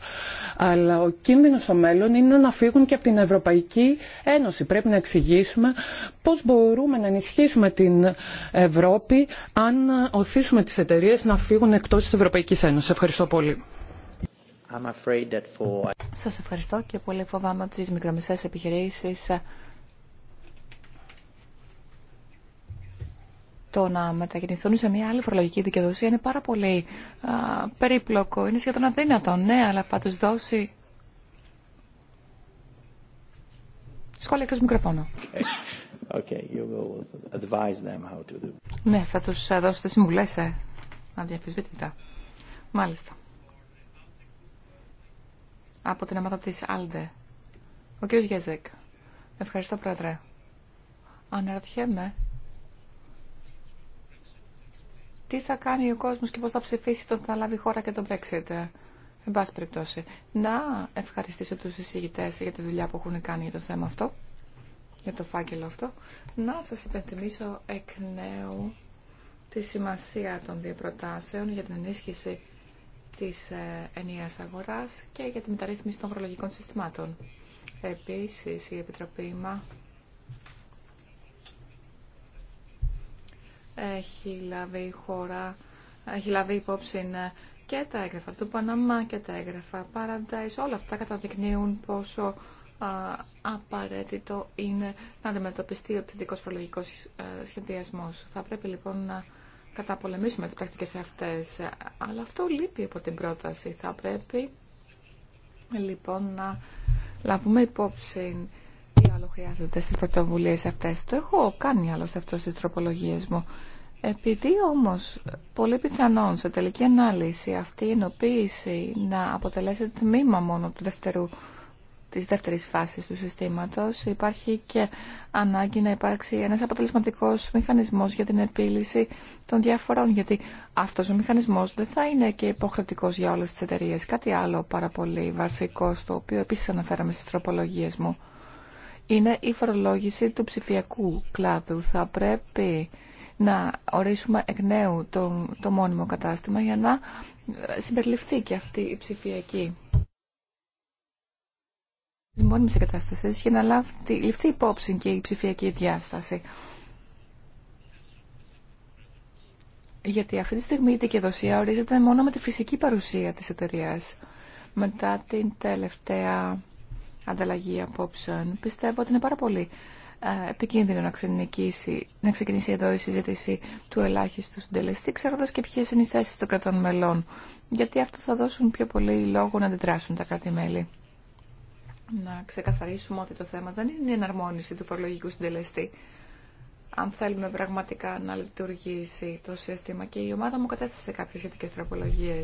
αλλά ο κίνδυνος των μέλων είναι να φύγουν και από την Ευρωπαϊκή Ένωση. Πρέπει να εξηγήσουμε πώς μπορούμε να ενισχύσουμε την Ευρώπη αν οθήσουμε τις εταιρείες να φύγουν εκτός της Ευρωπαϊκής Ένωσης. Ευχαριστώ πολύ. Σας ευχαριστώ και πολύ φοβάμαι ότι τις μικρομεσαίες επιχειρήσεις το να μετακινηθούν σε μια άλλη φορολογική δικαιοδοσία είναι πάρα πολύ α, περίπλοκο. Είναι σχεδόν αδύνατο, ναι, αλλά θα του δώσει... Σχόλια εκτό μικροφώνου. Okay, Ναι, θα του δώσετε συμβουλέ. ε. αδιαφυσβήτητα. Μάλιστα. Από την ομάδα τη Άλντε. Ο κύριος Γεζέκ. Ευχαριστώ, Πρόεδρε. Αναρωτιέμαι τι θα κάνει ο κόσμος και πώς θα ψηφίσει τον θα λάβει χώρα και τον Brexit. Ε, εν πάση περιπτώσει, να ευχαριστήσω τους εισηγητές για τη δουλειά που έχουν κάνει για το θέμα αυτό, για το φάκελο αυτό. Να σας υπενθυμίσω εκ νέου τη σημασία των δύο προτάσεων για την ενίσχυση της ε, ενιαίας αγοράς και για τη μεταρρύθμιση των προλογικών συστημάτων. Επίσης, η Επιτροπή μα έχει λάβει χώρα, έχει λάβει υπόψη ναι, και τα έγγραφα του Παναμά και τα έγγραφα Paradise. Όλα αυτά καταδεικνύουν πόσο απαραίτητο είναι να αντιμετωπιστεί ο επιθετικός φορολογικός ε, σχεδιασμός. Θα πρέπει λοιπόν να καταπολεμήσουμε τις πρακτικές αυτές. Αλλά αυτό λείπει από την πρόταση. Θα πρέπει λοιπόν να λάβουμε υπόψη χρειάζονται στις πρωτοβουλίες αυτές. Το έχω κάνει άλλωστε αυτό στις τροπολογίες μου. Επειδή όμως πολύ πιθανόν σε τελική ανάλυση αυτή η ενοποίηση να αποτελέσει τμήμα μόνο του δεύτερου της δεύτερης φάσης του συστήματος υπάρχει και ανάγκη να υπάρξει ένας αποτελεσματικός μηχανισμός για την επίλυση των διαφορών γιατί αυτός ο μηχανισμός δεν θα είναι και υποχρεωτικός για όλες τις εταιρείες κάτι άλλο πάρα πολύ βασικό στο οποίο επίσης αναφέραμε στις τροπολογίες μου είναι η φορολόγηση του ψηφιακού κλάδου. Θα πρέπει να ορίσουμε εκ νέου το, μόνιμο κατάστημα για να συμπεριληφθεί και αυτή η ψηφιακή τη μόνιμη εγκατάσταση για να λάβει, ληφθεί υπόψη και η ψηφιακή διάσταση. Γιατί αυτή τη στιγμή η δικαιοδοσία ορίζεται μόνο με τη φυσική παρουσία της εταιρείας. Μετά την τελευταία ανταλλαγή απόψεων. Πιστεύω ότι είναι πάρα πολύ ε, επικίνδυνο να, να ξεκινήσει εδώ η συζήτηση του ελάχιστου συντελεστή, ξέροντα και ποιε είναι οι θέσει των κρατών μελών. Γιατί αυτό θα δώσουν πιο πολύ λόγο να αντιδράσουν τα κράτη-μέλη. Να ξεκαθαρίσουμε ότι το θέμα δεν είναι η εναρμόνιση του φορολογικού συντελεστή. Αν θέλουμε πραγματικά να λειτουργήσει το σύστημα και η ομάδα μου κατέθεσε κάποιε σχετικέ τροπολογίε.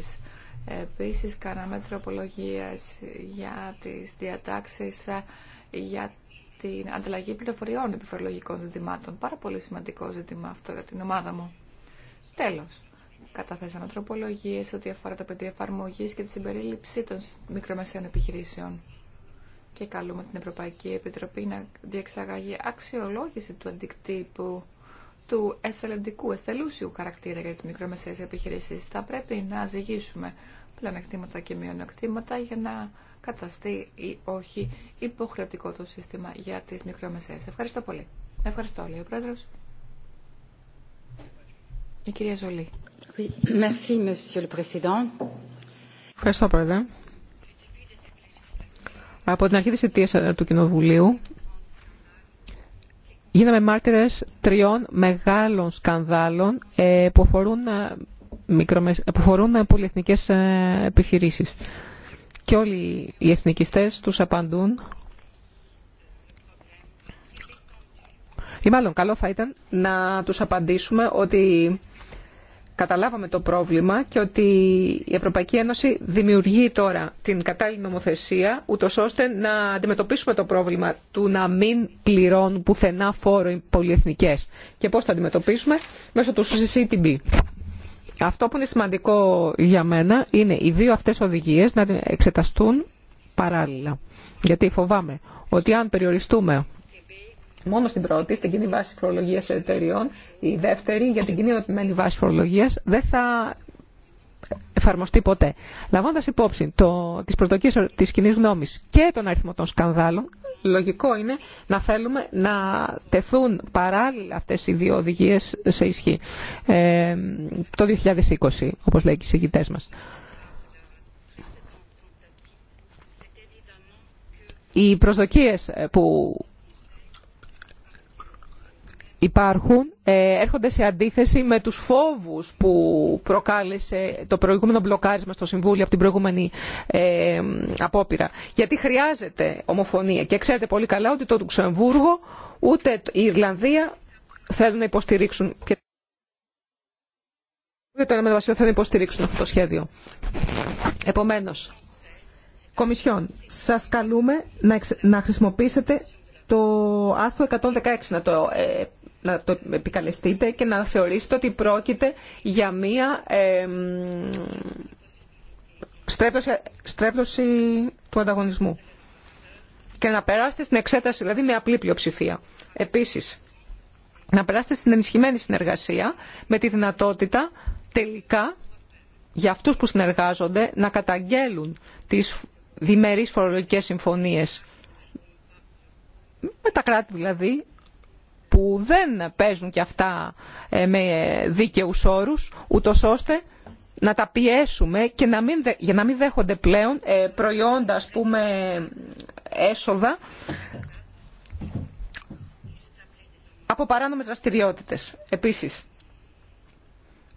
Επίσης, κάναμε τροπολογίες για τις διατάξεις ε, για την ανταλλαγή πληροφοριών επιφορολογικών ζητημάτων. Πάρα πολύ σημαντικό ζήτημα αυτό για την ομάδα μου. Τέλος, καταθέσαμε τροπολογίες ό,τι αφορά το πεδίο εφαρμογή και τη συμπερίληψη των μικρομεσαίων επιχειρήσεων. Και καλούμε την Ευρωπαϊκή Επιτροπή να διεξαγάγει αξιολόγηση του αντικτύπου του εθελοντικού, εθελούσιου χαρακτήρα για τι μικρομεσαίες επιχειρήσεις. Θα πρέπει να ζυγίσουμε πλανεκτήματα και μειονεκτήματα για να καταστεί ή όχι υποχρεωτικό το σύστημα για τις μικρομεσαίες. Ευχαριστώ πολύ. Ευχαριστώ, λέει ο Πρόεδρος. Η κυρία Ζολή. Ευχαριστώ, Πρόεδρε. Από την αρχή της ετίας ε, του Κοινοβουλίου γίναμε μάρτυρε τριών μεγάλων σκανδάλων ε, που αφορούν, ε, που αφορούν ε, πολυεθνικές επιχειρήσεις. Και όλοι οι εθνικιστές τους απαντούν ή μάλλον καλό θα ήταν να τους απαντήσουμε ότι καταλάβαμε το πρόβλημα και ότι η Ευρωπαϊκή Ένωση δημιουργεί τώρα την κατάλληλη νομοθεσία, ούτω ώστε να αντιμετωπίσουμε το πρόβλημα του να μην πληρώνουν πουθενά φόρο οι πολυεθνικές. Και πώς το αντιμετωπίσουμε μέσω του CCTB. Αυτό που είναι σημαντικό για μένα είναι οι δύο αυτές οδηγίες να εξεταστούν παράλληλα. Γιατί φοβάμαι ότι αν περιοριστούμε μόνο στην πρώτη, στην κοινή βάση φορολογία εταιριών, η δεύτερη για την κοινή δοτημένη βάση φορολογία, δεν θα εφαρμοστεί ποτέ. Λαμβάνοντα υπόψη το, τις προσδοκίες της κοινή γνώμη και τον αριθμό των σκανδάλων, λογικό είναι να θέλουμε να τεθούν παράλληλα αυτές οι δύο οδηγίες σε ισχύ ε, το 2020, όπως λέει και οι συγκητές μας. Οι προσδοκίες που υπάρχουν ε, έρχονται σε αντίθεση με τους φόβους που προκάλεσε το προηγούμενο μπλοκάρισμα στο Συμβούλιο από την προηγούμενη ε, απόπειρα. Γιατί χρειάζεται ομοφωνία και ξέρετε πολύ καλά ότι το Λουξεμβούργο ούτε η Ιρλανδία θέλουν να υποστηρίξουν και το ΕΒ θέλουν να υποστηρίξουν αυτό το σχέδιο. Επομένως, Κομισιόν, σας καλούμε να, να χρησιμοποιήσετε το άρθρο 116 να το ε, να το επικαλεστείτε και να θεωρήσετε ότι πρόκειται για μία ε, στρέβλωση, του ανταγωνισμού. Και να περάσετε στην εξέταση, δηλαδή με απλή πλειοψηφία. Επίσης, να περάσετε στην ενισχυμένη συνεργασία με τη δυνατότητα τελικά για αυτούς που συνεργάζονται να καταγγέλουν τις διμερείς φορολογικές συμφωνίες με τα κράτη δηλαδή που δεν παίζουν και αυτά ε, με δίκαιους όρους, ούτως ώστε να τα πιέσουμε και να μην, για να μην δέχονται πλέον ε, προϊόντα, ας πούμε, έσοδα από παράνομες δραστηριότητες. Επίσης,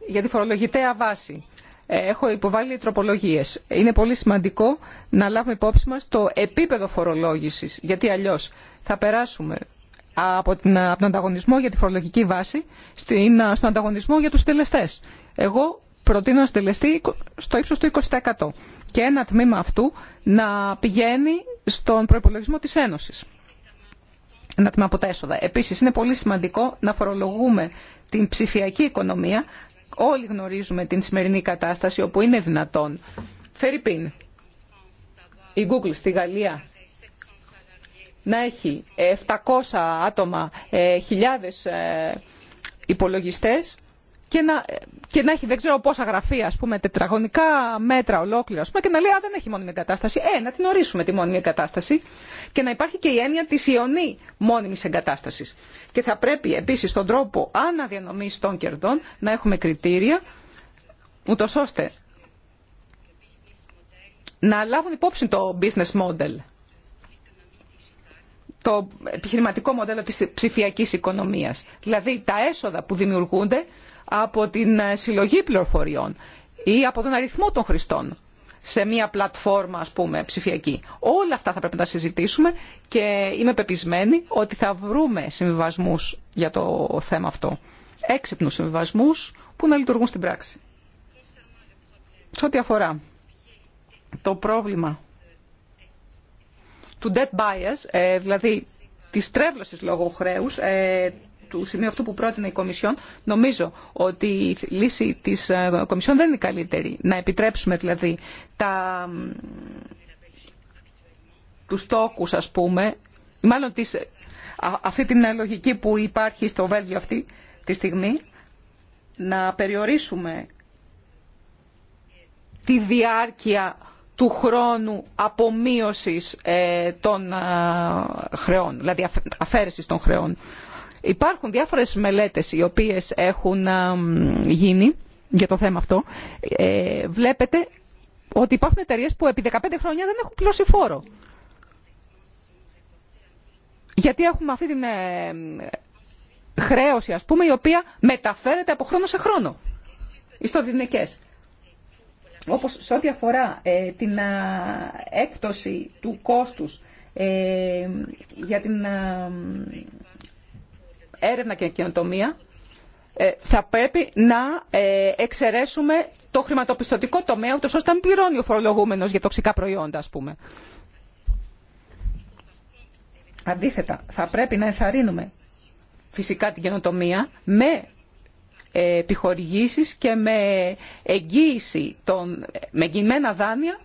για τη φορολογητέα βάση ε, έχω υποβάλει τροπολογίες. Είναι πολύ σημαντικό να λάβουμε υπόψη μας το επίπεδο φορολόγησης, γιατί αλλιώς θα περάσουμε από, την, από τον ανταγωνισμό για τη φορολογική βάση στην, στον ανταγωνισμό για τους τελεστές. Εγώ προτείνω να στελεστεί στο ύψος του 20% και ένα τμήμα αυτού να πηγαίνει στον προϋπολογισμό της Ένωσης. Ένα τμήμα από τα έσοδα. Επίσης είναι πολύ σημαντικό να φορολογούμε την ψηφιακή οικονομία. Όλοι γνωρίζουμε την σημερινή κατάσταση όπου είναι δυνατόν. Φερρυπίν, η Google στη Γαλλία να έχει 700 ε, άτομα, ε, χιλιάδες ε, υπολογιστές και να, και να έχει δεν ξέρω πόσα γραφεία, ας πούμε, τετραγωνικά μέτρα ολόκληρα, ας και να λέει «Α, δεν έχει μόνιμη εγκατάσταση». Ε, να την ορίσουμε τη μόνιμη εγκατάσταση και να υπάρχει και η έννοια της ιονή μόνιμης εγκατάστασης. Και θα πρέπει επίσης στον τρόπο αναδιανομής των κερδών να έχουμε κριτήρια, ούτως ώστε να λάβουν υπόψη το business model το επιχειρηματικό μοντέλο της ψηφιακής οικονομίας. Δηλαδή τα έσοδα που δημιουργούνται από την ε, συλλογή πληροφοριών ή από τον αριθμό των χρηστών σε μια πλατφόρμα ας πούμε, ψηφιακή. Όλα αυτά θα πρέπει να συζητήσουμε και είμαι πεπισμένη ότι θα βρούμε συμβιβασμού για το θέμα αυτό. Έξυπνου συμβιβασμού που να λειτουργούν στην πράξη. Σε ό,τι αφορά το πρόβλημα του debt bias, ε, δηλαδή της τρέβλωσης λόγω χρέους, ε, του σημείου αυτού που πρότεινε η Κομισιόν, νομίζω ότι η λύση της ε, Κομισιόν δεν είναι καλύτερη. Να επιτρέψουμε δηλαδή τα, τους τόκους ας πούμε, μάλλον τις, αυτή την λογική που υπάρχει στο Βέλγιο αυτή τη στιγμή, να περιορίσουμε τη διάρκεια του χρόνου απομείωσης ε, των ε, χρεών, δηλαδή αφαίρεσης των χρεών. Υπάρχουν διάφορες μελέτες οι οποίες έχουν ε, γίνει για το θέμα αυτό. Βλέπετε ότι υπάρχουν εταιρείε που επί 15 χρόνια δεν έχουν πλώσει φόρο. Γιατί έχουμε αυτή την χρέωση, ας πούμε, η οποία μεταφέρεται από χρόνο σε χρόνο. Ιστοδυνικές όπως σε ό,τι αφορά ε, την έκπτωση του κόστους ε, για την έρευνα και καινοτομία, ε, θα πρέπει να εξαιρέσουμε το χρηματοπιστωτικό τομέα, ούτως ώστε να πληρώνει ο φορολογούμενος για τοξικά προϊόντα, ας πούμε. Αντίθετα, θα πρέπει να ενθαρρύνουμε φυσικά την καινοτομία με επιχορηγήσεις και με εγγύηση, των, με εγγυημένα δάνεια,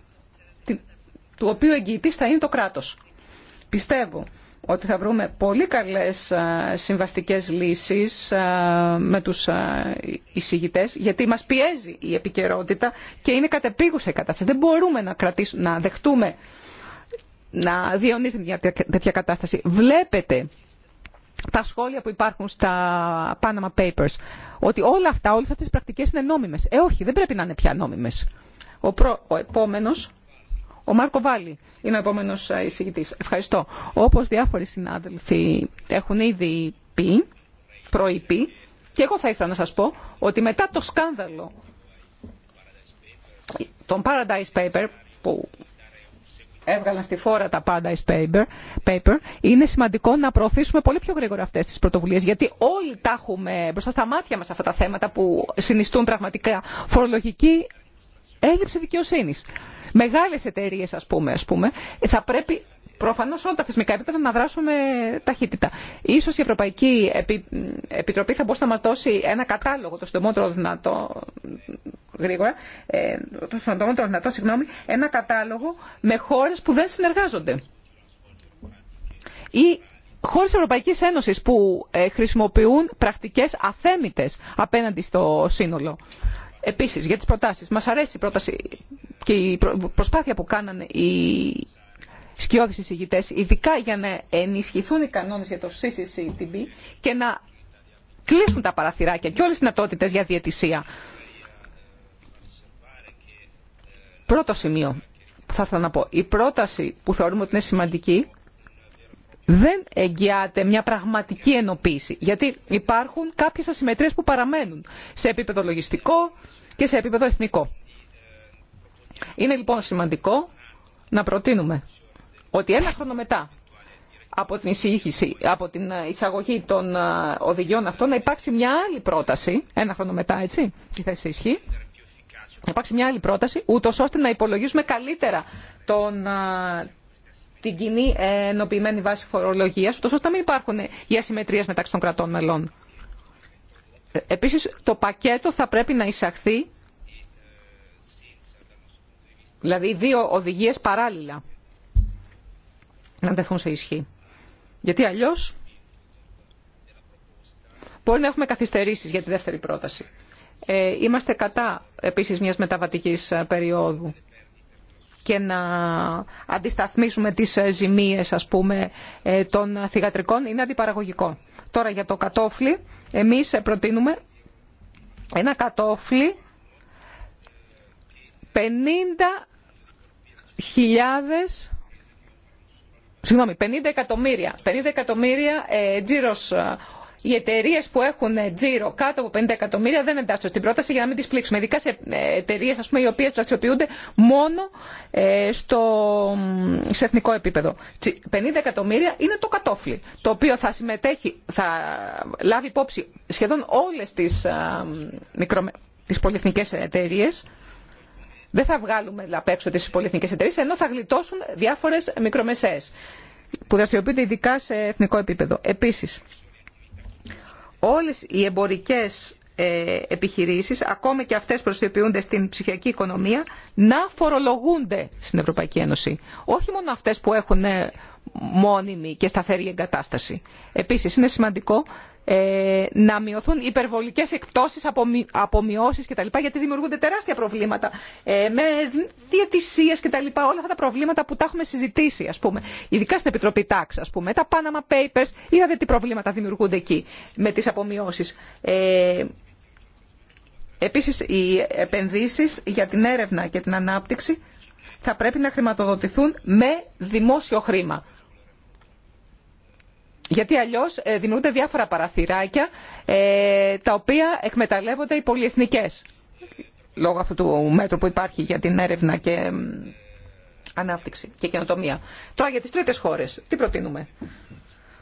του οποίου εγγυητής θα είναι το κράτος. Πιστεύω ότι θα βρούμε πολύ καλές συμβαστικές λύσεις με τους εισηγητές, γιατί μας πιέζει η επικαιρότητα και είναι κατεπίγουσα η κατάσταση. Δεν μπορούμε να, κρατήσουμε, να δεχτούμε να διαιωνίζεται μια τέτοια κατάσταση. Βλέπετε τα σχόλια που υπάρχουν στα Panama Papers. Ότι όλα αυτά, όλε αυτέ τις πρακτικές είναι νόμιμες. Ε, όχι, δεν πρέπει να είναι πια νόμιμες. Ο, προ, ο επόμενος, ο Μάρκο Βάλλη, είναι ο επόμενο ε, εισηγητή. Ευχαριστώ. Όπως διάφοροι συνάδελφοι έχουν ήδη πει, προείπει, και εγώ θα ήθελα να σας πω ότι μετά το σκάνδαλο των Paradise Paper που έβγαλαν στη φόρα τα πάντα paper, είναι σημαντικό να προωθήσουμε πολύ πιο γρήγορα αυτές τις πρωτοβουλίες, γιατί όλοι τα έχουμε μπροστά στα μάτια μας αυτά τα θέματα που συνιστούν πραγματικά φορολογική έλλειψη δικαιοσύνης. Μεγάλες εταιρείες, ας πούμε, ας πούμε θα πρέπει προφανώ όλα τα θεσμικά επίπεδα να δράσουμε ταχύτητα. σω η Ευρωπαϊκή Επιτροπή θα μπορούσε να μα δώσει ένα κατάλογο το συντομότερο δυνατό, γρήγορα, ε, το συντομότερο δυνατό, συγγνώμη, ένα κατάλογο με χώρε που δεν συνεργάζονται. Ή χώρε Ευρωπαϊκή Ένωση που ε, χρησιμοποιούν πρακτικέ αθέμητε απέναντι στο σύνολο. Επίση, για τι προτάσει. Μα αρέσει η πρόταση και η προσπάθεια που κάνανε οι σκιώδεις εισηγητές, ειδικά για να ενισχυθούν οι κανόνες για το CCCTB και να κλείσουν τα παραθυράκια και όλες τις δυνατότητε για διαιτησία. Πρώτο σημείο που θα ήθελα να πω. Η πρόταση που θεωρούμε ότι είναι σημαντική δεν εγγυάται μια πραγματική ενοποίηση. Γιατί υπάρχουν κάποιες ασυμμετρίες που παραμένουν σε επίπεδο λογιστικό και σε επίπεδο εθνικό. Είναι λοιπόν σημαντικό να προτείνουμε ότι ένα χρόνο μετά από την, από την ε, εισαγωγή των ε, οδηγιών αυτών να υπάρξει μια άλλη πρόταση, ένα χρόνο μετά έτσι, η θέση ισχύει, να υπάρξει μια άλλη πρόταση, ούτως ώστε να υπολογίσουμε καλύτερα τον, ε, την κοινή ενοποιημένη βάση φορολογίας, ούτως ώστε να μην υπάρχουν οι ασυμμετρίες μεταξύ των κρατών μελών. Επίσης, το πακέτο θα πρέπει να εισαχθεί, δηλαδή δύο οδηγίες παράλληλα να τεθούν σε ισχύ. Γιατί αλλιώ, μπορεί να έχουμε καθυστερήσεις για τη δεύτερη πρόταση. Ε, είμαστε κατά επίσης μιας μεταβατικής ε, περίοδου και να αντισταθμίσουμε τις ε, ζημίες ας πούμε των θυγατρικών είναι αντιπαραγωγικό. Τώρα για το κατόφλι εμείς προτείνουμε ένα κατόφλι 50.000 Συγγνώμη, 50 εκατομμύρια. 50 ε, ε, οι εταιρείε που έχουν ε, τζίρο κάτω από 50 εκατομμύρια δεν εντάσσονται στην πρόταση για να μην τι πλήξουμε. Ειδικά σε εταιρείε οι οποίε δραστηριοποιούνται μόνο στο, σε εθνικό επίπεδο. 50 εκατομμύρια είναι το κατόφλι, το οποίο θα συμμετέχει, θα λάβει υπόψη σχεδόν όλε τι τις πολυεθνικέ εταιρείε δεν θα βγάλουμε απ' έξω τις πολυεθνικές εταιρείες, ενώ θα γλιτώσουν διάφορες μικρομεσαίες που δραστηριοποιούνται ειδικά σε εθνικό επίπεδο. Επίσης, όλες οι εμπορικές ε, επιχειρήσεις, ακόμη και αυτές που δραστηριοποιούνται στην ψηφιακή οικονομία, να φορολογούνται στην Ευρωπαϊκή Ένωση. Όχι μόνο αυτές που έχουν ε, μόνιμη και σταθερή εγκατάσταση. Επίσης, είναι σημαντικό ε, να μειωθούν υπερβολικές εκπτώσεις, και τα κτλ. Γιατί δημιουργούνται τεράστια προβλήματα ε, με τα κτλ. Όλα αυτά τα προβλήματα που τα έχουμε συζητήσει, ας πούμε. Ειδικά στην Επιτροπή Τάξη, ας πούμε. Τα Panama Papers, είδατε τι προβλήματα δημιουργούνται εκεί με τις απομειώσεις. Ε, επίσης, οι επενδύσεις για την έρευνα και την ανάπτυξη θα πρέπει να χρηματοδοτηθούν με δημόσιο χρήμα. Γιατί αλλιώς ε, δημιουργούνται διάφορα παραθυράκια ε, τα οποία εκμεταλλεύονται οι πολυεθνικές λόγω αυτού του μέτρου που υπάρχει για την έρευνα και ανάπτυξη και καινοτομία. Τώρα για τις τρίτες χώρες, τι προτείνουμε.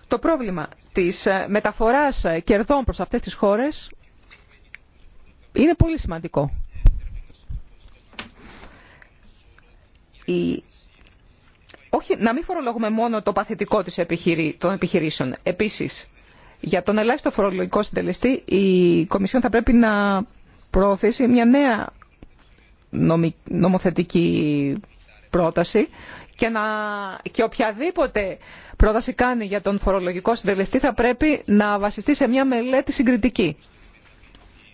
Το πρόβλημα της ε, μεταφοράς κερδών προς αυτές τις χώρες είναι πολύ σημαντικό. όχι, να μην φορολογούμε μόνο το παθητικό της των επιχειρήσεων. Επίσης, για τον ελάχιστο φορολογικό συντελεστή, η Κομισιόν θα πρέπει να προωθήσει μια νέα νομοθετική πρόταση και, και οποιαδήποτε πρόταση κάνει για τον φορολογικό συντελεστή θα πρέπει να βασιστεί σε μια μελέτη συγκριτική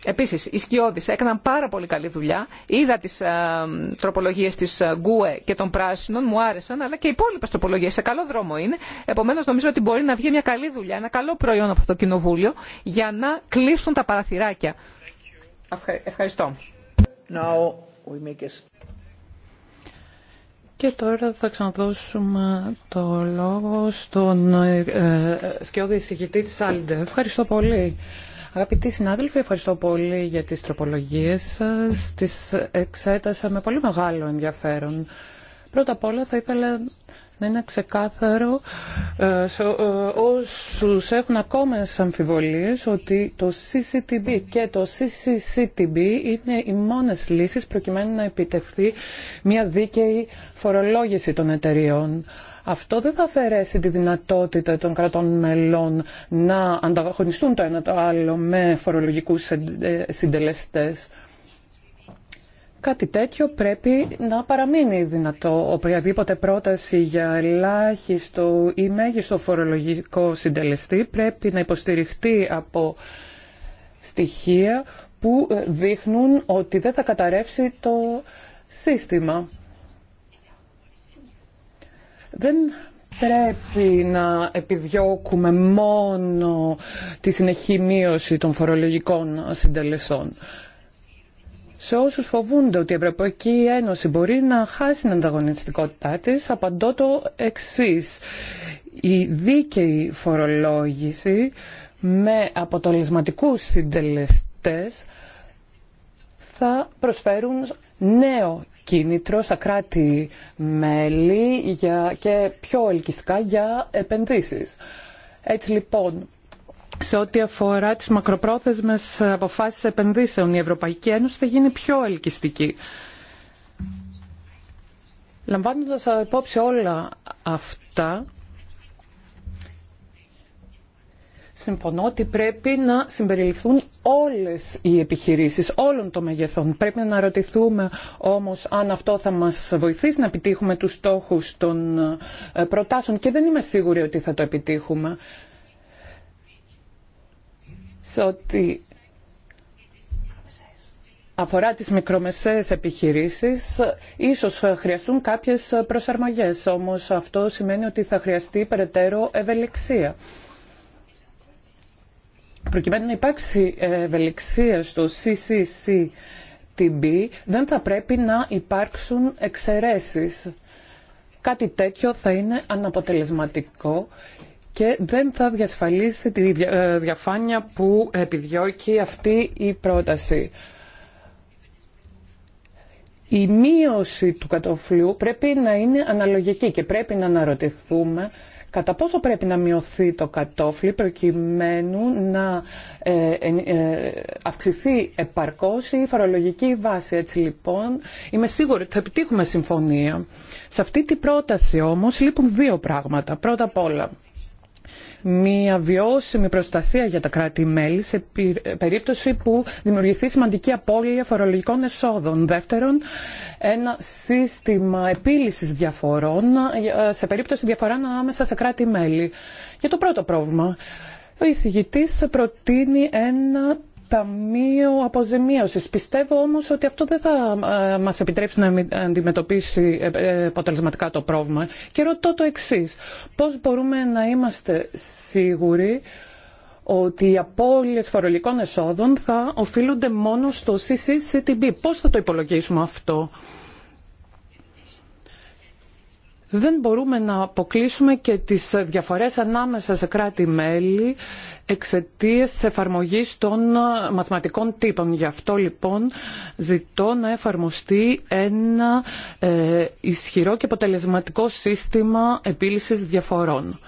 Επίση, οι σκιώδει έκαναν πάρα πολύ καλή δουλειά. Είδα τι ε, τροπολογίε τη ε, Γκουε και των Πράσινων, μου άρεσαν, αλλά και οι υπόλοιπε τροπολογίε σε καλό δρόμο είναι. Επομένω, νομίζω ότι μπορεί να βγει μια καλή δουλειά, ένα καλό προϊόν από αυτό το Κοινοβούλιο για να κλείσουν τα παραθυράκια. Ευχαριστώ. Και τώρα θα ξαναδώσουμε το λόγο στον ε, ε σκιώδη εισηγητή της Άλντε. Ευχαριστώ πολύ. Αγαπητοί συνάδελφοι, ευχαριστώ πολύ για τις τροπολογίες σας. Τις εξέτασα με πολύ μεγάλο ενδιαφέρον. Πρώτα απ' όλα θα ήθελα να είναι ξεκάθαρο ε, ε όσους έχουν ακόμα αμφιβολίες ότι το CCTB και το CCCTB είναι οι μόνες λύσεις προκειμένου να επιτευχθεί μια δίκαιη φορολόγηση των εταιριών. Αυτό δεν θα αφαιρέσει τη δυνατότητα των κρατών μελών να ανταγωνιστούν το ένα το άλλο με φορολογικούς ε, συντελεστές. Κάτι τέτοιο πρέπει να παραμείνει δυνατό. Οποιαδήποτε πρόταση για ελάχιστο ή μέγιστο φορολογικό συντελεστή πρέπει να υποστηριχτεί από στοιχεία που ε, δείχνουν ότι δεν θα καταρρεύσει το σύστημα. Δεν πρέπει να επιδιώκουμε μόνο τη συνεχή μείωση των φορολογικών συντελεσών. Σε όσους φοβούνται ότι η Ευρωπαϊκή Ένωση μπορεί να χάσει την ανταγωνιστικότητά της, απαντώ το εξής. Η δίκαιη φορολόγηση με αποτολισματικούς συντελεστές θα προσφέρουν νέο κίνητρο στα κράτη-μέλη για... και πιο ελκυστικά για επενδύσεις. Έτσι λοιπόν, σε ό,τι αφορά τις μακροπρόθεσμες αποφάσεις επενδύσεων, η Ευρωπαϊκή Ένωση θα γίνει πιο ελκυστική. Λαμβάνοντας υπόψη όλα αυτά, συμφωνώ ότι πρέπει να συμπεριληφθούν όλες οι επιχειρήσεις, όλων των μεγεθών. Πρέπει να αναρωτηθούμε όμως αν αυτό θα μας βοηθήσει να επιτύχουμε τους στόχους των ε, προτάσεων και δεν είμαι σίγουρη ότι θα το επιτύχουμε. Σε ό,τι αφορά τις μικρομεσαίες επιχειρήσεις, ίσως χρειαστούν κάποιες προσαρμογές, όμως αυτό σημαίνει ότι θα χρειαστεί περαιτέρω ευελιξία προκειμένου να υπάρξει ευελιξία στο CCCTB δεν θα πρέπει να υπάρξουν εξαιρέσεις. Κάτι τέτοιο θα είναι αναποτελεσματικό και δεν θα διασφαλίσει τη ε, διαφάνεια που επιδιώκει αυτή η πρόταση. Η μείωση του κατοφλού πρέπει να είναι αναλογική και πρέπει να αναρωτηθούμε κατά πόσο πρέπει να μειωθεί το κατόφλι προκειμένου να ε, ε, αυξηθεί επαρκώς η φορολογική βάση. Έτσι λοιπόν είμαι σίγουρη ότι θα επιτύχουμε συμφωνία. Σε αυτή την πρόταση όμως λείπουν δύο πράγματα. Πρώτα απ' όλα μια βιώσιμη προστασία για τα κράτη-μέλη σε περίπτωση που δημιουργηθεί σημαντική απώλεια φορολογικών εσόδων. Δεύτερον, ένα σύστημα επίλυσης διαφορών ε, σε περίπτωση διαφορά ανάμεσα σε κράτη-μέλη. Για το πρώτο πρόβλημα, ο εισηγητής προτείνει ένα ταμείο αποζημίωσης. Πιστεύω όμως ότι αυτό δεν θα ε, μας επιτρέψει να αντιμετωπίσει ε, ε, αποτελεσματικά το πρόβλημα. Και ρωτώ το εξής. Πώς μπορούμε να είμαστε σίγουροι ότι οι απώλειες φορολογικών εσόδων θα οφείλονται μόνο στο CCCTB. Πώς θα το υπολογίσουμε αυτό δεν μπορούμε να αποκλείσουμε και τις διαφορές ανάμεσα σε κράτη-μέλη εξαιτίας της εφαρμογής των μαθηματικών τύπων. Γι' αυτό λοιπόν ζητώ να εφαρμοστεί ένα ε, ισχυρό και αποτελεσματικό σύστημα επίλυσης διαφορών.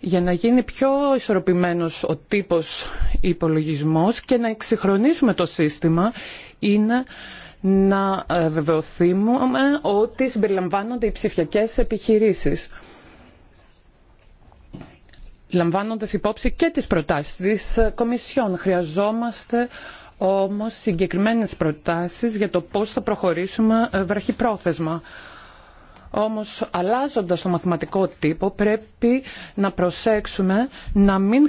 Για να γίνει πιο ισορροπημένος ο τύπος υπολογισμός και να εξυγχρονίσουμε το σύστημα είναι να βεβαιωθούμε ότι συμπεριλαμβάνονται οι ψηφιακές επιχειρήσεις λαμβάνοντας υπόψη και τις προτάσεις της Κομισιόν. Χρειαζόμαστε όμως συγκεκριμένες προτάσεις για το πώς θα προχωρήσουμε βραχυπρόθεσμα. Όμως αλλάζοντας το μαθηματικό τύπο πρέπει να προσέξουμε να μην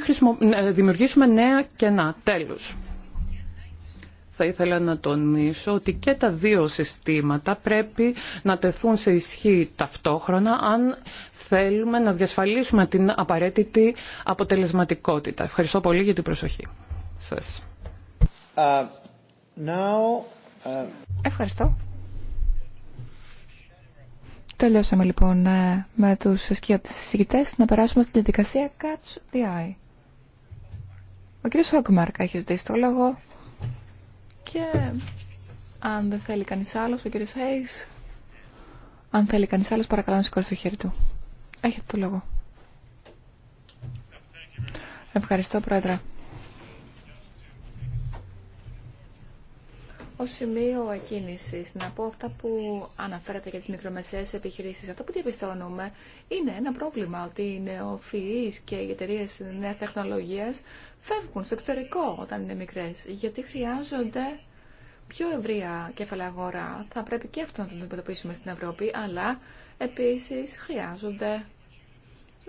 δημιουργήσουμε νέα κενά. τέλο θα ήθελα να τονίσω ότι και τα δύο συστήματα πρέπει να τεθούν σε ισχύ ταυτόχρονα αν θέλουμε να διασφαλίσουμε την απαραίτητη αποτελεσματικότητα. Ευχαριστώ πολύ για την προσοχή σας. Uh, uh, Ευχαριστώ. Τελειώσαμε λοιπόν ε, με τους σκιατές να περάσουμε στην διαδικασία Catch the Eye. Ο κ. Σόγκμαρκ έχει ζητήσει το λόγο. Και αν δεν θέλει κανείς άλλος, ο κύριος Χέις, αν θέλει κανείς άλλος, παρακαλώ να σηκώσει το χέρι του. Έχετε το λόγο. Ευχαριστώ, Πρόεδρε. Ο σημείο εκκίνηση να πω αυτά που αναφέρατε για τι μικρομεσαίες επιχειρήσει. Αυτό που διαπιστώνουμε είναι ένα πρόβλημα ότι οι νεοφυεί και οι εταιρείε νέα τεχνολογία φεύγουν στο εξωτερικό όταν είναι μικρέ, γιατί χρειάζονται πιο ευρεία κεφαλαία αγορά. Θα πρέπει και αυτό να το αντιμετωπίσουμε στην Ευρώπη, αλλά επίση χρειάζονται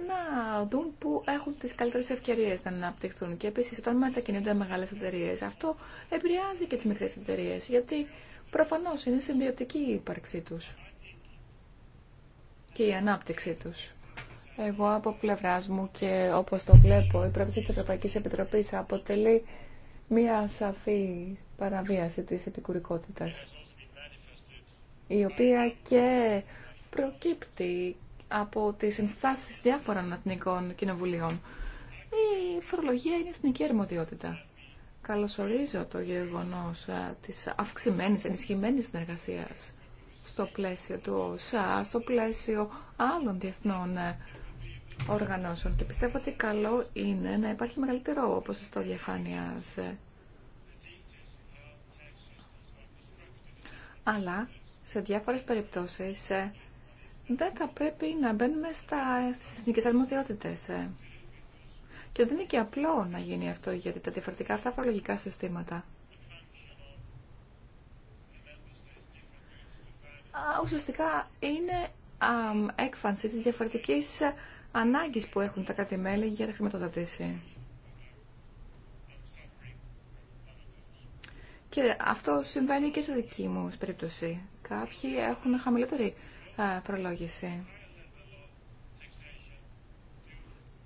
να δουν που έχουν τις καλύτερες ευκαιρίες να αναπτυχθούν. Και επίσης όταν μετακινούνται μεγάλες εταιρείε, αυτό επηρεάζει και τις μικρές εταιρείε, γιατί προφανώς είναι συμβιωτική η ύπαρξή τους και η ανάπτυξή τους. Εγώ από πλευρά μου και όπως το βλέπω, η πρόταση της Ευρωπαϊκής Επιτροπής αποτελεί μία σαφή παραβίαση της επικουρικότητας, η οποία και προκύπτει από τις ενστάσεις διάφορων εθνικών κοινοβουλίων. Η φορολογία είναι εθνική αρμοδιότητα. Καλωσορίζω το γεγονός ε, της αυξημένης, ενισχυμένης συνεργασίας στο πλαίσιο του ΩΣΑ, στο πλαίσιο άλλων διεθνών ε, οργανώσεων και πιστεύω ότι καλό είναι να υπάρχει μεγαλύτερο ποσοστό διαφάνεια. Αλλά σε διάφορες περιπτώσεις ε, δεν θα πρέπει να μπαίνουμε στα, στις δικές ε. Και δεν είναι και απλό να γίνει αυτό, γιατί τα διαφορετικά αυτά φορολογικά συστήματα ουσιαστικά είναι έκφανση της διαφορετικής ε, ανάγκης που έχουν τα κράτη-μέλη για να χρηματοδοτήσει. Και αυτό συμβαίνει και σε δική μου περίπτωση. Κάποιοι έχουν χαμηλότερη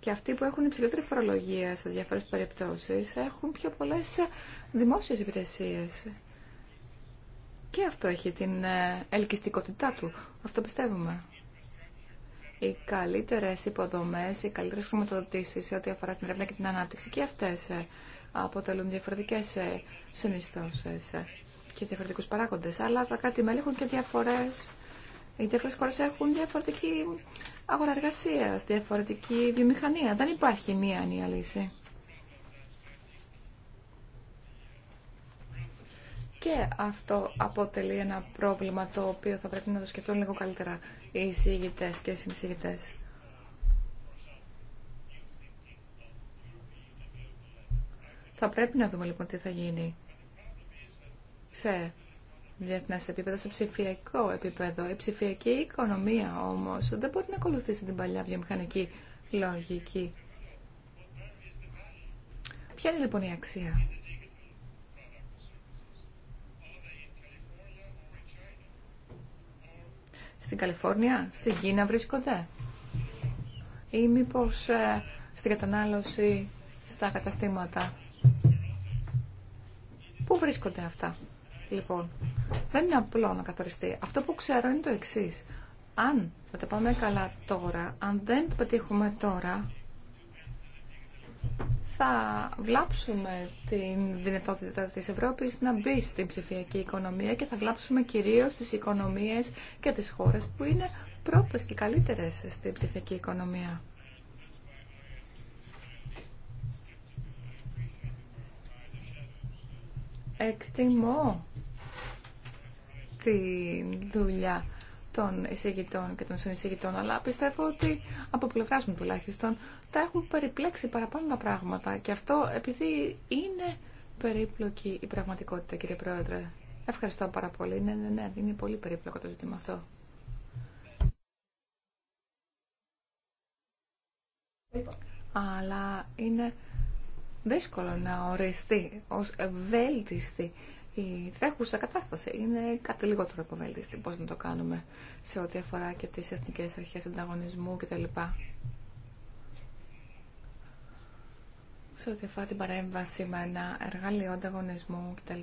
και αυτοί που έχουν υψηλότερη φορολογία σε διάφορες περιπτώσεις έχουν πιο πολλές δημόσιες υπηρεσίες. Και αυτό έχει την ε, ελκυστικότητά του. Αυτό πιστεύουμε. Οι καλύτερες υποδομές, οι καλύτερες χρηματοδοτήσεις σε ό,τι αφορά την έρευνα και την ανάπτυξη και αυτές ε, αποτελούν διαφορετικές ε, συνιστώσεις και διαφορετικούς παράγοντες. Αλλά τα κάτι μέλη έχουν και διαφορές οι διάφορε χώρε έχουν διαφορετική αγορά εργασία, διαφορετική βιομηχανία. Δεν υπάρχει μία ανία λύση. Και αυτό αποτελεί ένα πρόβλημα το οποίο θα πρέπει να το σκεφτούν λίγο καλύτερα οι εισηγητέ και οι συνεισηγητέ. Θα πρέπει να δούμε λοιπόν τι θα γίνει σε διεθνέ επίπεδο, σε ψηφιακό επίπεδο. Η ψηφιακή οικονομία όμω δεν μπορεί να ακολουθήσει την παλιά βιομηχανική λογική. Ποια είναι λοιπόν η αξία. Στην Καλιφόρνια, στην Κίνα βρίσκονται. Ή μήπως ε, στην κατανάλωση στα καταστήματα. Πού βρίσκονται αυτά. Λοιπόν, δεν είναι απλό να καθοριστεί. Αυτό που ξέρω είναι το εξή. Αν δεν τα πάμε καλά τώρα, αν δεν το πετύχουμε τώρα, θα βλάψουμε την δυνατότητα της Ευρώπης να μπει στην ψηφιακή οικονομία και θα βλάψουμε κυρίως τις οικονομίες και τις χώρες που είναι πρώτες και καλύτερες στην ψηφιακή οικονομία. Εκτιμώ τη δουλειά των εισηγητών και των συνεισηγητών, αλλά πιστεύω ότι από πλευρά μου τουλάχιστον τα έχουν περιπλέξει παραπάνω τα πράγματα και αυτό επειδή είναι περίπλοκη η πραγματικότητα, κύριε Πρόεδρε. Ευχαριστώ πάρα πολύ. Ναι, ναι, ναι, είναι πολύ περίπλοκο το ζήτημα αυτό. Αλλά είναι δύσκολο να οριστεί ως ευέλτιστη η τρέχουσα κατάσταση είναι κάτι λιγότερο αποβέλτιστη. Πώς να το κάνουμε σε ό,τι αφορά και τις εθνικές αρχές ανταγωνισμού κτλ. Σε ό,τι αφορά την παρέμβαση με ένα εργαλείο ανταγωνισμού κτλ.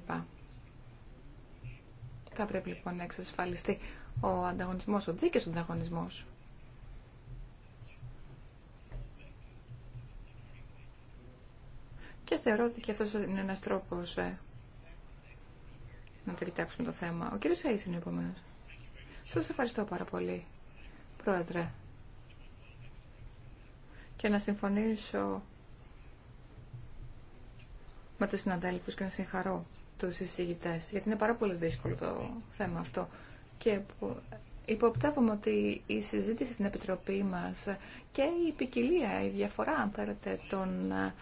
Θα πρέπει λοιπόν να εξασφαλιστεί ο ανταγωνισμός, ο δίκαιος ανταγωνισμός. Και θεωρώ ότι και αυτός είναι ένας τρόπος ε, να το κοιτάξουμε το θέμα. Ο κύριος Σαΐς είναι ο Σας ευχαριστώ πάρα πολύ, Πρόεδρε. Και να συμφωνήσω με τους συναδέλφους και να συγχαρώ τους εισηγητές, γιατί είναι πάρα πολύ δύσκολο το θέμα αυτό. Και υποπτεύομαι ότι η συζήτηση στην Επιτροπή μας και η ποικιλία, η διαφορά, αν θέλετε, των ε,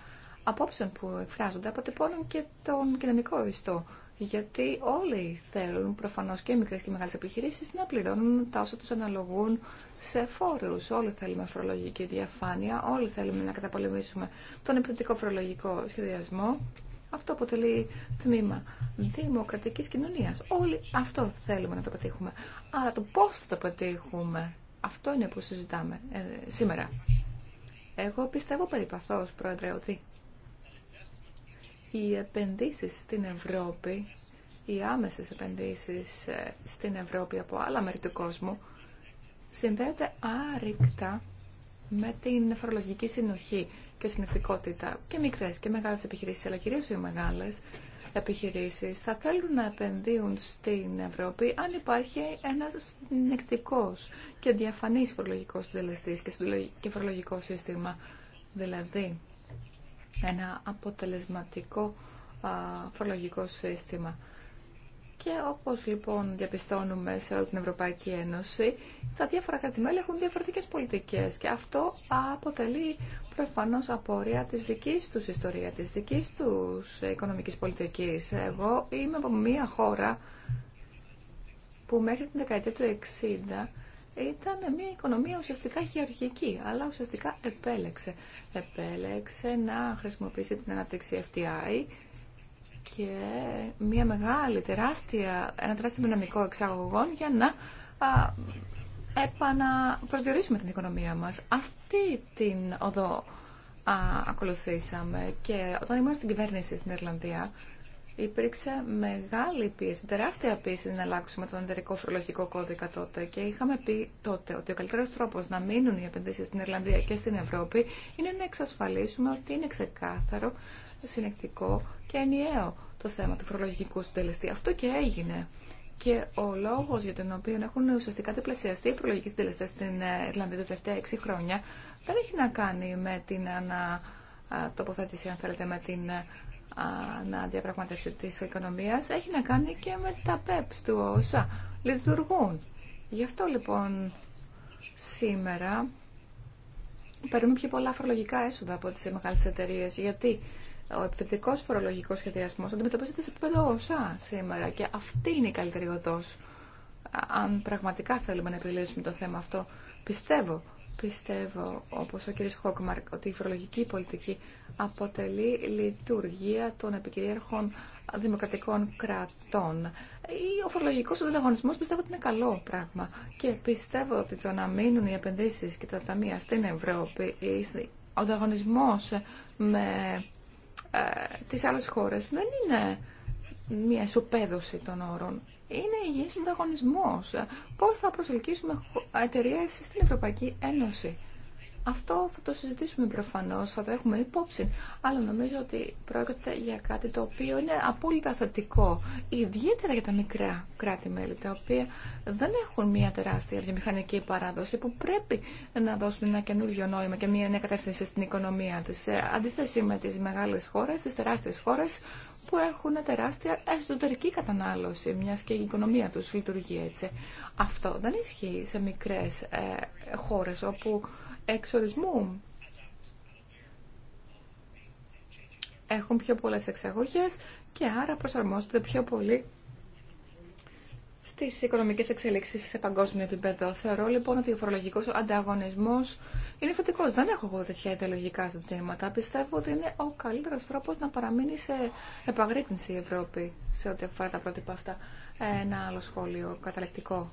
απόψεων που εκφράζονται αποτυπώνουν και τον κοινωνικό ιστό γιατί όλοι θέλουν προφανώς και μικρέ και μεγάλες επιχειρήσεις να πληρώνουν τα όσα τους αναλογούν σε φόρους. Όλοι θέλουμε φορολογική διαφάνεια, όλοι θέλουμε να καταπολεμήσουμε τον επιθετικό φορολογικό σχεδιασμό. Αυτό αποτελεί τμήμα δημοκρατικής κοινωνίας. Όλοι αυτό θέλουμε να το πετύχουμε. Άρα το πώ θα το πετύχουμε, αυτό είναι που συζητάμε ε, σήμερα. Εγώ πιστεύω περιπαθώς, Πρόεδρε, ότι οι επενδύσεις στην Ευρώπη, οι άμεσες επενδύσεις ε, στην Ευρώπη από άλλα μέρη του κόσμου, συνδέονται άρρηκτα με την φορολογική συνοχή και συνεκτικότητα και μικρές και μεγάλες επιχειρήσεις, αλλά κυρίως οι μεγάλες επιχειρήσεις θα θέλουν να επενδύουν στην Ευρώπη αν υπάρχει ένας συνεκτικός και διαφανής φορολογικός συντελεστής και φορολογικό σύστημα. Δηλαδή, ένα αποτελεσματικό φορολογικό σύστημα. Και όπως λοιπόν διαπιστώνουμε σε όλη την Ευρωπαϊκή Ένωση, τα διάφορα κρατημέλη έχουν διαφορετικές πολιτικές και αυτό αποτελεί προφανώς απορία της δικής τους ιστορία, της δικής τους οικονομικής πολιτικής. Εγώ είμαι από μια χώρα που μέχρι την δεκαετία του 60 ήταν μια οικονομία ουσιαστικά γεωργική, αλλά ουσιαστικά επέλεξε. Επέλεξε να χρησιμοποιήσει την ανάπτυξη FTI και μια μεγάλη, τεράστια, ένα τεράστιο δυναμικό εξαγωγών για να α, επαναπροσδιορίσουμε την οικονομία μας. Αυτή την οδό α, ακολουθήσαμε και όταν ήμουν στην κυβέρνηση στην Ιρλανδία υπήρξε μεγάλη πίεση, τεράστια πίεση να αλλάξουμε τον εταιρικό φορολογικό κώδικα τότε και είχαμε πει τότε ότι ο καλύτερο τρόπο να μείνουν οι επενδύσει στην Ιρλανδία και στην Ευρώπη είναι να εξασφαλίσουμε ότι είναι ξεκάθαρο, συνεκτικό και ενιαίο το θέμα του φορολογικού συντελεστή. Αυτό και έγινε. Και ο λόγο για τον οποίο έχουν ουσιαστικά διπλασιαστεί οι φορολογικοί συντελεστέ στην ε, Ιρλανδία τα τελευταία 6 χρόνια δεν έχει να κάνει με την ανα αν θέλετε, με την ε, να διαπραγματεύσει τη οικονομία έχει να κάνει και με τα PEPs του ΩΣΑ. Λειτουργούν. Γι' αυτό λοιπόν σήμερα παίρνουμε πιο πολλά φορολογικά έσοδα από τι μεγάλε εταιρείε, γιατί ο επιθετικός φορολογικός σχεδιασμός αντιμετωπίζεται σε επίπεδο ΩΣΑ σήμερα και αυτή είναι η καλύτερη οδό αν πραγματικά θέλουμε να επιλύσουμε το θέμα αυτό. Πιστεύω Πιστεύω, όπως ο κ. Χόκμαρκ, ότι η φορολογική πολιτική αποτελεί λειτουργία των επικυρίαρχων δημοκρατικών κρατών. Ο φορολογικό ανταγωνισμό πιστεύω ότι είναι καλό πράγμα και πιστεύω ότι το να μείνουν οι επενδύσεις και τα ταμεία στην Ευρώπη, ο ανταγωνισμό με ε, τις άλλες χώρες δεν είναι μια ισοπαίδωση των όρων είναι υγιής ανταγωνισμός. Πώς θα προσελκύσουμε εταιρείε στην Ευρωπαϊκή Ένωση. Αυτό θα το συζητήσουμε προφανώς, θα το έχουμε υπόψη, αλλά νομίζω ότι πρόκειται για κάτι το οποίο είναι απόλυτα θετικό, ιδιαίτερα για τα μικρά κράτη-μέλη, τα οποία δεν έχουν μια τεράστια βιομηχανική παράδοση που πρέπει να δώσουν ένα καινούργιο νόημα και μια νέα κατεύθυνση στην οικονομία τους, σε αντίθεση με τις μεγάλες χώρες, τις τεράστιες χώρες που έχουν τεράστια εσωτερική κατανάλωση, μιας και η οικονομία του λειτουργεί έτσι. Αυτό δεν ισχύει σε μικρές ε, χώρες όπου εξορισμού έχουν πιο πολλές εξαγωγές και άρα προσαρμόζονται πιο πολύ Στι οικονομικές εξελίξει σε παγκόσμιο επίπεδο. Θεωρώ λοιπόν ότι ο φορολογικό ανταγωνισμό είναι φωτικό. Δεν έχω εγώ τέτοια ιδεολογικά ζητήματα. Πιστεύω ότι είναι ο καλύτερο τρόπο να παραμείνει σε επαγρύπνηση η Ευρώπη σε ό,τι αφορά τα πρότυπα αυτά. Ένα άλλο σχόλιο καταλεκτικό.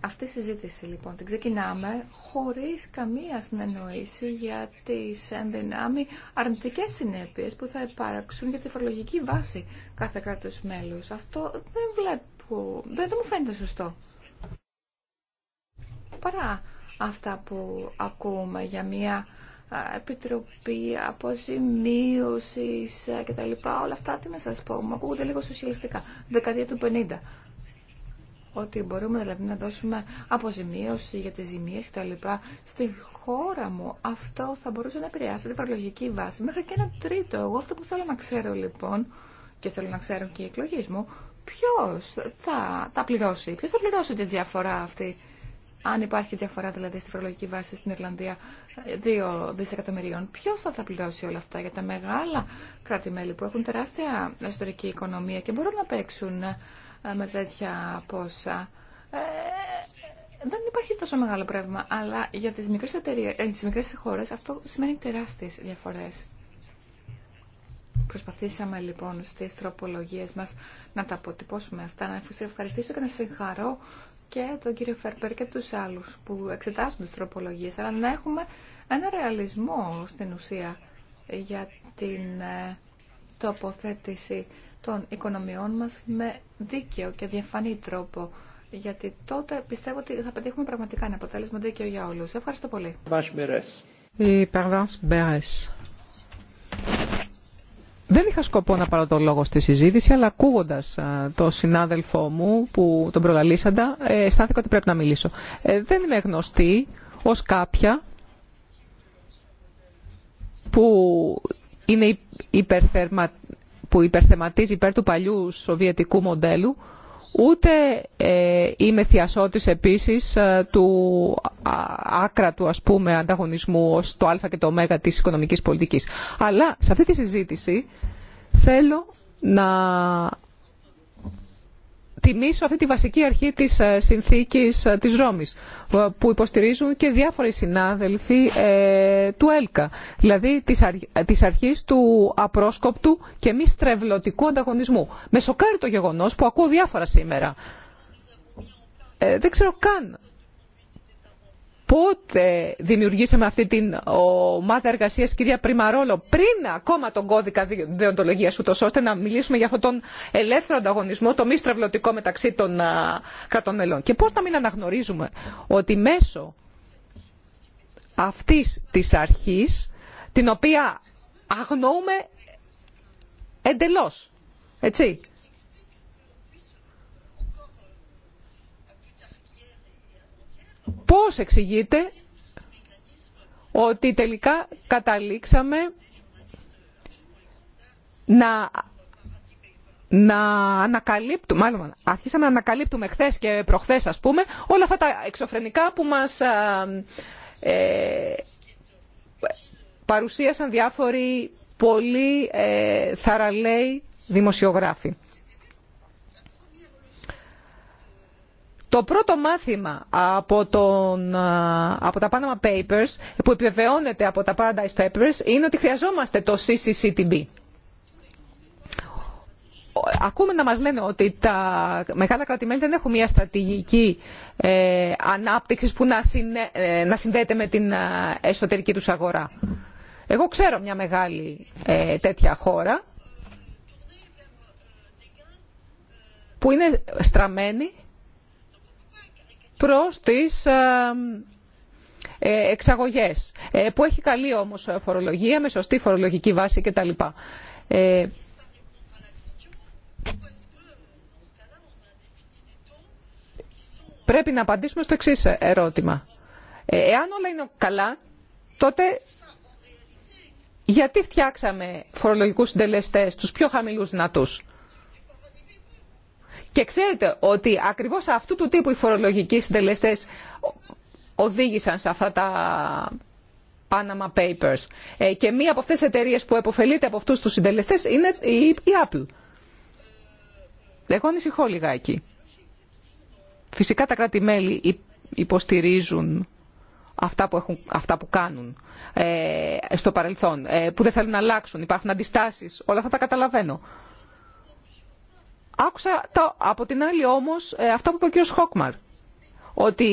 Αυτή η συζήτηση λοιπόν την ξεκινάμε χωρίς καμία συνεννόηση για τις ενδυνάμει αρνητικές συνέπειες που θα υπάρξουν για τη φορολογική βάση κάθε κράτο μέλου. Αυτό δεν βλέπω δεν, δεν μου φαίνεται σωστό. Παρά αυτά που ακούμε για μια επιτροπή αποζημίωση και τα λοιπά, όλα αυτά τι να σας πω, μου ακούγονται λίγο σοσιαλιστικά, δεκαετία του 50 ότι μπορούμε δηλαδή να δώσουμε αποζημίωση για τις ζημίες και τα λοιπά. Στη χώρα μου αυτό θα μπορούσε να επηρεάσει την φορολογική βάση μέχρι και ένα τρίτο. Εγώ αυτό που θέλω να ξέρω λοιπόν και θέλω να ξέρω και οι εκλογέ μου, ποιος θα τα πληρώσει, ποιος θα πληρώσει τη διαφορά αυτή. Αν υπάρχει διαφορά δηλαδή στη φορολογική βάση στην Ιρλανδία 2 δισεκατομμυρίων, ποιο θα τα πληρώσει όλα αυτά για τα μεγάλα κράτη-μέλη που έχουν τεράστια ιστορική οικονομία και μπορούν να παίξουν ε, με τέτοια πόσα. Ε, δεν υπάρχει τόσο μεγάλο πρόβλημα αλλά για τις μικρές, εταιρείες, ε, τις μικρές χώρες αυτό σημαίνει τεράστιες διαφορές. Προσπαθήσαμε λοιπόν στις τροπολογίες μας να τα αποτυπώσουμε αυτά, να σας ευχαριστήσω και να συγχαρώ και τον κύριο Φέρπερ και τους άλλους που εξετάζουν τις τροπολογίες, αλλά να έχουμε ένα ρεαλισμό στην ουσία για την ε, τοποθέτηση των οικονομιών μας με δίκαιο και διαφανή τρόπο. Γιατί τότε πιστεύω ότι θα πετύχουμε πραγματικά ένα αποτέλεσμα δίκαιο για όλους. Ευχαριστώ πολύ. Δεν είχα σκοπό να πάρω το λόγο στη συζήτηση, αλλά ακούγοντα τον συνάδελφό μου που τον προκαλήσαντα, ε, αισθάνθηκα ότι πρέπει να μιλήσω. Ε, δεν είμαι γνωστή ω κάποια που είναι υπερθερμα... που υπερθεματίζει υπέρ του παλιού σοβιετικού μοντέλου ούτε ε, είμαι θειασότης επίσης ε, του άκρατου ας πούμε ανταγωνισμού ως το α και το ω της οικονομικής πολιτικής. Αλλά σε αυτή τη συζήτηση θέλω να τιμήσω αυτή τη βασική αρχή της ε, συνθήκης ε, της Ρώμης ε, που υποστηρίζουν και διάφοροι συνάδελφοι του ΕΛΚΑ. Δηλαδή της αρχής του απρόσκοπτου και μη στρεβλωτικού ανταγωνισμού. Με σοκάρει το γεγονός που ακούω διάφορα σήμερα. Δεν ξέρω καν πότε δημιουργήσαμε αυτή την ομάδα εργασία κυρία Πριμαρόλο πριν ακόμα τον κώδικα διοντολογίας ούτω ώστε να μιλήσουμε για αυτόν τον ελεύθερο ανταγωνισμό, το μη στραβλωτικό μεταξύ των κρατών μελών. Και πώ να μην αναγνωρίζουμε ότι μέσω αυτή τη αρχή, την οποία αγνοούμε εντελώ. Έτσι. Πώς εξηγείται ότι τελικά καταλήξαμε να, να ανακαλύπτουμε, μάλλον αρχίσαμε να ανακαλύπτουμε χθε και προχθές πούμε, όλα αυτά τα εξωφρενικά που μας ε, παρουσίασαν διάφοροι πολύ ε, θαραλέοι δημοσιογράφοι. Το πρώτο μάθημα από, τα Panama Papers, που επιβεβαιώνεται από τα Paradise Papers, είναι ότι χρειαζόμαστε το CCCTB. Ακούμε να μας λένε ότι τα μεγάλα κρατημέλη δεν έχουν μια στρατηγική ανάπτυξη ε, ανάπτυξης που ε, να, συνδέεται με την εσωτερική τους αγορά. Εγώ ξέρω μια μεγάλη ε, τέτοια χώρα που είναι στραμμένη προς τις ε, ε, εξαγωγές ε, που έχει καλή όμως φορολογία με σωστή φορολογική βάση κτλ. Πρέπει να απαντήσουμε στο εξή ερώτημα. Εάν όλα είναι καλά, τότε γιατί φτιάξαμε φορολογικούς συντελεστές τους πιο χαμηλούς δυνατούς. Και ξέρετε ότι ακριβώς αυτού του τύπου οι φορολογικοί συντελεστές οδήγησαν σε αυτά τα Panama Papers. Ε, και μία από αυτές τις εταιρείες που επωφελείται από αυτούς τους συντελεστές είναι η, Apple. Εγώ ανησυχώ λιγάκι. Φυσικά τα κράτη-μέλη υποστηρίζουν αυτά που, κάνουν ε, στο παρελθόν, ε, που δεν θέλουν να αλλάξουν, υπάρχουν αντιστάσεις, όλα αυτά τα καταλαβαίνω. Άκουσα το, από την άλλη όμως ε, αυτό που είπε ο κ. Χόκμαρ ότι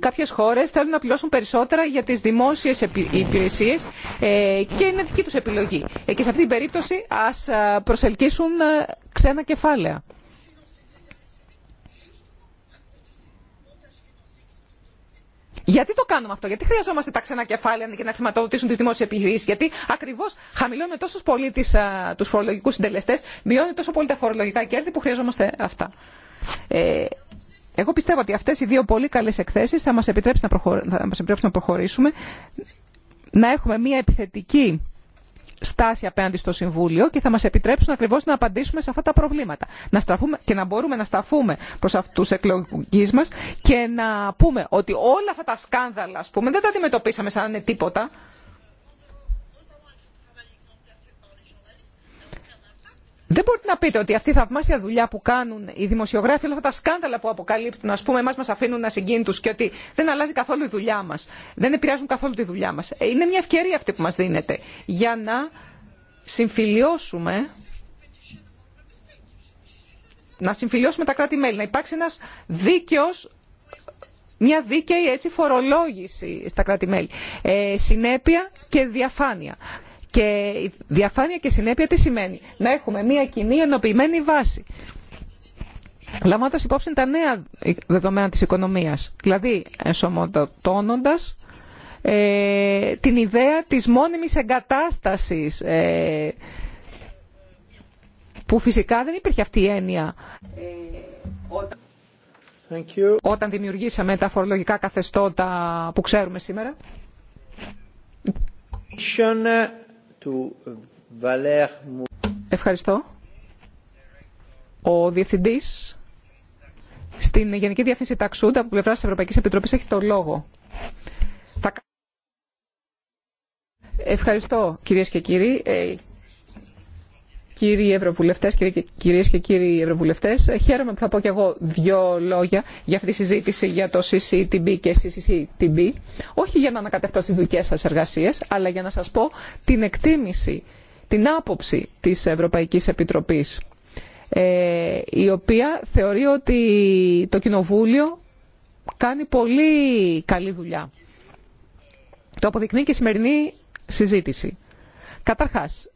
κάποιες χώρες θέλουν να πληρώσουν περισσότερα για τις δημόσιες υπηρεσίες ε, και είναι δική τους επιλογή. Ε, και σε αυτή την περίπτωση α προσελκύσουν ξένα κεφάλαια. Γιατί το κάνουμε αυτό, γιατί χρειαζόμαστε τα ξένα κεφάλαια για να χρηματοδοτήσουν τι δημόσιε επιχειρήσει, γιατί ακριβώ χαμηλώνουμε τόσο πολύ του φορολογικού συντελεστέ, μειώνει τόσο πολύ τα φορολογικά κέρδη που χρειαζόμαστε αυτά. Ε, εγώ πιστεύω ότι αυτέ οι δύο πολύ καλέ εκθέσει θα μα επιτρέψουν να προχωρήσουμε να έχουμε μια επιθετική στάση απέναντι στο Συμβούλιο και θα μας επιτρέψουν ακριβώς να απαντήσουμε σε αυτά τα προβλήματα. Να στραφούμε και να μπορούμε να σταθούμε προς αυτούς εκλογικούς μας και να πούμε ότι όλα αυτά τα σκάνδαλα ας πούμε, δεν τα αντιμετωπίσαμε σαν να είναι τίποτα. Δεν μπορείτε να πείτε ότι αυτή η θαυμάσια δουλειά που κάνουν οι δημοσιογράφοι, όλα αυτά τα σκάνδαλα που αποκαλύπτουν, α πούμε, εμά μα αφήνουν να τους και ότι δεν αλλάζει καθόλου η δουλειά μα. Δεν επηρεάζουν καθόλου τη δουλειά μα. Ε, είναι μια ευκαιρία αυτή που μα δίνεται για να συμφιλιώσουμε να συμφιλιώσουμε τα κράτη-μέλη, να υπάρξει ένας δίκαιος, μια δίκαιη έτσι φορολόγηση στα κράτη-μέλη, ε, συνέπεια και διαφάνεια. Και η διαφάνεια και συνέπεια τι σημαίνει. Να έχουμε μια κοινή ενοποιημένη βάση. Λαμβάνοντας υπόψη τα νέα δεδομένα της οικονομίας. Δηλαδή ενσωματώνοντας ε, την ιδέα της μόνιμης εγκατάστασης ε, που φυσικά δεν υπήρχε αυτή η έννοια ε, όταν... όταν δημιουργήσαμε τα φορολογικά καθεστώτα που ξέρουμε σήμερα. Uh, Ευχαριστώ. Ο Διευθυντή στην Γενική Διεύθυνση Ταξούντα από πλευρά τη Ευρωπαϊκή Επιτροπή έχει το λόγο. Ευχαριστώ κυρίε και κύριοι. Ε, Κύριοι Ευρωβουλευτές, κυρίες και κύριοι Ευρωβουλευτές, ε, χαίρομαι που θα πω και εγώ δύο λόγια για αυτή τη συζήτηση για το CCTB και CCCTB. Όχι για να ανακατευτώ στις δικές σας εργασίες, αλλά για να σας πω την εκτίμηση, την άποψη της Ευρωπαϊκής Επιτροπής, ε, η οποία θεωρεί ότι το Κοινοβούλιο κάνει πολύ καλή δουλειά. Το αποδεικνύει και η σημερινή συζήτηση. Καταρχάς,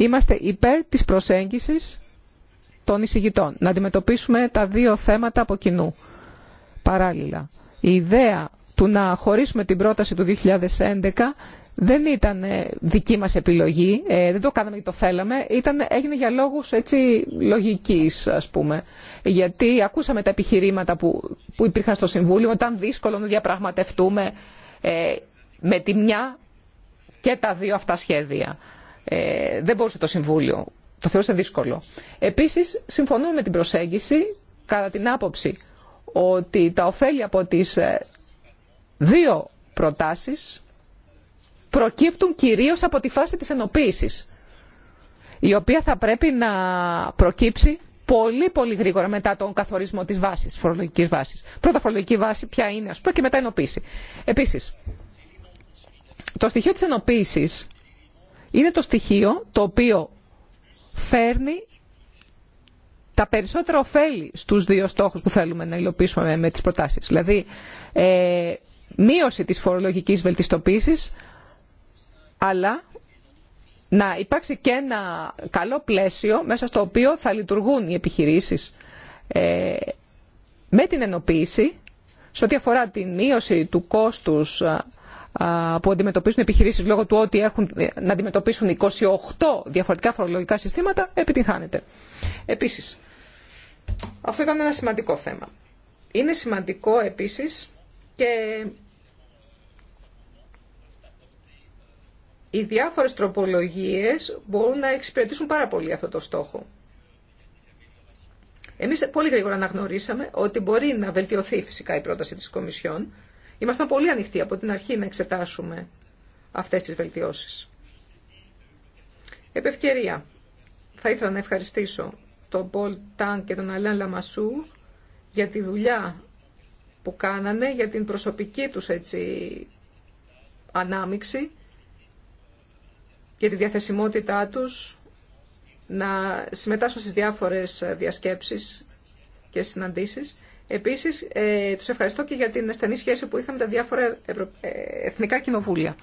Είμαστε υπέρ της προσέγγισης των εισηγητών. Να αντιμετωπίσουμε τα δύο θέματα από κοινού. Παράλληλα, η ιδέα του να χωρίσουμε την πρόταση του 2011 δεν ήταν ε, δική μας επιλογή, ε, δεν το κάναμε γιατί το θέλαμε, ήταν, έγινε για λόγους έτσι λογικής ας πούμε. Γιατί ακούσαμε τα επιχειρήματα που, υπήρχαν στο Συμβούλιο, ήταν δύσκολο να διαπραγματευτούμε ε, με τη μια και τα δύο αυτά σχέδια. Ε, δεν μπορούσε το Συμβούλιο. Το θεωρούσε δύσκολο. Επίσης, συμφωνούμε με την προσέγγιση κατά την άποψη ότι τα ωφέλη από τις ε, δύο προτάσεις προκύπτουν κυρίως από τη φάση της ενοποίησης, η οποία θα πρέπει να προκύψει πολύ πολύ γρήγορα μετά τον καθορισμό της βάσης, τη φορολογικής βάσης. Πρώτα φορολογική βάση ποια είναι, ας πούμε, και μετά ενοποίηση. Επίσης, το στοιχείο της ενοποίησης είναι το στοιχείο το οποίο φέρνει τα περισσότερα ωφέλη στους δύο στόχους που θέλουμε να υλοποιήσουμε με τις προτάσεις. Δηλαδή, ε, μείωση της φορολογικής βελτιστοποίησης, αλλά να υπάρξει και ένα καλό πλαίσιο μέσα στο οποίο θα λειτουργούν οι επιχειρήσεις ε, με την ενοποίηση σε ό,τι αφορά την μείωση του κόστους ε, που αντιμετωπίζουν επιχειρήσεις λόγω του ότι έχουν ε, να αντιμετωπίσουν 28 διαφορετικά φορολογικά συστήματα επιτυγχάνεται. Επίσης, αυτό ήταν ένα σημαντικό θέμα. Είναι σημαντικό επίσης και οι διάφορες τροπολογίες μπορούν να εξυπηρετήσουν πάρα πολύ αυτό το στόχο. Εμείς πολύ γρήγορα αναγνωρίσαμε ότι μπορεί να βελτιωθεί φυσικά η πρόταση της Κομισιόν Ήμασταν πολύ ανοιχτοί από την αρχή να εξετάσουμε αυτές τις βελτιώσεις. Επ' θα ήθελα να ευχαριστήσω τον Πολ Τάν και τον Αλέν Λαμασού για τη δουλειά που κάνανε, για την προσωπική τους έτσι, ανάμιξη, για τη διαθεσιμότητά τους να συμμετάσχουν στις διάφορες διασκέψεις και συναντήσεις. Επίσης, ε, του ευχαριστώ και για την ασθενή σχέση που είχαμε τα διάφορα ε, εθνικά κοινοβούλια.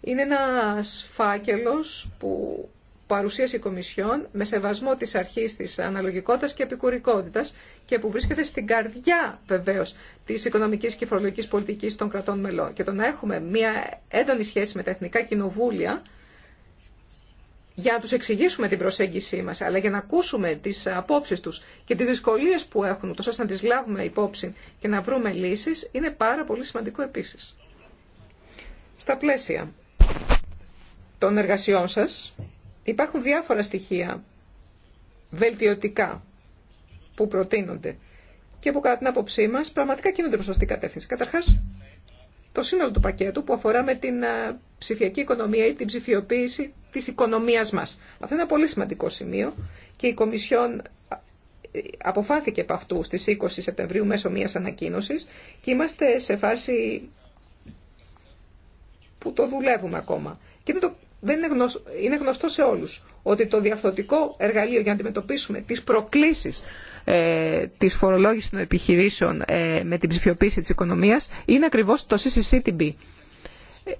Είναι ένας φάκελος που παρουσίασε η Κομισιόν με σεβασμό τη αρχή της αναλογικότητας και επικουρικότητα και που βρίσκεται στην καρδιά βεβαίω της οικονομικής και φορολογικής πολιτικής των κρατών μελών. Και το να έχουμε μια έντονη σχέση με τα εθνικά κοινοβούλια για να τους εξηγήσουμε την προσέγγιση μας, αλλά για να ακούσουμε τις απόψεις τους και τις δυσκολίες που έχουν, τόσο ώστε να τις λάβουμε υπόψη και να βρούμε λύσεις, είναι πάρα πολύ σημαντικό επίσης. Στα πλαίσια των εργασιών σας υπάρχουν διάφορα στοιχεία βελτιωτικά που προτείνονται και που κατά την άποψή μας πραγματικά κινούνται προς την κατεύθυνση. Καταρχάς, το σύνολο του πακέτου που αφορά με την ε, ψηφιακή οικονομία ή την ψηφιοποίηση της οικονομίας μας. Αυτό είναι ένα πολύ σημαντικό σημείο και η Κομισιόν ε, αποφάθηκε από αυτού στις 20 Σεπτεμβρίου μέσω μιας ανακοίνωσης και είμαστε σε φάση που το δουλεύουμε ακόμα. το δεν είναι, γνωστό σε όλους ότι το διαφθορτικό εργαλείο για να αντιμετωπίσουμε τις προκλήσεις ε, της φορολόγησης των επιχειρήσεων ε, με την ψηφιοποίηση της οικονομίας είναι ακριβώς το CCCTB.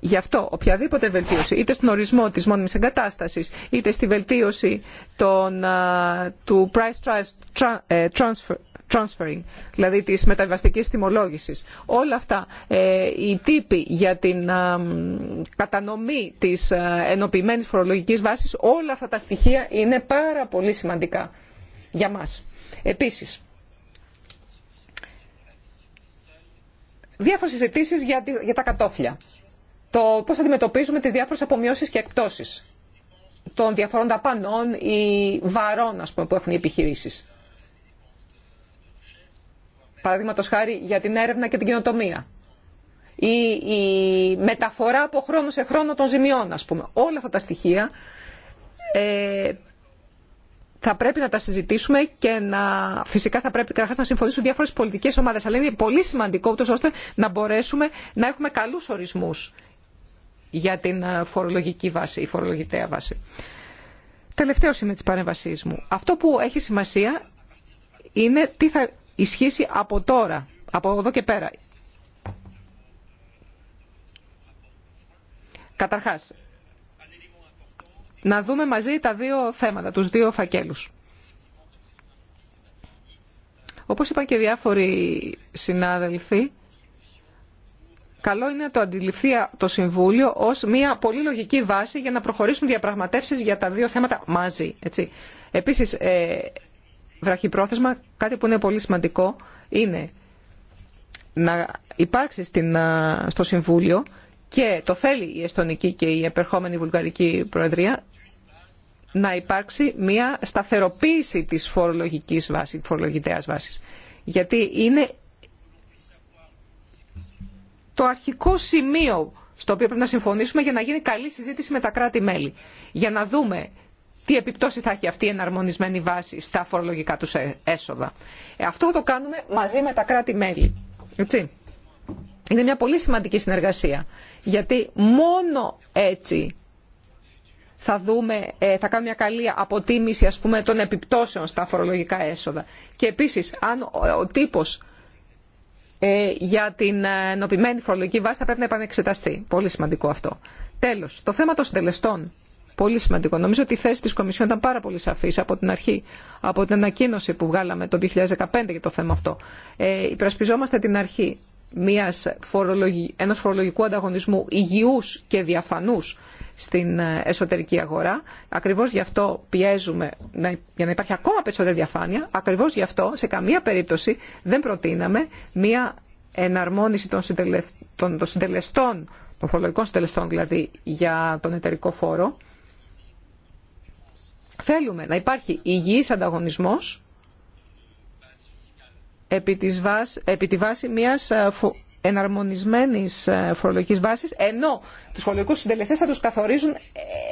Γι' αυτό οποιαδήποτε βελτίωση, είτε στον ορισμό της μόνιμης εγκατάστασης, είτε στη βελτίωση του price ε, transfer, transferring, δηλαδή της μεταβιβαστικής τιμολόγησης. Όλα αυτά ε, οι τύποι για την κατανομή της ενοποιημένης φορολογικής βάσης, όλα αυτά τα στοιχεία είναι πάρα πολύ σημαντικά για μας. Επίσης, διάφορες συζητήσεις για τα κατόφλια το πώ αντιμετωπίζουμε τι διάφορε απομειώσει και εκπτώσεις των διαφορών ταπανών ή βαρών ας πούμε, που έχουν οι επιχειρήσει. Παραδείγματο χάρη για την έρευνα και την κοινοτομία. Ή η μεταφορά από χρόνο σε χρόνο των ζημιών, ας πούμε. Όλα αυτά τα στοιχεία ε, θα πρέπει να τα συζητήσουμε και να, φυσικά θα πρέπει καταρχάς να συμφωνήσουν διάφορες πολιτικές ομάδες. Αλλά είναι πολύ σημαντικό ώστε να μπορέσουμε να έχουμε καλούς ορισμούς για την ε, φορολογική βάση, η φορολογητέα βάση. Τελευταίο σημείο τη παρέμβασή μου. Αυτό που έχει σημασία είναι τι θα ισχύσει από τώρα, από εδώ και πέρα. Καταρχάς, να δούμε μαζί τα δύο θέματα, τους δύο φακέλους. Όπως είπαν και διάφοροι συνάδελφοι, καλό είναι να το αντιληφθεί το Συμβούλιο ως μια πολύ λογική βάση για να προχωρήσουν διαπραγματεύσεις για τα δύο θέματα μαζί. Επίση, Επίσης, ε, βραχυπρόθεσμα, κάτι που είναι πολύ σημαντικό είναι να υπάρξει στην, στο Συμβούλιο και το θέλει η Εστονική και η επερχόμενη Βουλγαρική Προεδρία να υπάρξει μια σταθεροποίηση της φορολογικής βάσης, φορολογητέας βάσης. Γιατί είναι το αρχικό σημείο στο οποίο πρέπει να συμφωνήσουμε για να γίνει καλή συζήτηση με τα κράτη-μέλη. Για να δούμε τι επιπτώσει θα έχει αυτή η εναρμονισμένη βάση στα φορολογικά του έσοδα. Ε, αυτό το κάνουμε μαζί με τα κράτη-μέλη. Είναι μια πολύ σημαντική συνεργασία. Γιατί μόνο έτσι θα, δούμε, ε, θα κάνουμε μια καλή αποτίμηση ας πούμε, των επιπτώσεων στα φορολογικά έσοδα. Και επίσης, αν ο τύπος ε, για την ε, ενωπημένη φορολογική βάση θα πρέπει να επανεξεταστεί. Πολύ σημαντικό αυτό. Τέλος, το θέμα των συντελεστών. Πολύ σημαντικό. Νομίζω ότι η θέση της Κομισιόν ήταν πάρα πολύ σαφής από την αρχή, από την ανακοίνωση που βγάλαμε το 2015 για το θέμα αυτό. Ε, υπερασπιζόμαστε την αρχή μιας ενός φορολογικού ανταγωνισμού υγιούς και διαφανούς στην ε, εσωτερική αγορά. Ακριβώς γι' αυτό πιέζουμε για να υπάρχει ακόμα περισσότερη διαφάνεια. Ακριβώς γι' αυτό σε καμία περίπτωση δεν προτείναμε μία εναρμόνιση των συντελεστών, των φορολογικών συντελεστών δηλαδή, για τον εταιρικό φόρο. Θέλουμε να υπάρχει υγιής ανταγωνισμός επί, της επί τη βάση μιας ε, Εναρμονισμένη ε, φορολογική βάση, ενώ του φορολογικού συντελεστέ θα του καθορίζουν ε,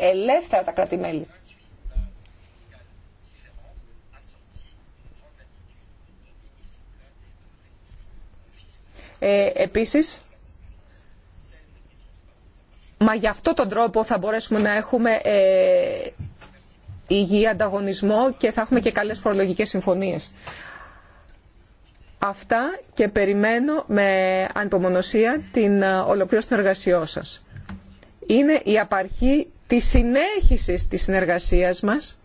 ελεύθερα τα κράτη-μέλη. Ε, επίσης, μα γι' αυτό τον τρόπο θα μπορέσουμε να έχουμε ε, υγιή ανταγωνισμό και θα έχουμε και καλές φορολογικές συμφωνίες. Αυτά και περιμένω με ανυπομονωσία την ε, ολοκλήρωση των εργασιών σας. Είναι η απαρχή της συνέχισης της συνεργασίας μας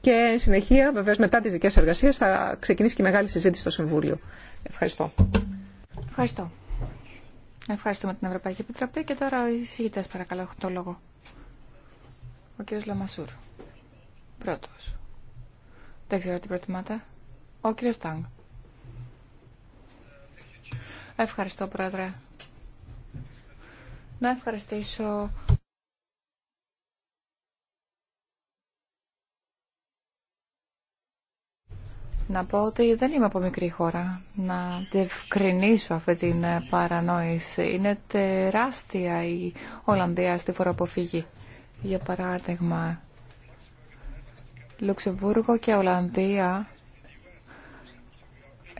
και συνεχεία βεβαίως μετά τις δικές εργασίες θα ξεκινήσει και η μεγάλη συζήτηση στο Συμβούλιο. Ευχαριστώ. Ευχαριστώ. Ευχαριστούμε την Ευρωπαϊκή Επιτροπή και τώρα οι εισηγητές παρακαλώ έχουν το λόγο. Ο κύριος Λαμασούρ. Πρώτος. Δεν ξέρω τι προτιμάτε. Ο κύριος Τάγκ. Ευχαριστώ, Πρόεδρε. Να ευχαριστήσω να πω ότι δεν είμαι από μικρή χώρα. Να διευκρινίσω αυτή την παρανόηση. Είναι τεράστια η Ολλανδία στη φοροαποφυγή. Για παράδειγμα, Λουξεμβούργο και Ολλανδία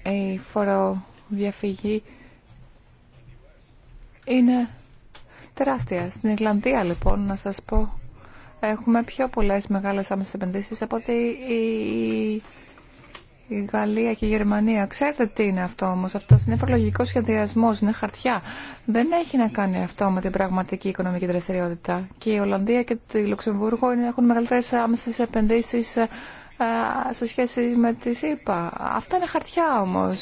η φοροδιαφυγή είναι τεράστια. Στην Ιρλανδία λοιπόν, να σας πω, έχουμε πιο πολλές μεγάλες άμεσες επενδύσεις από ότι η... Γαλλία και η Γερμανία. Ξέρετε τι είναι αυτό όμως. Αυτό είναι φορολογικός σχεδιασμός, είναι χαρτιά. Δεν έχει να κάνει αυτό με την πραγματική οικονομική δραστηριότητα. Και η Ολλανδία και το Λουξεμβούργο έχουν μεγαλύτερες άμεσες επενδύσεις ε, σε σχέση με τη ΣΥΠΑ. Αυτά είναι χαρτιά όμω.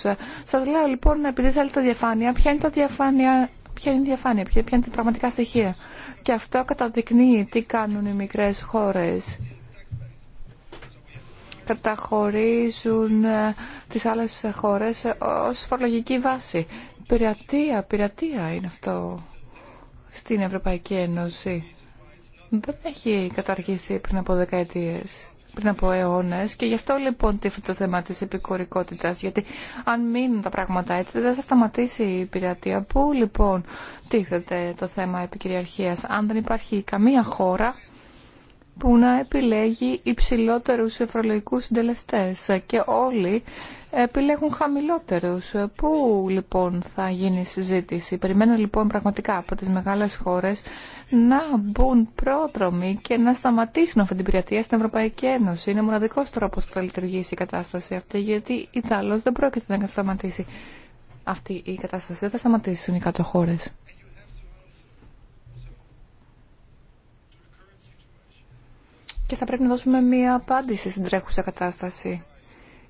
Σα λέω λοιπόν, επειδή θέλετε διαφάνεια, ποια είναι τα διαφάνεια ποια είναι η διαφάνεια, ποια είναι τα πραγματικά στοιχεία. Και αυτό καταδεικνύει τι κάνουν οι μικρές χώρες. Καταχωρίζουν ε, τις άλλες χώρες ε, ως φορολογική βάση. Πειρατεία, πειρατεία είναι αυτό στην Ευρωπαϊκή Ένωση. Δεν έχει καταργηθεί πριν από δεκαετίες πριν από αιώνε. Και γι' αυτό λοιπόν τίθεται το θέμα τη επικορικότητα. Γιατί αν μείνουν τα πράγματα έτσι, δεν θα σταματήσει η πειρατεία. Πού λοιπόν τίθεται το θέμα επικυριαρχία, αν δεν υπάρχει καμία χώρα που να επιλέγει υψηλότερου ευρωλογικούς συντελεστέ. και όλοι επιλέγουν χαμηλότερους. Πού λοιπόν θα γίνει η συζήτηση. Περιμένω λοιπόν πραγματικά από τις μεγάλες χώρες να μπουν πρόδρομοι και να σταματήσουν αυτή την πειρατεία στην Ευρωπαϊκή Ένωση. Είναι μοναδικός τρόπος που θα λειτουργήσει η κατάσταση αυτή γιατί η δεν πρόκειται να σταματήσει αυτή η κατάσταση. Δεν θα σταματήσουν οι κάτω χώρες. Και θα πρέπει να δώσουμε μία απάντηση στην τρέχουσα κατάσταση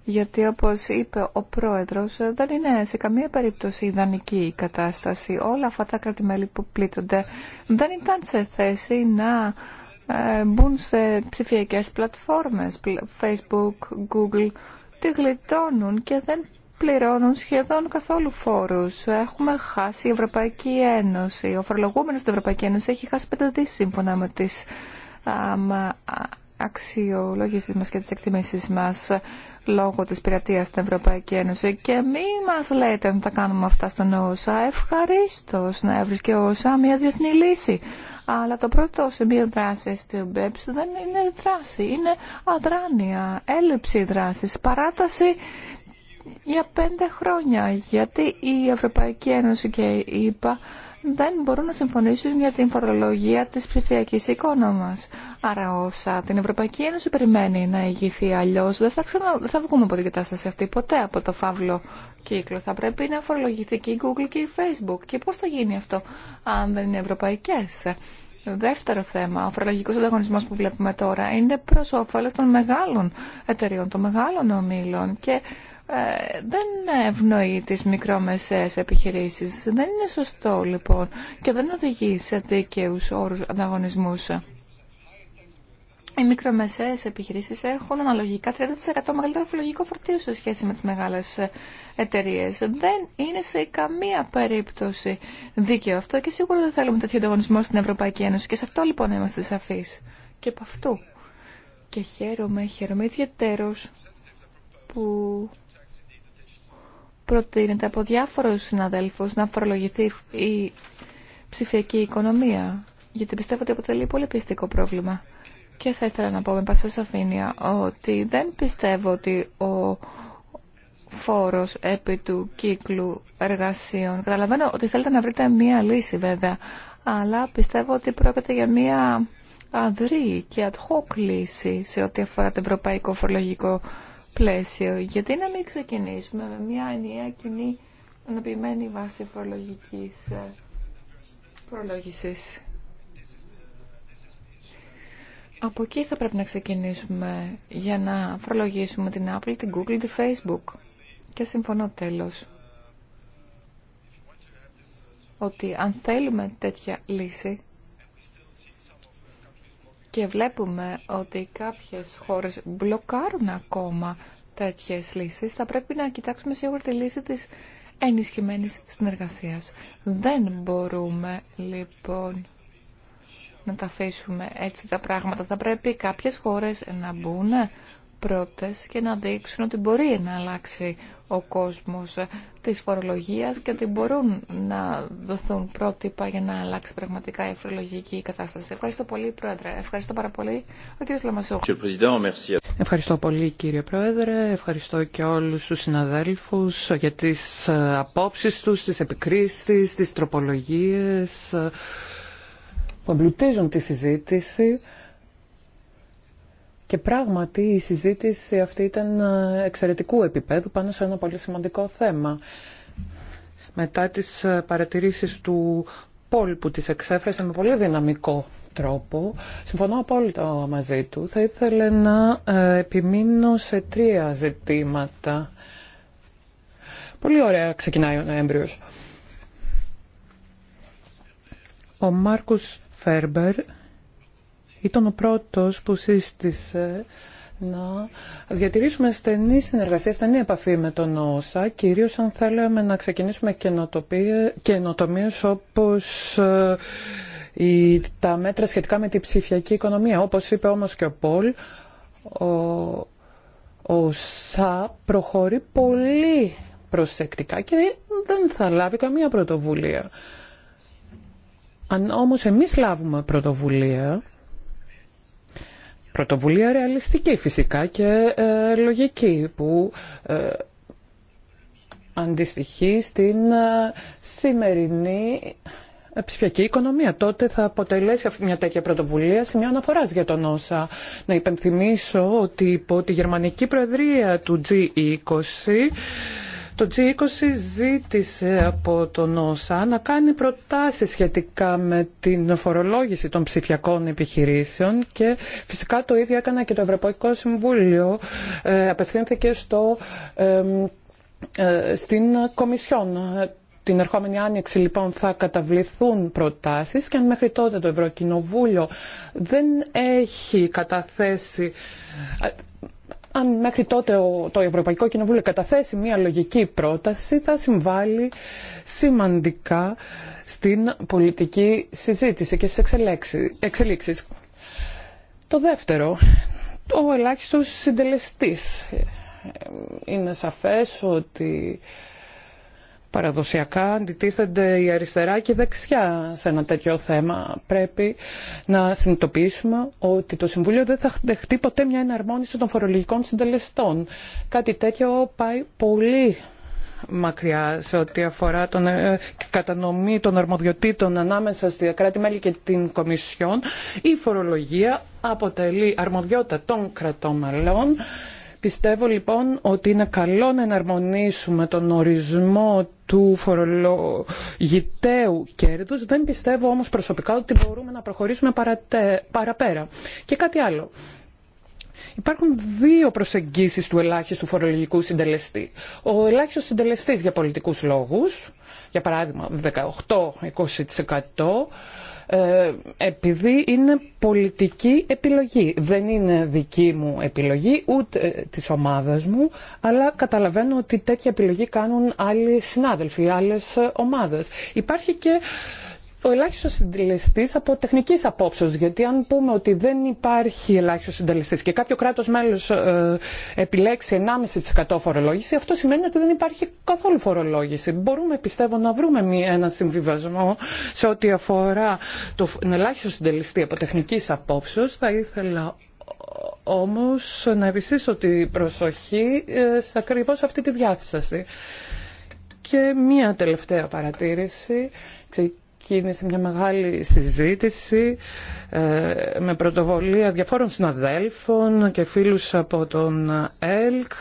γιατί όπως είπε ο πρόεδρος δεν είναι σε καμία περίπτωση ιδανική η κατάσταση. Όλα αυτά τα κρατημέλη που πλήττονται δεν ήταν σε θέση να ε, μπουν σε ψηφιακές πλατφόρμες, Facebook, Google, τη γλιτώνουν και δεν πληρώνουν σχεδόν καθόλου φόρους. Έχουμε χάσει η Ευρωπαϊκή Ένωση. Ο φορολογούμενος στην Ευρωπαϊκή Ένωση έχει χάσει πέντε σύμφωνα με τις αξιολόγησεις μας και τις εκτιμήσεις μας λόγω της πειρατείας στην Ευρωπαϊκή Ένωση και μη μας λέτε να τα κάνουμε αυτά στον ΩΣΑ. ευχαριστώ να έβρισκε ο ΩΣΑ μια διεθνή λύση. Αλλά το πρώτο σημείο δράση στην ΠΕΠΣ δεν είναι δράση, είναι αδράνεια, έλλειψη δράσης, παράταση για πέντε χρόνια. Γιατί η Ευρωπαϊκή Ένωση και η ΕΠΑ δεν μπορούν να συμφωνήσουν για την φορολογία της ψηφιακής εικόνα μας. Άρα όσα την Ευρωπαϊκή Ένωση περιμένει να ηγηθεί αλλιώς, δεν θα, ξανα... δεν θα βγούμε από την κατάσταση αυτή ποτέ από το φαύλο κύκλο. Θα πρέπει να φορολογηθεί και η Google και η Facebook. Και πώς θα γίνει αυτό αν δεν είναι ευρωπαϊκές. Δεύτερο θέμα, ο φορολογικός ανταγωνισμός που βλέπουμε τώρα είναι προς όφελος των μεγάλων εταιριών, των μεγάλων ομίλων και ε, δεν ευνοεί τις μικρόμεσαίες επιχειρήσεις. Δεν είναι σωστό λοιπόν και δεν οδηγεί σε δίκαιους όρους ανταγωνισμούς. Οι μικρομεσαίες επιχειρήσεις έχουν αναλογικά 30% μεγαλύτερο φιλογικό φορτίο σε σχέση με τις μεγάλες εταιρείες. Δεν είναι σε καμία περίπτωση δίκαιο αυτό και σίγουρα δεν θέλουμε τέτοιο ανταγωνισμό στην Ευρωπαϊκή Ένωση και σε αυτό λοιπόν είμαστε σαφείς και από αυτού. Και χαίρομαι, χαίρομαι ιδιαίτερος που προτείνεται από διάφορους συναδέλφους να φορολογηθεί η ψηφιακή οικονομία, γιατί πιστεύω ότι αποτελεί πολύ πιστικό πρόβλημα. Και θα ήθελα να πω με πάσα σαφήνεια ότι δεν πιστεύω ότι ο φόρος επί του κύκλου εργασίων. Καταλαβαίνω ότι θέλετε να βρείτε μία λύση βέβαια, αλλά πιστεύω ότι πρόκειται για μία αδρή και ad hoc λύση σε ό,τι αφορά το ευρωπαϊκό φορολογικό πλαίσιο. Γιατί να μην ξεκινήσουμε με μια ενιαία κοινή αναπημένη βάση φορολογικής προλόγησης. Ε, Από εκεί θα πρέπει να ξεκινήσουμε για να φορολογήσουμε την Apple, την Google, την Facebook. Και συμφωνώ τέλος ότι αν θέλουμε τέτοια λύση και βλέπουμε ότι κάποιες χώρες μπλοκάρουν ακόμα τέτοιες λύσεις. Θα πρέπει να κοιτάξουμε σίγουρα τη λύση της ενισχυμένης συνεργασίας. Δεν μπορούμε λοιπόν να τα αφήσουμε έτσι τα πράγματα. Θα πρέπει κάποιες χώρες να μπουν πρώτες και να δείξουν ότι μπορεί να αλλάξει ο κόσμος της φορολογίας και ότι μπορούν να δοθούν πρότυπα για να αλλάξει πραγματικά η φορολογική κατάσταση. Ευχαριστώ πολύ, Πρόεδρε. Ευχαριστώ πάρα πολύ, ο κ. Λαμασού. Ευχαριστώ πολύ, κύριε Πρόεδρε. Ευχαριστώ και όλους τους συναδέλφους για τις ε, απόψεις τους, τις επικρίσεις, τις τροπολογίες ε, που εμπλουτίζουν τη συζήτηση. Και πράγματι η συζήτηση αυτή ήταν ε, εξαιρετικού επίπεδου πάνω σε ένα πολύ σημαντικό θέμα. Μετά τις ε, παρατηρήσεις του Πολ που τις εξέφρασε με πολύ δυναμικό τρόπο, συμφωνώ απόλυτα μαζί του, θα ήθελε να ε, επιμείνω σε τρία ζητήματα. Πολύ ωραία ξεκινάει ο Νοέμβριος. Ο Μάρκους Φέρμπερ ήταν ο πρώτος που σύστησε να διατηρήσουμε στενή συνεργασία, στενή επαφή με τον ΩΣΑ, κυρίως αν θέλαμε να ξεκινήσουμε καινοτομίες όπως ε, η, τα μέτρα σχετικά με την ψηφιακή οικονομία. Όπως είπε όμως και ο Πολ, ο, ο ΣΑ προχωρεί πολύ προσεκτικά και δεν θα λάβει καμία πρωτοβουλία. Αν όμως εμείς λάβουμε πρωτοβουλία πρωτοβουλία ρεαλιστική φυσικά και ε, λογική που ε, αντιστοιχεί στην ε, σημερινή ψηφιακή οικονομία. Τότε θα αποτελέσει μια τέτοια πρωτοβουλία σημείο αναφορά για τον όσα. Να υπενθυμίσω ότι υπό τη γερμανική προεδρία του G20 το G20 ζήτησε από τον ΩΣΑ να κάνει προτάσεις σχετικά με την φορολόγηση των ψηφιακών επιχειρήσεων και φυσικά το ίδιο έκανα και το Ευρωπαϊκό Συμβούλιο. Ε, απευθύνθηκε στο, ε, στην Κομισιόν. Την ερχόμενη άνοιξη λοιπόν θα καταβληθούν προτάσεις και αν μέχρι τότε το Ευρωκοινοβούλιο δεν έχει καταθέσει αν μέχρι τότε το Ευρωπαϊκό Κοινοβούλιο καταθέσει μια λογική πρόταση, θα συμβάλλει σημαντικά στην πολιτική συζήτηση και στις εξελίξεις. Το δεύτερο, ο ελάχιστος συντελεστής. Ε, ε, είναι σαφές ότι Παραδοσιακά αντιτίθενται η αριστερά και η δεξιά σε ένα τέτοιο θέμα. Πρέπει να συνειδητοποιήσουμε ότι το Συμβούλιο δεν θα δεχτεί ποτέ μια εναρμόνιση των φορολογικών συντελεστών. Κάτι τέτοιο πάει πολύ μακριά σε ό,τι αφορά την ε, κατανομή των αρμοδιοτήτων ανάμεσα στη κράτη-μέλη και την Κομισιόν. Η φορολογία αποτελεί αρμοδιότητα των κρατών μελών Πιστεύω λοιπόν ότι είναι καλό να εναρμονίσουμε τον ορισμό του φορολογητέου κέρδους. Δεν πιστεύω όμως προσωπικά ότι μπορούμε να προχωρήσουμε παραπέρα. Και κάτι άλλο. Υπάρχουν δύο προσεγγίσεις του ελάχιστου φορολογικού συντελεστή. Ο ελάχιστος συντελεστής για πολιτικούς λόγους, για παράδειγμα 18-20%, ε, επειδή είναι πολιτική επιλογή. Δεν είναι δική μου επιλογή, ούτε ε, της ομάδας μου, αλλά καταλαβαίνω ότι τέτοια επιλογή κάνουν άλλοι συνάδελφοι, άλλες ομάδες. Υπάρχει και ο ελάχιστο συντελεστή από τεχνική απόψεω. Γιατί αν πούμε ότι δεν υπάρχει ελάχιστο συντελεστή και κάποιο κράτο μέλο ε, επιλέξει 1,5% φορολόγηση, αυτό σημαίνει ότι δεν υπάρχει καθόλου φορολόγηση. Μπορούμε, πιστεύω, να βρούμε ένα συμβιβασμό σε ό,τι αφορά τον ελάχιστο συντελεστή από τεχνική απόψεω. Θα ήθελα όμω να επιστήσω την προσοχή ε, σε ακριβώ αυτή τη διάθεση. Και μία τελευταία παρατήρηση ξεκίνησε μια μεγάλη συζήτηση ε, με πρωτοβολία διαφόρων συναδέλφων και φίλους από τον ΕΛΚ.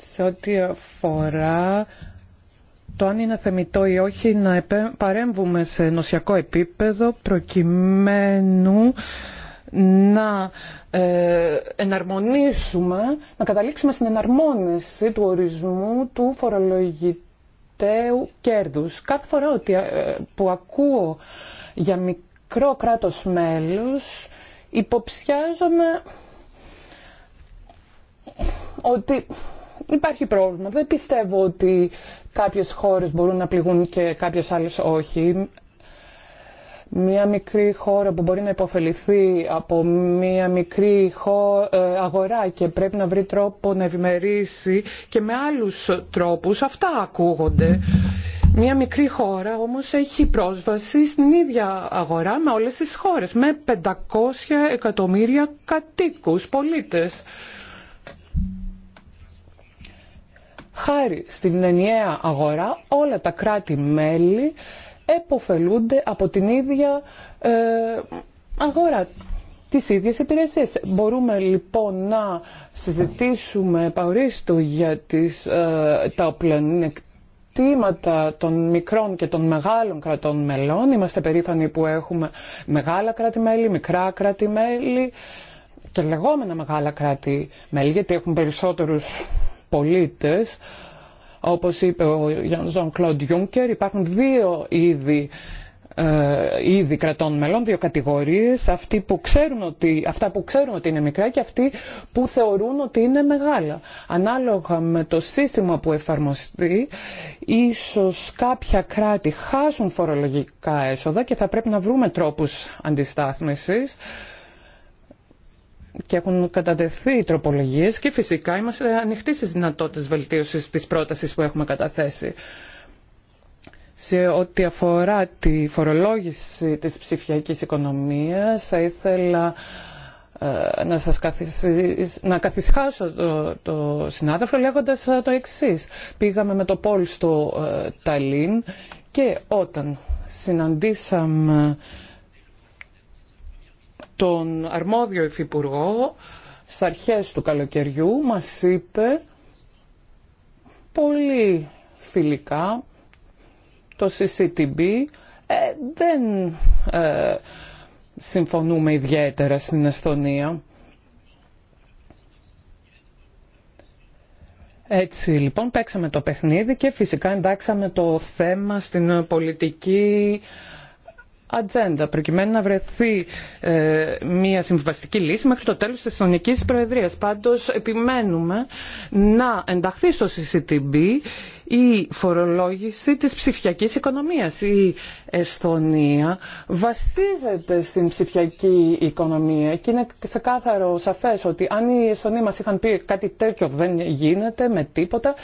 Σε ό,τι αφορά το αν είναι θεμητό ή όχι να παρέμβουμε σε νοσιακό επίπεδο προκειμένου να ε, εναρμονίσουμε, να καταλήξουμε στην εναρμόνιση του ορισμού του φορολογητέου κέρδους. Κάθε φορά ότι, ε, που ακούω για μικρό κράτος μέλους, υποψιάζομαι ότι υπάρχει πρόβλημα. Δεν πιστεύω ότι κάποιες χώρες μπορούν να πληγούν και κάποιες άλλες όχι μια μικρή χώρα που μπορεί να υποφεληθεί από μια μικρή ε, αγορά και πρέπει να βρει τρόπο να ευημερήσει και με άλλους τρόπους, αυτά ακούγονται. Μια μικρή χώρα όμως έχει πρόσβαση στην ίδια αγορά με όλες τις χώρες, με 500 εκατομμύρια κατοίκους, πολίτες. Χάρη στην ενιαία αγορά όλα τα κράτη-μέλη εποφελούνται από την ίδια ε, αγορά τις ίδιες υπηρεσίες. Μπορούμε λοιπόν να συζητήσουμε παορίστου για τις, ε, τα πλεονεκτήματα των μικρών και των μεγάλων κρατών μελών. Είμαστε περήφανοι που έχουμε μεγάλα κράτη-μέλη, μικρά κράτη-μέλη και λεγόμενα μεγάλα κράτη-μέλη, γιατί έχουν περισσότερους πολίτες. Όπως είπε ο Ζων Κλοντ Κλοντ-Γιούγκερ, υπάρχουν δύο ε, είδη κρατών μελών, δύο κατηγορίες, αυτοί που ξέρουν ότι, αυτά που ξέρουν ότι είναι μικρά και αυτοί που θεωρούν ότι είναι μεγάλα. Ανάλογα με το σύστημα που εφαρμοστεί, ίσως κάποια κράτη χάσουν φορολογικά έσοδα και θα πρέπει να βρούμε τρόπους αντιστάθμισης και έχουν κατατεθεί οι και φυσικά είμαστε ανοιχτοί στι δυνατότητε βελτίωση τη πρόταση που έχουμε καταθέσει. Σε ό,τι αφορά τη φορολόγηση της ψηφιακή οικονομίας, θα ήθελα ε, να σας να καθισχάσω το, συνάδελφο λέγοντας ε, το εξής. Πήγαμε με το Πολ στο ε, Ταλίν και όταν συναντήσαμε τον αρμόδιο υφυπουργό στις αρχές του καλοκαιριού μας είπε πολύ φιλικά το CCTB ε, δεν ε, συμφωνούμε ιδιαίτερα στην Εσθονία. Έτσι λοιπόν παίξαμε το παιχνίδι και φυσικά εντάξαμε το θέμα στην πολιτική ατζέντα προκειμένου να βρεθεί ε, μια συμβαστική λύση μέχρι το τέλος της εθνικής Προεδρίας. Πάντως επιμένουμε να ενταχθεί στο CCTB η φορολόγηση της ψηφιακής οικονομίας. Η Εσθονία βασίζεται στην ψηφιακή οικονομία και είναι ξεκάθαρο σαφές ότι αν οι Εσθονοί μας είχαν πει κάτι τέτοιο δεν γίνεται με τίποτα,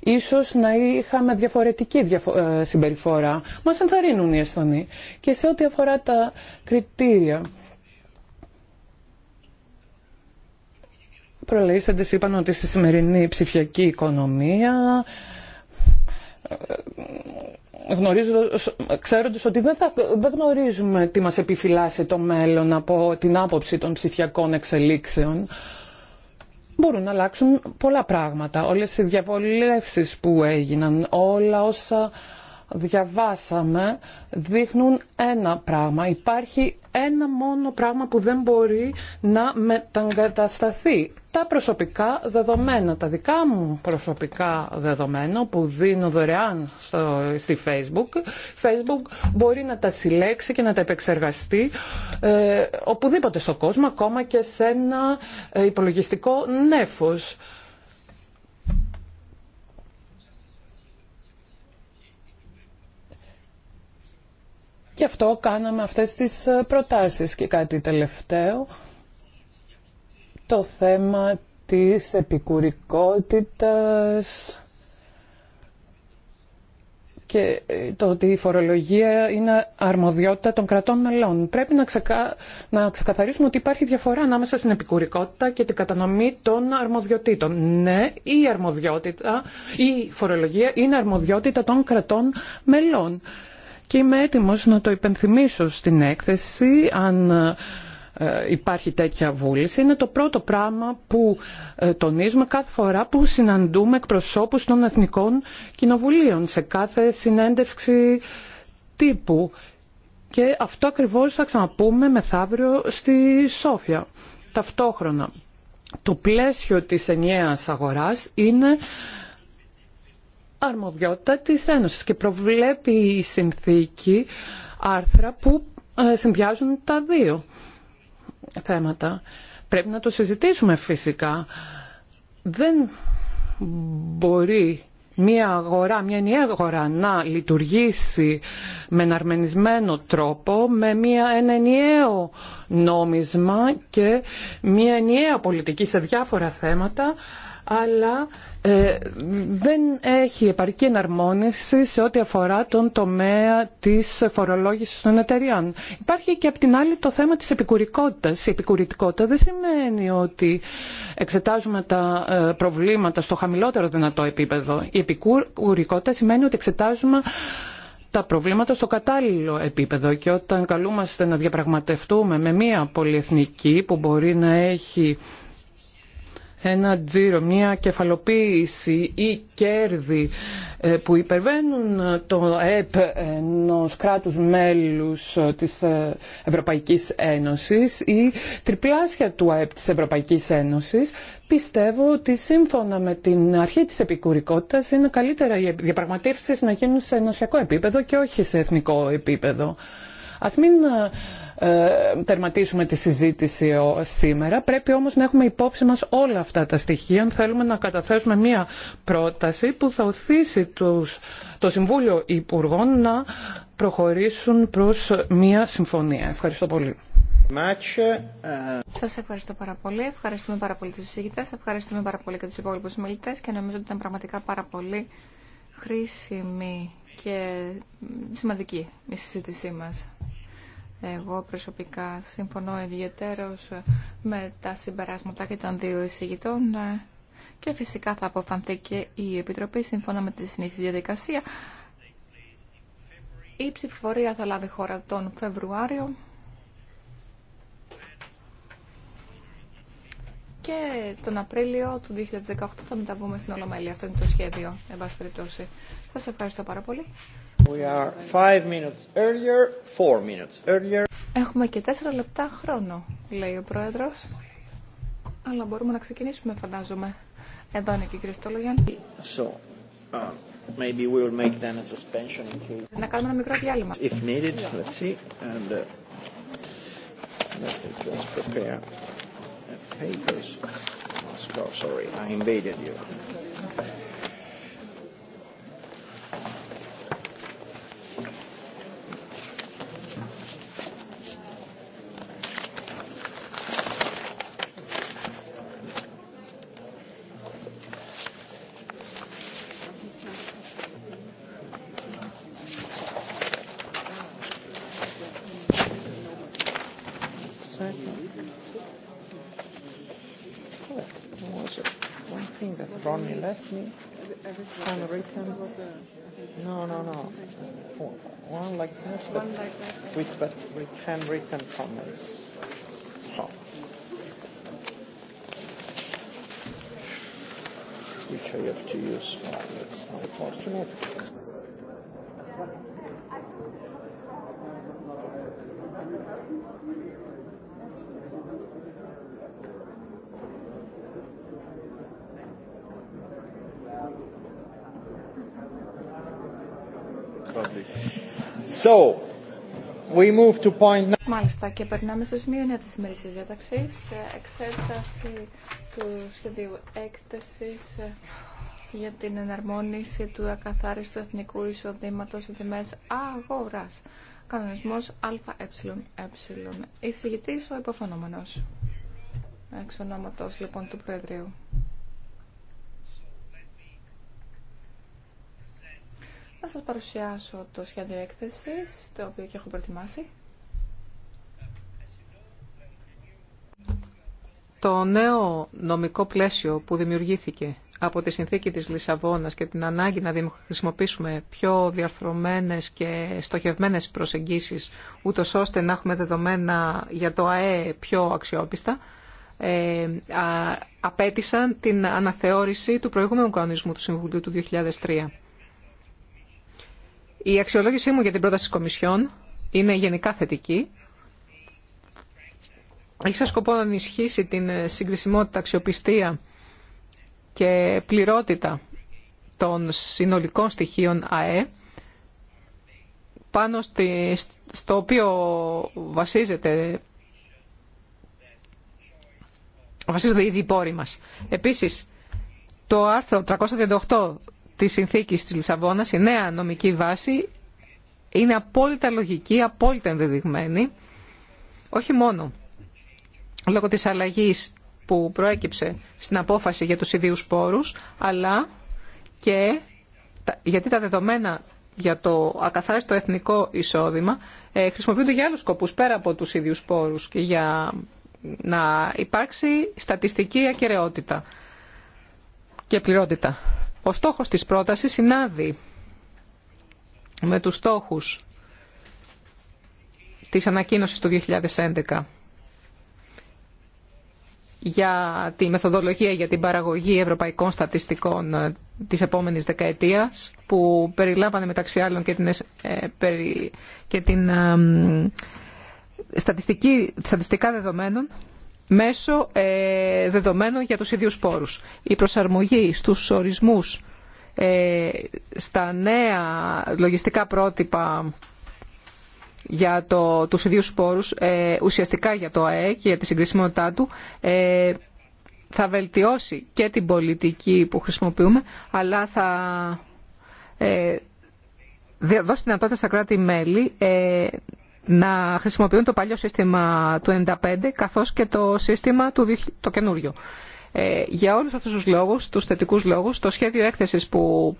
ίσως να είχαμε διαφορετική ε, συμπεριφορά. Μας ενθαρρύνουν οι Εσθονοί. Και σε ό,τι αφορά τα κριτήρια, προλαλήσαντες είπαν ότι στη σημερινή ψηφιακή οικονομία ξέρω ξέροντας ότι δεν, θα, δεν γνωρίζουμε τι μας επιφυλάσσει το μέλλον από την άποψη των ψηφιακών εξελίξεων. Μπορούν να αλλάξουν πολλά πράγματα. Όλες οι διαβολεύσεις που έγιναν, όλα όσα διαβάσαμε δείχνουν ένα πράγμα. Υπάρχει ένα μόνο πράγμα που δεν μπορεί να μεταγκατασταθεί. Τα προσωπικά δεδομένα, τα δικά μου προσωπικά δεδομένα που δίνω δωρεάν στο, στη Facebook. Facebook μπορεί να τα συλλέξει και να τα επεξεργαστεί ε, οπουδήποτε στον κόσμο, ακόμα και σε ένα ε, υπολογιστικό νέφος. Γι' αυτό κάναμε αυτές τις ε, προτάσεις. Και κάτι τελευταίο, το θέμα της επικουρικότητας και ε, το ότι η φορολογία είναι αρμοδιότητα των κρατών μελών. Πρέπει να, ξεκα... ξεκαθαρίσουμε ότι υπάρχει διαφορά ανάμεσα στην επικουρικότητα και την κατανομή των αρμοδιοτήτων. Ναι, η αρμοδιότητα, η φορολογία είναι αρμοδιότητα των κρατών μελών και είμαι έτοιμος να το υπενθυμίσω στην έκθεση αν ε, υπάρχει τέτοια βούληση. Είναι το πρώτο πράγμα που ε, τονίζουμε κάθε φορά που συναντούμε εκπροσώπους των εθνικών κοινοβουλίων σε κάθε συνέντευξη τύπου. Και αυτό ακριβώς θα ξαναπούμε μεθαύριο στη Σόφια. Ταυτόχρονα, το πλαίσιο της ενιαίας αγοράς είναι αρμοδιότητα της Ένωσης και προβλέπει η συνθήκη άρθρα που ε, συνδυάζουν τα δύο θέματα. Πρέπει να το συζητήσουμε φυσικά. Δεν μπορεί μια αγορά, μια ενιαία αγορά να λειτουργήσει με εναρμενισμένο τρόπο, με μια, ένα ενιαίο νόμισμα και μια ενιαία πολιτική σε διάφορα θέματα, αλλά ε, δεν έχει επαρκή εναρμόνιση σε ό,τι αφορά τον τομέα της φορολόγησης των εταιριών. Υπάρχει και απ' την άλλη το θέμα της επικουρικότητας. Η επικουρικότητα δεν σημαίνει ότι εξετάζουμε τα ε, προβλήματα στο χαμηλότερο δυνατό επίπεδο. Η επικουρικότητα σημαίνει ότι εξετάζουμε τα προβλήματα στο κατάλληλο επίπεδο και όταν καλούμαστε να διαπραγματευτούμε με μια πολυεθνική που μπορεί να έχει ένα τζίρο, μια κεφαλοποίηση ή κέρδη ε, που υπερβαίνουν ε, το ΕΠ ενό κράτους μέλους ε, της Ευρωπαϊκής Ένωσης ή τριπλάσια του ΕΠ της Ευρωπαϊκής Ένωσης, πιστεύω ότι σύμφωνα με την αρχή της επικουρικότητας είναι καλύτερα οι διαπραγματεύσεις να γίνουν σε ενωσιακό επίπεδο και όχι σε εθνικό επίπεδο. Ας μην ε, τερματίσουμε τη συζήτηση σήμερα. Πρέπει όμως να έχουμε υπόψη μας όλα αυτά τα στοιχεία. Θέλουμε να καταθέσουμε μία πρόταση που θα οθήσει το Συμβούλιο Υπουργών να προχωρήσουν προς μία συμφωνία. Ευχαριστώ πολύ. Ε, Σας ευχαριστώ πάρα πολύ. Ευχαριστούμε πάρα πολύ του συζήτητες. Ευχαριστούμε πάρα πολύ και του υπόλοιπου μιλητέ και νομίζω ότι ήταν πραγματικά πάρα πολύ χρήσιμη και σημαντική η συζήτησή μας. Εγώ προσωπικά συμφωνώ ιδιαίτερως με τα συμπεράσματα και των δύο εισηγητών ε, και φυσικά θα αποφανθεί και η Επιτροπή σύμφωνα με τη συνήθεια διαδικασία. Η ψηφοφορία θα λάβει χώρα τον Φεβρουάριο και τον Απρίλιο του 2018 θα μεταβούμε στην Ολομέλεια. Αυτό είναι το σχέδιο, εν πάση περιπτώσει. Σας ευχαριστώ πάρα πολύ. We are five minutes earlier, four minutes earlier. Έχουμε και τέσσερα λεπτά χρόνο, λέει ο Πρόεδρος. Αλλά μπορούμε να ξεκινήσουμε, φαντάζομαι. Εδώ είναι και ο κύριος Τόλογιαν. So, uh, maybe we will make then a suspension in case... Να κάνουμε ένα μικρό διάλειμμα. If needed, let's see. And, uh, let's prepare papers. Sorry, I invaded you. left written. Unwritten. No, no, no. One like that, but with but with handwritten comments. Which I have to use. Oh, that's unfortunate. So, Μάλιστα και περνάμε στο σημείο 9 της ημερήσιας διάταξης, ε, εξέταση του σχεδίου έκθεσης ε, για την εναρμόνιση του ακαθάριστου εθνικού εισοδήματο σε τιμές αγοράς. Κανονισμός ΑΕΕ. Εισηγητής ο υποφανόμενος. Εξ ονόματος λοιπόν του Προεδρείου. σας παρουσιάσω το σχέδιο έκθεσης, το οποίο και έχω προετοιμάσει. Το νέο νομικό πλαίσιο που δημιουργήθηκε από τη συνθήκη της Λισαβόνας και την ανάγκη να χρησιμοποιήσουμε πιο διαρθρωμένες και στοχευμένες προσεγγίσεις, ούτως ώστε να έχουμε δεδομένα για το ΑΕ πιο αξιόπιστα, ε, απέτησαν την αναθεώρηση του προηγούμενου κανονισμού του Συμβουλίου του 2003. Η αξιολόγησή μου για την πρόταση της Κομισιόν είναι γενικά θετική. Έχει σαν σκοπό να ενισχύσει την συγκρισιμότητα, αξιοπιστία και πληρότητα των συνολικών στοιχείων ΑΕ πάνω στο οποίο βασίζεται βασίζονται οι διπόροι μας. Επίσης, το άρθρο 338 τη συνθήκη τη Λισαβόνα, η νέα νομική βάση, είναι απόλυτα λογική, απόλυτα ενδεδειγμένη, όχι μόνο λόγω της αλλαγής που προέκυψε στην απόφαση για τους ιδίους πόρους, αλλά και γιατί τα δεδομένα για το ακαθάριστο εθνικό εισόδημα ε, χρησιμοποιούνται για άλλους σκοπούς πέρα από τους ίδιους πόρους και για να υπάρξει στατιστική ακαιρεότητα και πληρότητα. Ο στόχος της πρότασης συνάδει με τους στόχους της ανακοίνωσης του 2011 για τη μεθοδολογία για την παραγωγή ευρωπαϊκών στατιστικών ε, της επόμενης δεκαετίας που περιλάμβανε μεταξύ άλλων και την, ε, και την ε, στατιστική, στατιστικά δεδομένων μέσω ε, δεδομένων για τους ίδιους πόρους. Η προσαρμογή στους ορισμούς ε, στα νέα λογιστικά πρότυπα για το, τους ίδιους πόρους, ε, ουσιαστικά για το ΑΕ και για τη συγκρισιμότητά του, θα βελτιώσει και την πολιτική που χρησιμοποιούμε, αλλά θα δώσει δυνατότητα στα κράτη-μέλη να χρησιμοποιούν το παλιό σύστημα του 1995 καθώς και το σύστημα του, το καινούριο. Ε, για όλους αυτούς τους λόγους, τους θετικούς λόγους, το σχέδιο έκθεσης που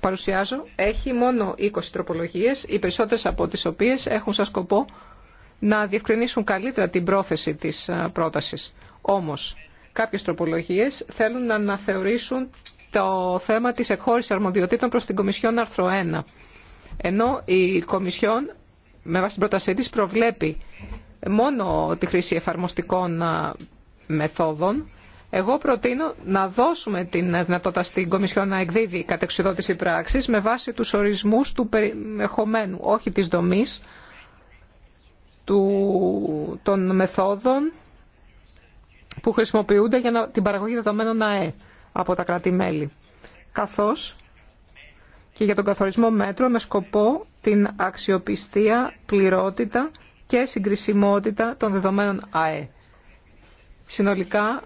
παρουσιάζω έχει μόνο 20 τροπολογίες, οι περισσότερες από τις οποίες έχουν σαν σκοπό να διευκρινίσουν καλύτερα την πρόθεση της ε, πρότασης. Όμως, κάποιες τροπολογίες θέλουν να αναθεωρήσουν το θέμα της εκχώρησης αρμοδιοτήτων προς την Κομισιόν Άρθρο 1 ενώ η Κομισιόν με βάση την πρότασή της προβλέπει μόνο τη χρήση εφαρμοστικών μεθόδων. Εγώ προτείνω να δώσουμε την δυνατότητα στην Κομισιόν να εκδίδει κατεξιδότηση πράξης με βάση τους ορισμούς του περιεχομένου, όχι της δομής του, των μεθόδων που χρησιμοποιούνται για την παραγωγή δεδομένων ΑΕ από τα κράτη-μέλη. Καθώς και για τον καθορισμό μέτρων με σκοπό την αξιοπιστία, πληρότητα και συγκρισιμότητα των δεδομένων ΑΕ. Συνολικά,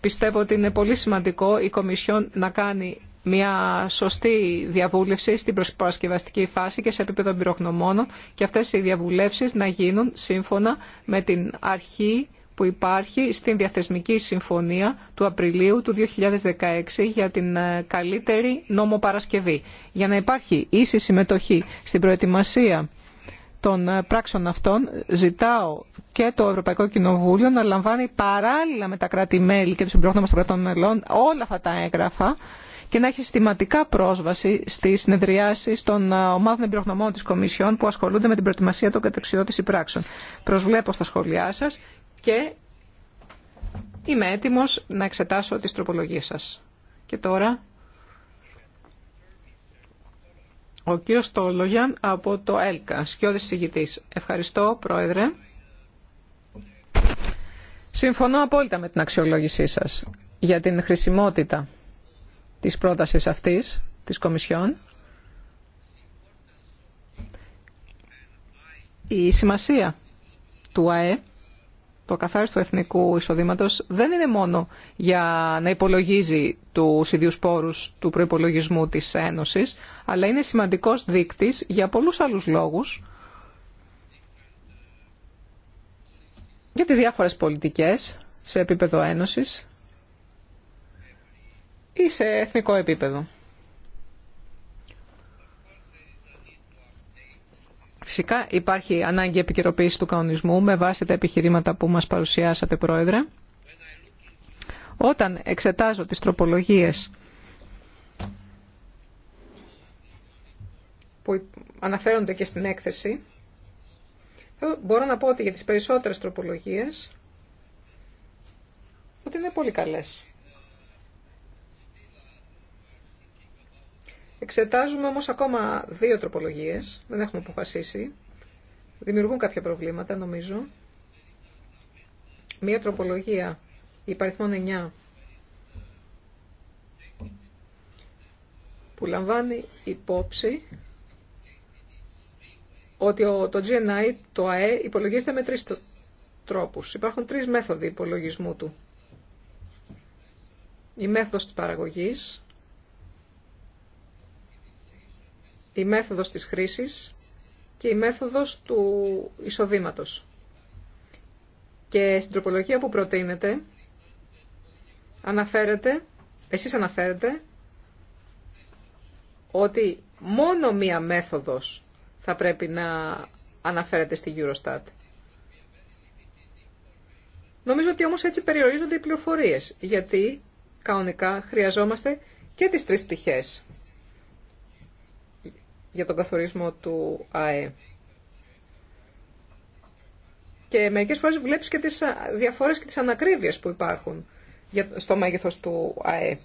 πιστεύω ότι είναι πολύ σημαντικό η Κομισιόν να κάνει μια σωστή διαβούλευση στην προσπασκευαστική φάση και σε επίπεδο εμπειρογνωμόνων και αυτές οι διαβουλεύσεις να γίνουν σύμφωνα με την αρχή που υπάρχει στην διαθεσμική συμφωνία του Απριλίου του 2016 για την ε, καλύτερη νόμο Παρασκευή. Για να υπάρχει ίση συμμετοχή στην προετοιμασία των ε, πράξεων αυτών ζητάω και το Ευρωπαϊκό Κοινοβούλιο να λαμβάνει παράλληλα με τα κράτη-μέλη και του συμπρόγνωμους των κρατών μελών όλα αυτά τα έγγραφα και να έχει συστηματικά πρόσβαση στι συνεδριάσει των ε, ομάδων εμπειρογνωμών τη Κομισιόν που ασχολούνται με την προετοιμασία των κατεξιότηση πράξεων. Προσβλέπω στα σχόλιά σα και είμαι έτοιμος να εξετάσω τις τροπολογίες σας. Και τώρα ο κύριος Τόλογιαν από το ΕΛΚΑ, σκιώδης συγητής. Ευχαριστώ, Πρόεδρε. Συμφωνώ απόλυτα με την αξιολόγησή σας για την χρησιμότητα της πρότασης αυτής της Κομισιόν. Η σημασία του ΑΕ το καθάριστο του εθνικού εισοδήματο δεν είναι μόνο για να υπολογίζει του ιδίου πόρου του προπολογισμού τη Ένωση, αλλά είναι σημαντικό δείκτη για πολλού άλλου λόγου. Για τις διάφορες πολιτικές σε επίπεδο Ένωσης ή σε εθνικό επίπεδο. Φυσικά υπάρχει ανάγκη επικαιροποίηση του κανονισμού με βάση τα επιχειρήματα που μας παρουσιάσατε, Πρόεδρε. Όταν εξετάζω τις τροπολογίες που αναφέρονται και στην έκθεση, μπορώ να πω ότι για τις περισσότερες τροπολογίες ότι είναι πολύ καλές. Εξετάζουμε όμως ακόμα δύο τροπολογίες, δεν έχουμε αποφασίσει. Δημιουργούν κάποια προβλήματα, νομίζω. Μία τροπολογία, η παριθμόν 9, που λαμβάνει υπόψη ότι το GNI, το ΑΕ, υπολογίζεται με τρεις τρόπους. Υπάρχουν τρεις μέθοδοι υπολογισμού του. Η μέθοδος της παραγωγής, η μέθοδος της χρήσης και η μέθοδος του εισοδήματος. Και στην τροπολογία που προτείνεται, αναφέρετε, εσείς αναφέρετε, ότι μόνο μία μέθοδος θα πρέπει να αναφέρεται στη Eurostat. Νομίζω ότι όμως έτσι περιορίζονται οι πληροφορίες, γιατί κανονικά χρειαζόμαστε και τις τρεις πτυχές για τον καθορισμό του ΑΕ. Και μερικές φορές βλέπεις και τις διαφορές και τις ανακρίβειες που υπάρχουν στο μέγεθος του ΑΕ.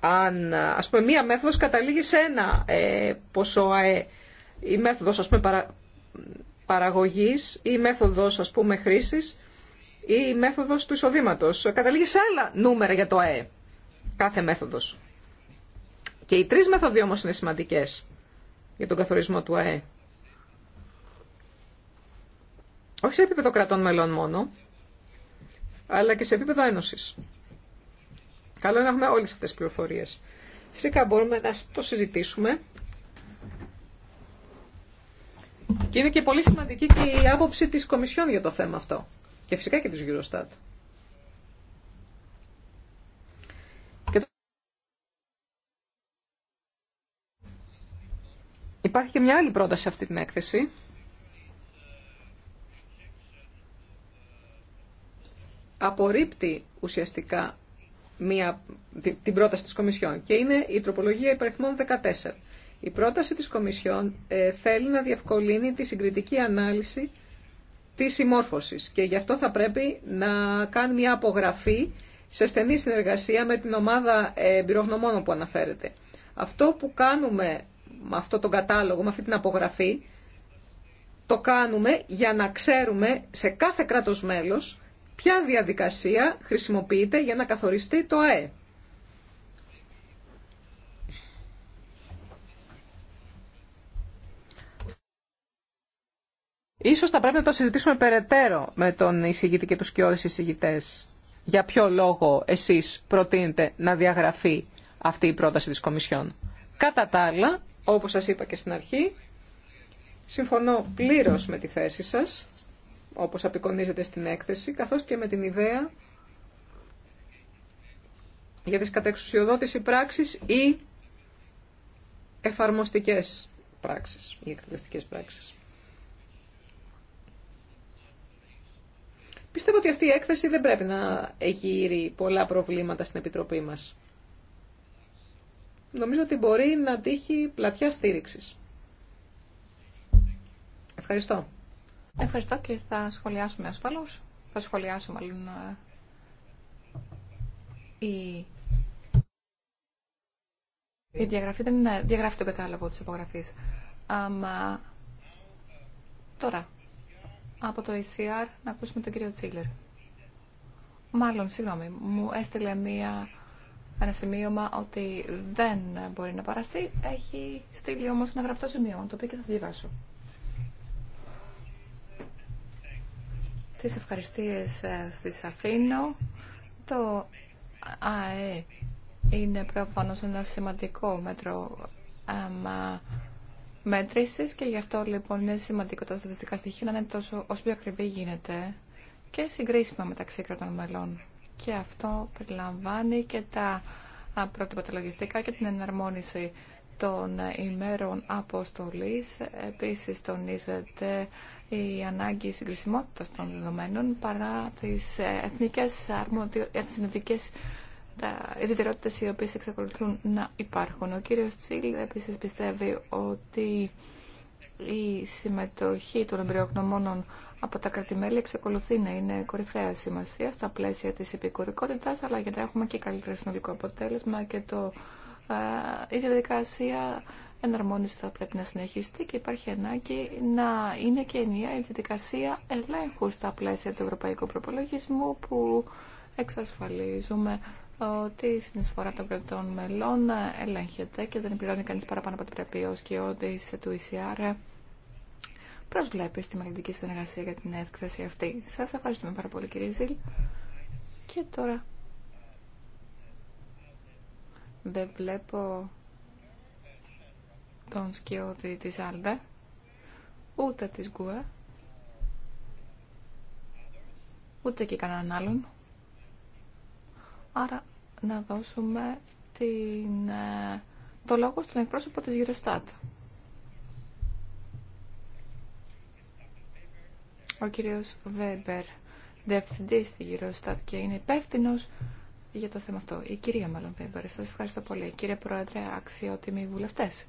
Αν, ας πούμε, μία μέθοδος καταλήγει σε ένα ε, ποσό ΑΕ, η μέθοδος, ας πούμε, παρα, παραγωγής ή η μέθοδος, ας πούμε, χρήσης ή μέθοδος του εισοδήματο. Καταλήγει σε άλλα νούμερα για το ΑΕ, κάθε μέθοδος. Και οι τρεις μέθοδοι όμως είναι σημαντικές για τον καθορισμό του ΑΕ. Όχι σε επίπεδο κρατών μελών μόνο, αλλά και σε επίπεδο ένωση. Καλό είναι να έχουμε όλες αυτές τις πληροφορίες. Φυσικά μπορούμε να το συζητήσουμε. Και είναι και πολύ σημαντική και η άποψη της Κομισιόν για το θέμα αυτό. Και φυσικά και της Eurostat. Υπάρχει και μια άλλη πρόταση σε αυτή την έκθεση. Απορρίπτει ουσιαστικά μια, την πρόταση της Κομισιόν και είναι η τροπολογία υπαριθμών 14. Η πρόταση της Κομισιόν ε, θέλει να διευκολύνει τη συγκριτική ανάλυση της συμμόρφωσης και γι' αυτό θα πρέπει να κάνει μια απογραφή σε στενή συνεργασία με την ομάδα ε, πυρογνωμόνων που αναφέρεται. Αυτό που κάνουμε με αυτό τον κατάλογο, με αυτή την απογραφή, το κάνουμε για να ξέρουμε σε κάθε κράτος μέλος ποια διαδικασία χρησιμοποιείται για να καθοριστεί το ΑΕ. Ίσως θα πρέπει να το συζητήσουμε περαιτέρω με τον εισηγητή και τους κοιόδες εισηγητές. Για ποιο λόγο εσείς προτείνετε να διαγραφεί αυτή η πρόταση της Κομισιόν. Κατά τα άλλα, όπως σας είπα και στην αρχή, συμφωνώ πλήρως με τη θέση σας, όπως απεικονίζεται στην έκθεση, καθώς και με την ιδέα για τις κατεξουσιοδότηση πράξεις ή εφαρμοστικές πράξεις ή εκτελεστικές πράξεις. Πιστεύω ότι αυτή η έκθεση δεν πρέπει να εγείρει πολλά προβλήματα στην Επιτροπή μας νομίζω ότι μπορεί να τύχει πλατιά στήριξης. Ευχαριστώ. Ευχαριστώ και θα σχολιάσουμε ασφαλώς. Θα σχολιάσω μάλλον ε, η... διαγραφή δεν είναι... το κατάλληλο κατάλογο της υπογραφής. Αμα... Ε, τώρα, από το ECR να ακούσουμε τον κύριο Τσίλερ. Μάλλον, συγγνώμη, μου έστειλε μία ένα σημείωμα ότι δεν μπορεί να παραστεί. Έχει στείλει όμως ένα γραπτό σημείωμα, το οποίο και θα διαβάσω. Τις ευχαριστίες ε, της αφήνω. Το ΑΕ είναι προφανώς ένα σημαντικό μέτρο αμα, μέτρησης και γι' αυτό λοιπόν είναι σημαντικό τα στατιστικά στοιχεία να είναι τόσο όσο πιο ακριβή γίνεται και συγκρίσιμα μεταξύ κρατών μελών και αυτό περιλαμβάνει και τα πρότυπα και την εναρμόνιση των ημέρων αποστολής. Επίσης τονίζεται η ανάγκη συγκρισιμότητας των δεδομένων παρά τις εθνικές αρμοδιότητες ε, τα ιδιαιτερότητες οι οποίες εξακολουθούν να υπάρχουν. Ο κύριος Τσίλ επίσης πιστεύει ότι η συμμετοχή των εμπειρογνωμόνων από τα κρατημέλη εξακολουθεί να είναι κορυφαία σημασία στα πλαίσια της επικουρικότητας, αλλά για να έχουμε και καλύτερο συνολικό αποτέλεσμα και το, ε, η διαδικασία εναρμόνιση θα πρέπει να συνεχιστεί και υπάρχει ανάγκη να είναι και ενιαία η διαδικασία ελέγχου στα πλαίσια του ευρωπαϊκού προπολογισμού που εξασφαλίζουμε ότι η συνεισφορά των κρατών μελών ελέγχεται και δεν πληρώνει κανείς παραπάνω από το πρέπει ως και ότι του ECR προσβλέπει στη μελλοντική συνεργασία για την έκθεση αυτή. Σας ευχαριστούμε πάρα πολύ κύριε Ζήλ. Και τώρα δεν βλέπω τον σκιώδη της Άλντα, ούτε της Γκουέ, ούτε και κανέναν άλλον. Άρα να δώσουμε την, ε, το λόγο στον εκπρόσωπο της Eurostat. Ο κύριος Βέμπερ, διευθυντής στη Eurostat και είναι υπεύθυνο για το θέμα αυτό. Η κυρία μάλλον Βέμπερ, σας ευχαριστώ πολύ. Κύριε Πρόεδρε, αξιότιμοι βουλευτές.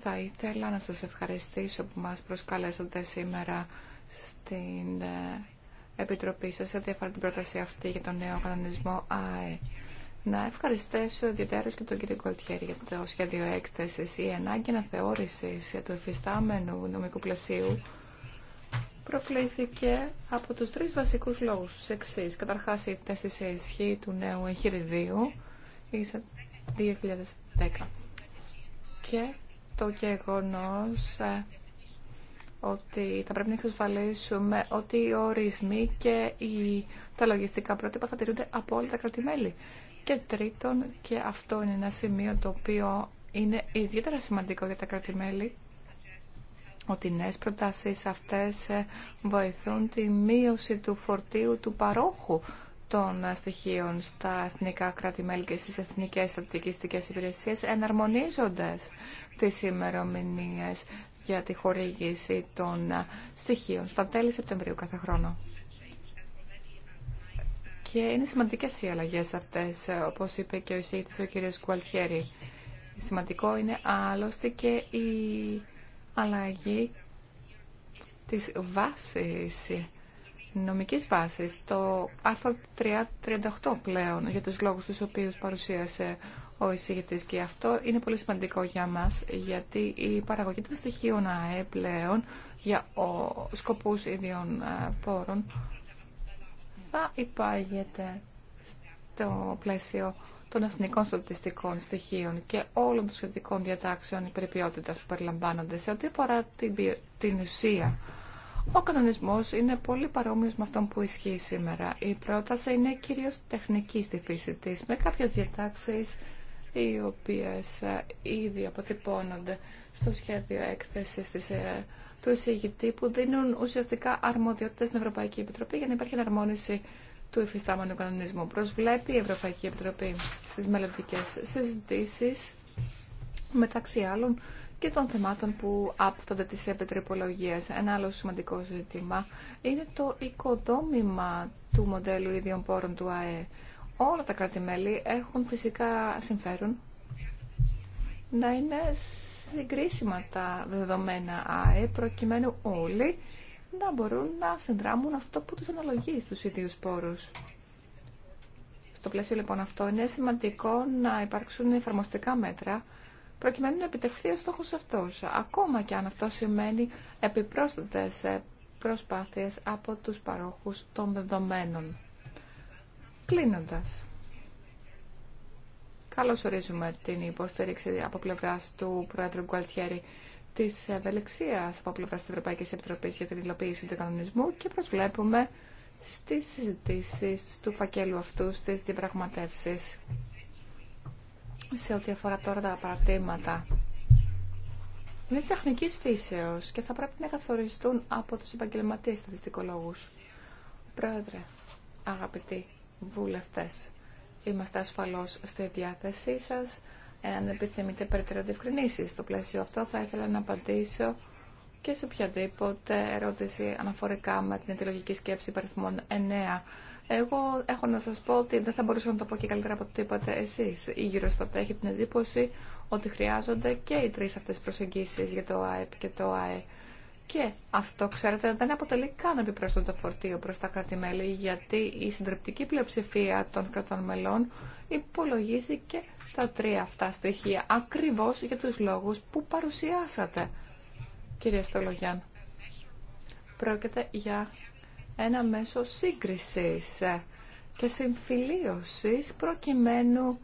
Θα ήθελα να σας ευχαριστήσω που μας προσκαλέσατε σήμερα στην ε, Επιτροπή σα, ό,τι την πρόταση αυτή για τον νέο κανονισμό ΑΕ. Να ευχαριστήσω ιδιαίτερα και τον κύριο Κολτιέρη για το σχέδιο έκθεση Η ανάγκη αναθεώρηση του εφιστάμενου νομικού πλασίου προκλήθηκε από τους τρεις βασικούς λόγους τους εξής. Καταρχάς η θέση σε ισχύ του νέου εγχειριδίου ίσα 2010 και το γεγονός ε, ότι θα πρέπει να εξασφαλίσουμε ότι οι ορισμοί και οι, τα λογιστικά πρότυπα θα τηρούνται από όλα τα κρατημέλη. Και τρίτον, και αυτό είναι ένα σημείο το οποίο είναι ιδιαίτερα σημαντικό για τα κρατημέλη, ότι οι νέες προτάσεις αυτές ε, βοηθούν τη μείωση του φορτίου του παρόχου των ε, στοιχείων στα εθνικα κρατημέλη και στις εθνικές στατικιστικές υπηρεσίες εναρμονίζοντας τις ημερομηνίες για τη χορήγηση των ε, στοιχείων στα τέλη Σεπτεμβρίου κάθε χρόνο. Και είναι σημαντικές οι αλλαγές αυτές, ε, όπως είπε και ο εισηγητής ο κ. Κουαλτιέρη. Σημαντικό είναι άλλωστε και η αλλαγή της βάσης, νομικής βάσης, το άρθρο 338 πλέον, για τους λόγους τους οποίους παρουσίασε ο εισηγητής και αυτό είναι πολύ σημαντικό για μας γιατί η παραγωγή των στοιχείων ΑΕ πλέον για σκοπού σκοπούς ίδιων ε, πόρων θα υπάγεται στο πλαίσιο των εθνικών στατιστικών στοιχείων και όλων των σχετικών διατάξεων υπερπιότητας που περιλαμβάνονται σε ό,τι αφορά την, την ουσία. Ο κανονισμός είναι πολύ παρόμοιος με αυτόν που ισχύει σήμερα. Η πρόταση είναι κυρίως τεχνική στη φύση της, με κάποιες διατάξεις οι οποίες ε, ήδη αποτυπώνονται στο σχέδιο έκθεσης της, ε, του εισηγητή που δίνουν ουσιαστικά αρμοδιότητες στην Ευρωπαϊκή Επιτροπή για να υπάρχει εναρμόνιση του υφιστάμενου κανονισμού. Προσβλέπει η Ευρωπαϊκή Επιτροπή στις μελλοντικές συζητήσεις μεταξύ άλλων και των θεμάτων που άπτονται της επιτροπολογίας. Ένα άλλο σημαντικό ζήτημα είναι το οικοδόμημα του μοντέλου ίδιων πόρων του ΑΕ όλα τα κράτη-μέλη έχουν φυσικά συμφέρον να είναι συγκρίσιμα τα δεδομένα ΑΕ προκειμένου όλοι να μπορούν να συνδράμουν αυτό που τους αναλογεί στους ίδιους πόρους. Στο πλαίσιο λοιπόν αυτό είναι σημαντικό να υπάρξουν εφαρμοστικά μέτρα προκειμένου να επιτευχθεί ο στόχος αυτός, ακόμα και αν αυτό σημαίνει επιπρόσθετες ε, προσπάθειες από τους παρόχους των δεδομένων. Κλείνοντας, καλώς ορίζουμε την υποστήριξη από πλευράς του Πρόεδρου Γκουαλτιέρη της ευελιξίας από πλευράς της Ευρωπαϊκής Επιτροπής για την υλοποίηση του κανονισμού και προσβλέπουμε στις συζητήσεις του φακέλου αυτού στις διαπραγματεύσεις σε ό,τι αφορά τώρα τα παρατήματα. Είναι τεχνική φύσεω και θα πρέπει να καθοριστούν από τους επαγγελματίε στατιστικολόγου. Πρόεδρε, αγαπητοί βουλευτές. Είμαστε ασφαλώς στη διάθεσή σας. Εάν επιθυμείτε περαιτέρω διευκρινήσει στο πλαίσιο αυτό, θα ήθελα να απαντήσω και σε οποιαδήποτε ερώτηση αναφορικά με την αιτιολογική σκέψη υπαριθμών 9. Εγώ έχω να σας πω ότι δεν θα μπορούσα να το πω και καλύτερα από το είπατε εσείς. Η γύρω στο έχει την εντύπωση ότι χρειάζονται και οι τρεις αυτές προσεγγίσεις για το ΑΕΠ και το ΑΕΠ και αυτό, ξέρετε, δεν αποτελεί καν επιπρόσθετο φορτίο προς τα κράτη-μέλη, γιατί η συντριπτική πλειοψηφία των κρατών μελών υπολογίζει και τα τρία αυτά στοιχεία, ακριβώς για τους λόγους που παρουσιάσατε, κυρία Στολογιάν. Πρόκειται για ένα μέσο σύγκρισης και συμφιλίωσης προκειμένου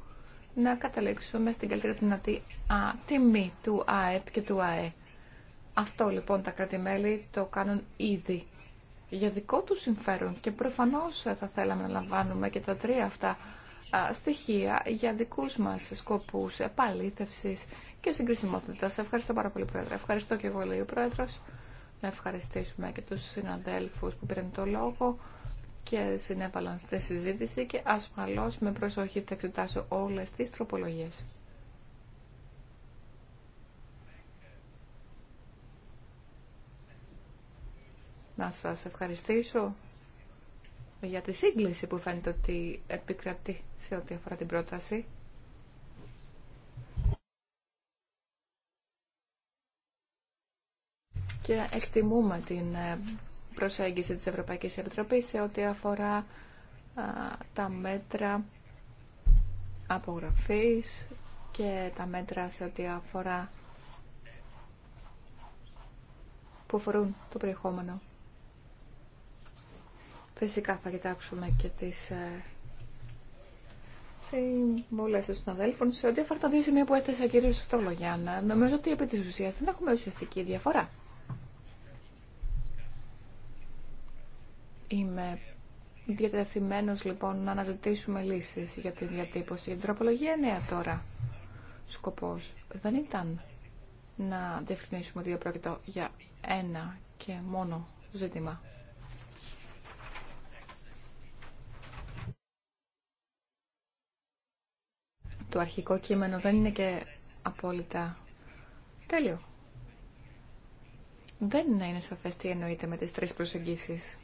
να καταλήξουμε στην καλύτερη δυνατή τιμή του ΑΕΠ και του ΑΕΠ. Αυτό λοιπόν τα κρατη το κάνουν ήδη για δικό του συμφέρον και προφανώς θα θέλαμε να λαμβάνουμε και τα τρία αυτά στοιχεία για δικούς μας σκοπούς επαλήθευσης και συγκρισιμότητας. Ευχαριστώ πάρα πολύ, Πρόεδρε. Ευχαριστώ και εγώ, λέει ο Πρόεδρος. Να ευχαριστήσουμε και τους συναδέλφους που πήραν το λόγο και συνέβαλαν στη συζήτηση και ασφαλώς με προσοχή θα εξετάσω όλες τις τροπολογίες. να σας ευχαριστήσω για τη σύγκληση που φαίνεται ότι επικρατεί σε ό,τι αφορά την πρόταση. Και εκτιμούμε την ε, προσέγγιση της Ευρωπαϊκής Επιτροπής σε ό,τι αφορά τα μέτρα απογραφής και τα μέτρα σε ό,τι αφορά που αφορούν το περιεχόμενο. Φυσικά θα κοιτάξουμε και τις ε, συμβολέ των συναδέλφων σε ό,τι αφορά τα δύο σημεία που έθεσε ο κύριο Στολογιάννα. Νομίζω ότι επί τη ουσία δεν έχουμε ουσιαστική διαφορά. Είμαι διατεθειμένος λοιπόν να αναζητήσουμε λύσεις για τη διατύπωση. Η τροπολογία νέα τώρα. Σκοπός δεν ήταν να διευκρινίσουμε ότι πρόκειται για ένα και μόνο ζήτημα. Το αρχικό κείμενο δεν είναι και απόλυτα τέλειο. Δεν είναι σαφές τι εννοείται με τις τρεις προσεγγίσεις.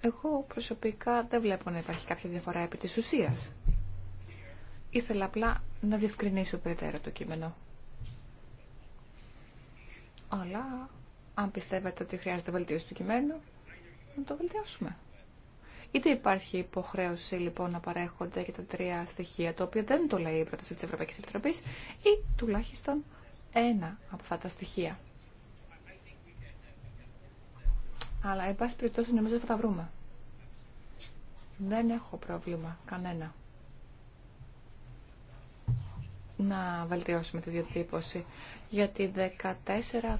Εγώ προσωπικά δεν βλέπω να υπάρχει κάποια διαφορά επί της ουσίας. Ήθελα απλά να διευκρινίσω περαιτέρω το κείμενο. Αλλά αν πιστεύετε ότι χρειάζεται βελτίωση του κειμένου, να το βελτιώσουμε. Είτε υπάρχει υποχρέωση λοιπόν να παρέχονται και τα τρία στοιχεία, το οποίο δεν το λέει η πρόταση τη Ευρωπαϊκή Επιτροπή, ή τουλάχιστον ένα από αυτά τα στοιχεία. Αλλά, εν πάση περιπτώσει, νομίζω θα τα βρούμε. Δεν έχω πρόβλημα κανένα να βελτιώσουμε τη διατύπωση. Γιατί 14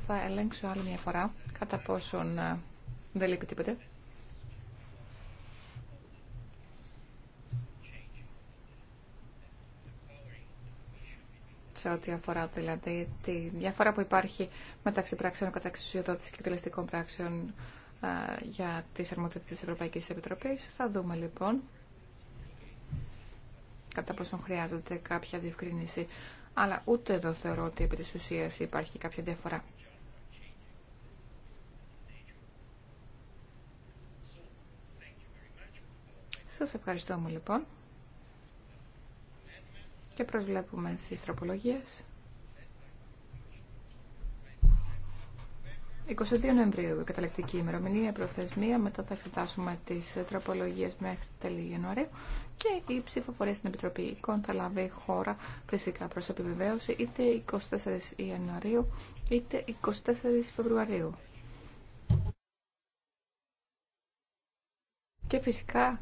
θα ελέγξω άλλη μια φορά κατά πόσον ε, δεν λείπει τίποτε. σε ό,τι αφορά δηλαδή τη διαφορά που υπάρχει μεταξύ πράξεων κατά εξουσιοδότηση και εκτελεστικών πράξεων για τι αρμοδιότητες της Ευρωπαϊκής Επιτροπή. Θα δούμε λοιπόν κατά πόσον χρειάζεται κάποια διευκρίνηση. Αλλά ούτε εδώ θεωρώ ότι επί της ουσίας υπάρχει κάποια διαφορά. Σας ευχαριστώ μου λοιπόν και προσβλέπουμε στις τροπολογίε. 22 Νοεμβρίου, η καταλεκτική ημερομηνία, προθεσμία. Μετά θα εξετάσουμε τι τροπολογίε μέχρι τέλη Ιανουαρίου και η ψηφοφορία στην Επιτροπή Εικόν θα λάβει χώρα φυσικά προς επιβεβαίωση είτε 24 Ιανουαρίου είτε 24 Φεβρουαρίου. Και φυσικά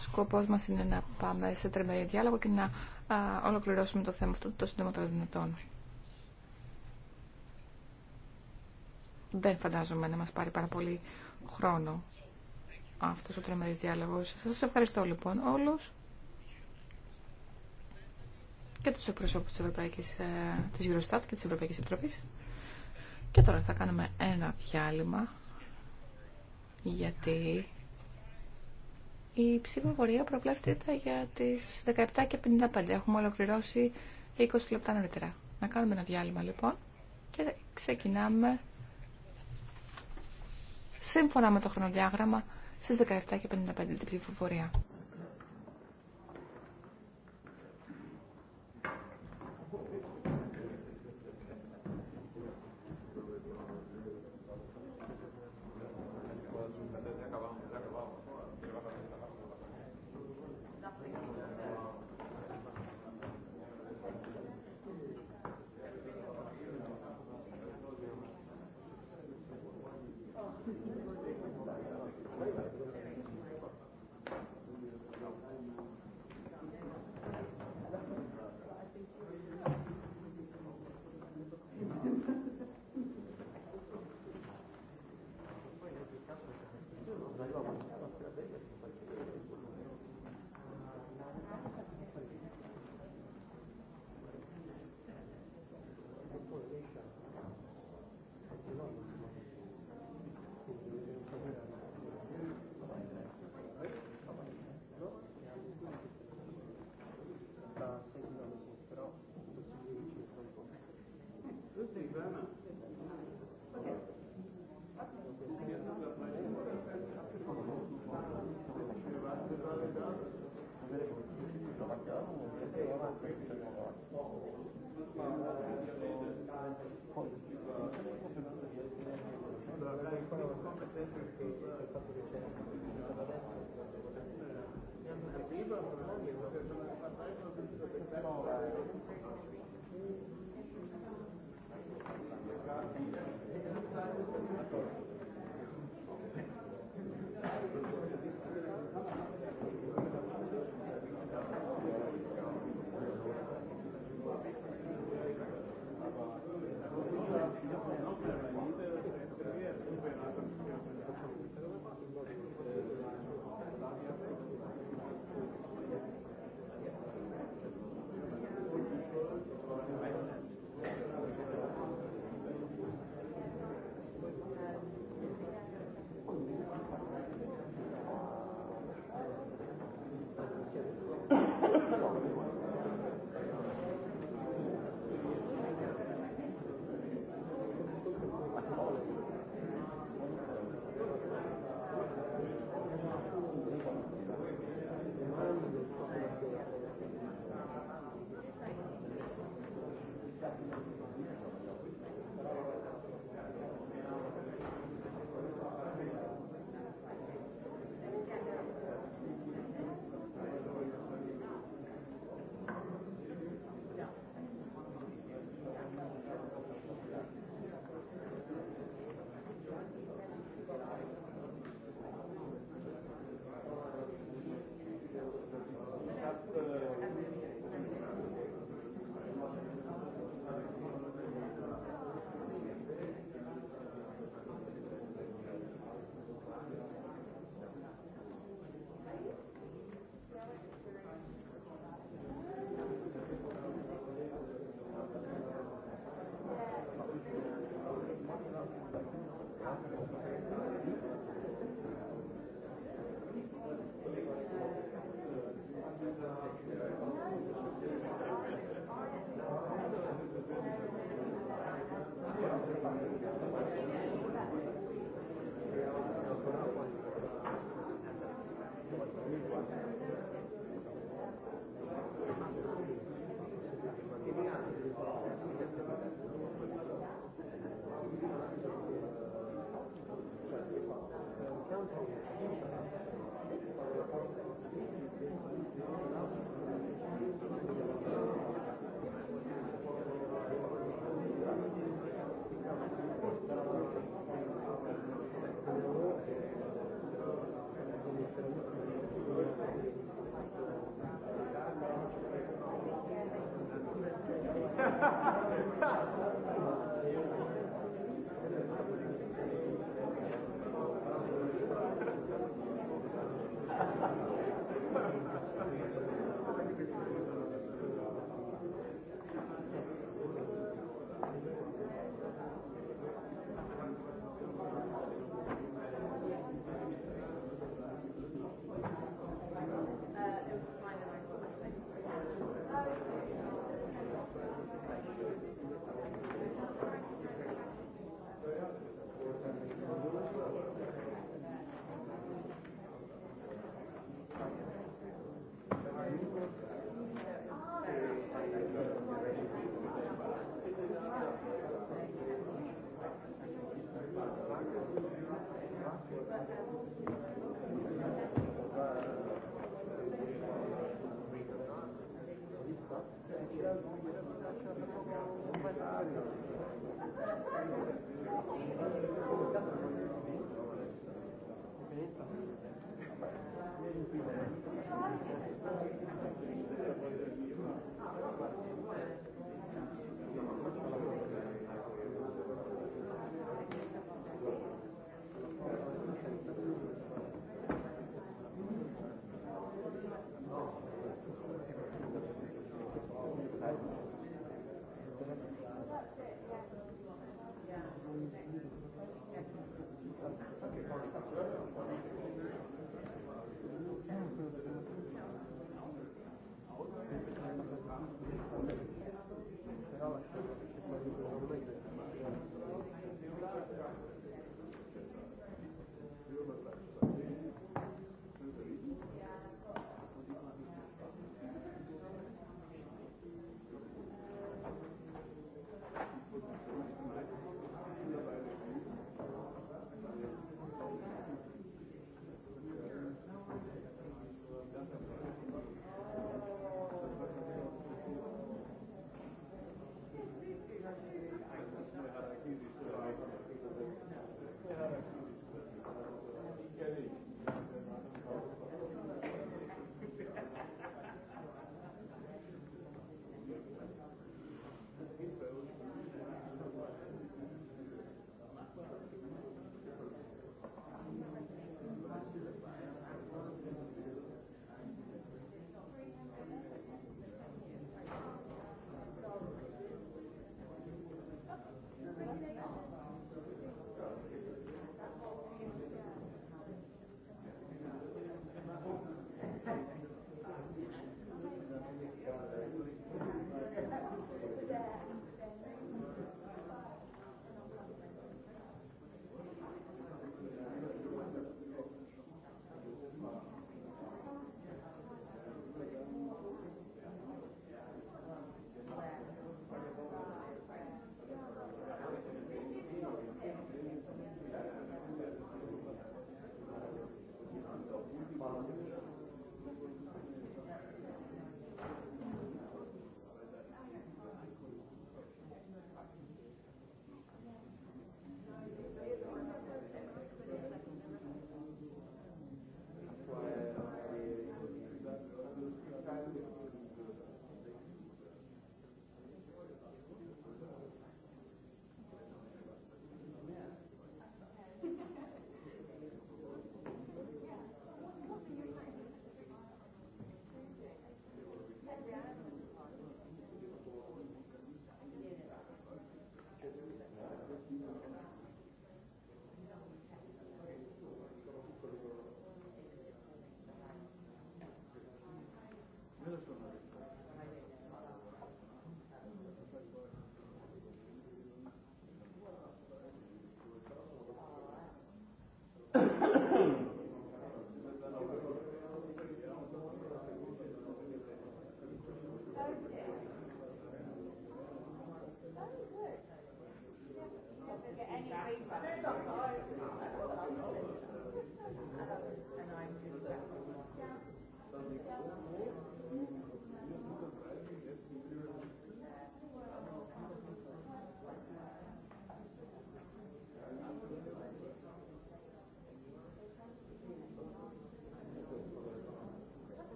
σκοπός μας είναι να πάμε σε τρεμερή διάλογο και να ολοκληρώσουμε το θέμα αυτό το των δυνατών. Δεν φαντάζομαι να μας πάρει πάρα πολύ χρόνο αυτός ο τρομερής διάλογος. Σας ευχαριστώ λοιπόν όλους και τους εκπροσώπους της, Ευρωπαϊκής, ε, της και της Ευρωπαϊκής Επιτροπής. Και τώρα θα κάνουμε ένα διάλειμμα γιατί η ψηφοφορία προβλέφτεται για τις 17.55. Έχουμε ολοκληρώσει 20 λεπτά νωρίτερα. Να κάνουμε ένα διάλειμμα λοιπόν και ξεκινάμε σύμφωνα με το χρονοδιάγραμμα στις 17.55 την ψηφοφορία. Thank you. Thank you.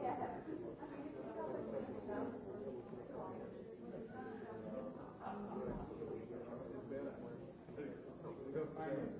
Yeah. Thank you.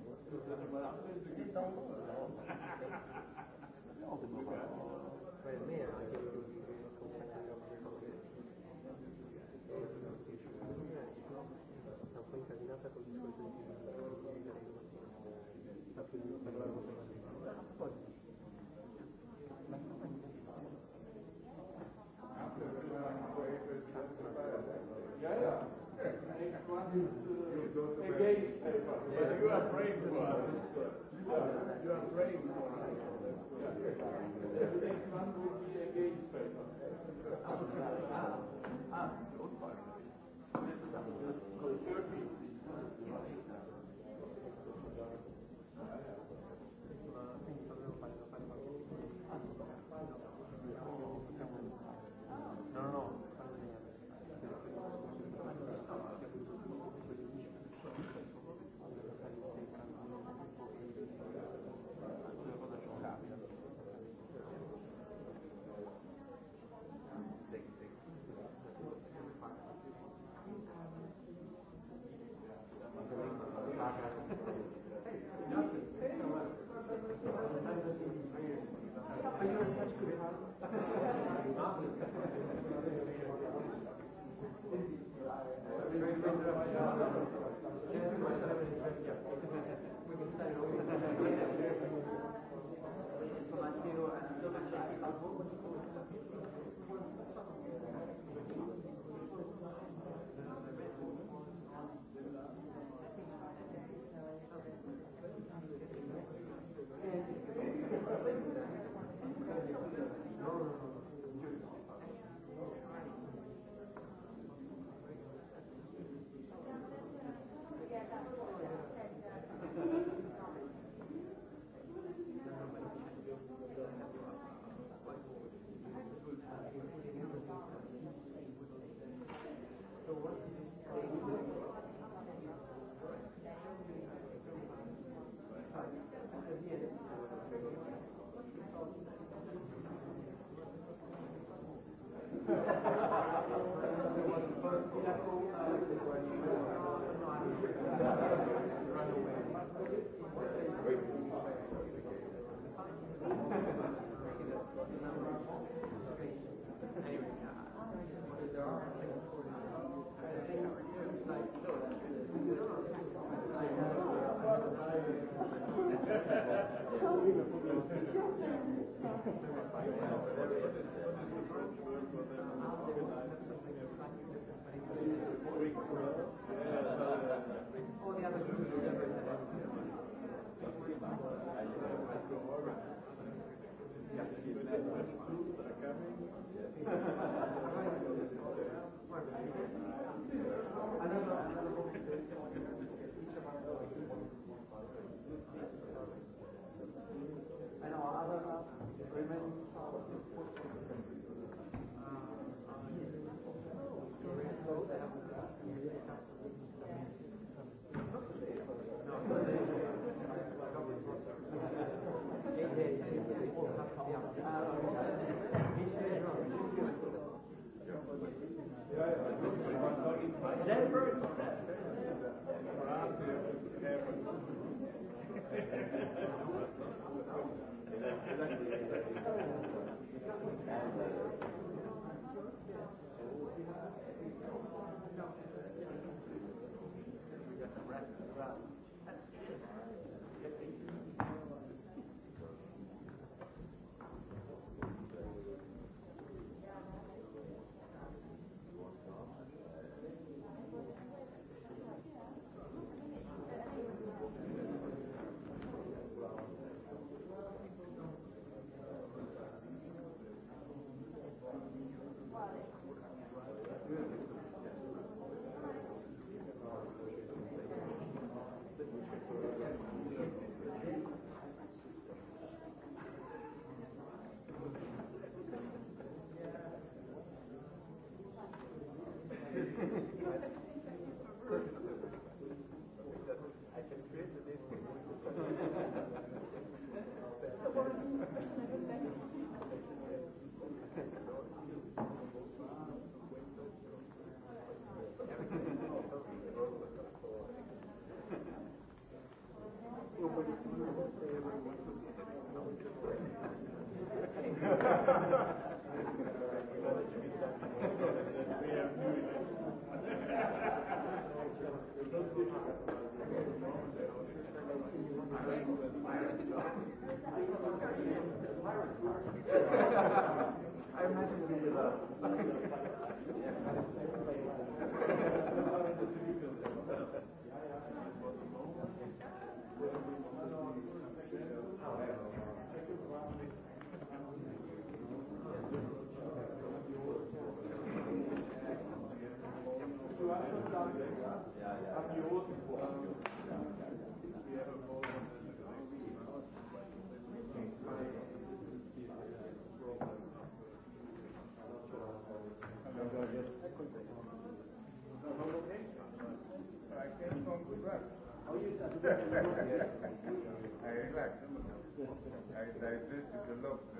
Υπότιτλοι AUTHORWAVE like this a lobster,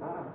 Ah.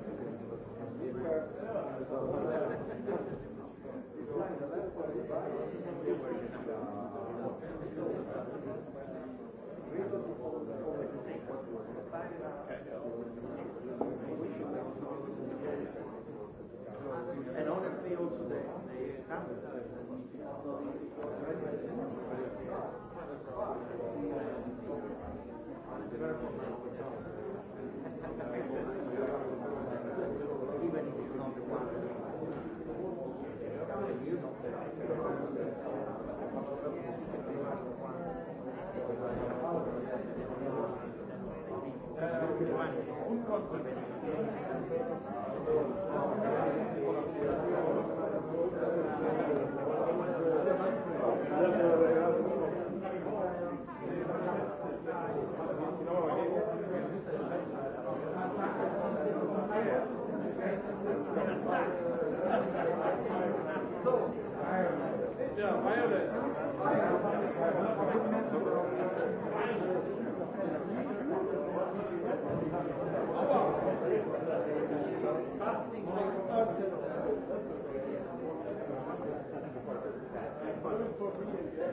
And honestly also they they have the Ευχαριστώ.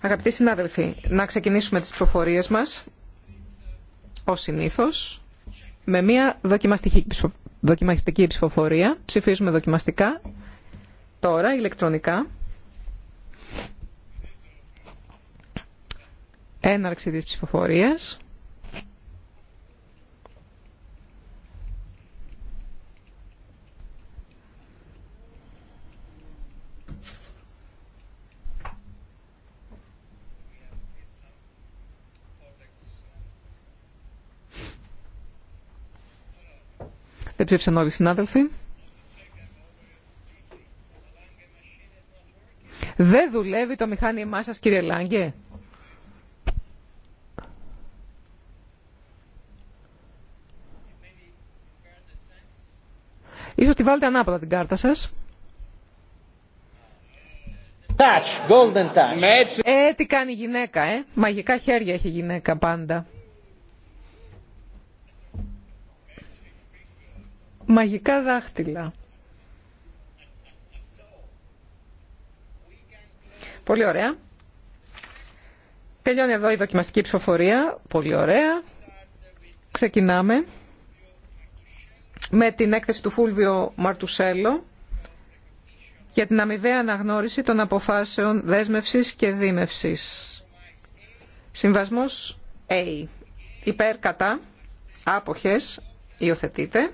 Αγαπητοί συνάδελφοι, να ξεκινήσουμε τις προφορίες μας, ως συνήθως, με μια δοκιμαστική ψηφοφορία. Ψηφίζουμε δοκιμαστικά, τώρα ηλεκτρονικά. Έναρξη της ψηφοφορίας. όλοι οι συνάδελφοι. Δεν δουλεύει το μηχάνημά σας κύριε Λάγκε. Ίσως τη βάλετε ανάποδα την κάρτα σας. Touch, golden touch. Ε, τι κάνει η γυναίκα, ε. Μαγικά χέρια έχει η γυναίκα πάντα. μαγικά δάχτυλα. Πολύ ωραία. Τελειώνει εδώ η δοκιμαστική ψηφοφορία. Πολύ ωραία. Ξεκινάμε με την έκθεση του Φούλβιο Μαρτουσέλο για την αμοιβαία αναγνώριση των αποφάσεων δέσμευσης και δίμευσης. Συμβασμός A. Υπέρ κατά, άποχες, υιοθετείται.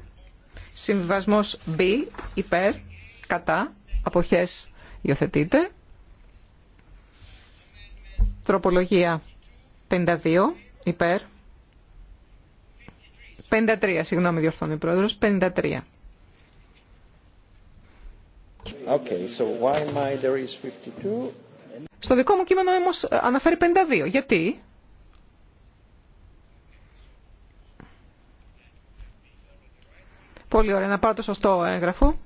Συμβιβασμός B, υπέρ, κατά, αποχές υιοθετείται. Τροπολογία 52, υπέρ. 53, συγγνώμη διορθώνει ο πρόεδρος, 53. Στο δικό μου κείμενο όμως αναφέρει 52. Γιατί? Πολύ ωραία, να πάρω το σωστό έγγραφο.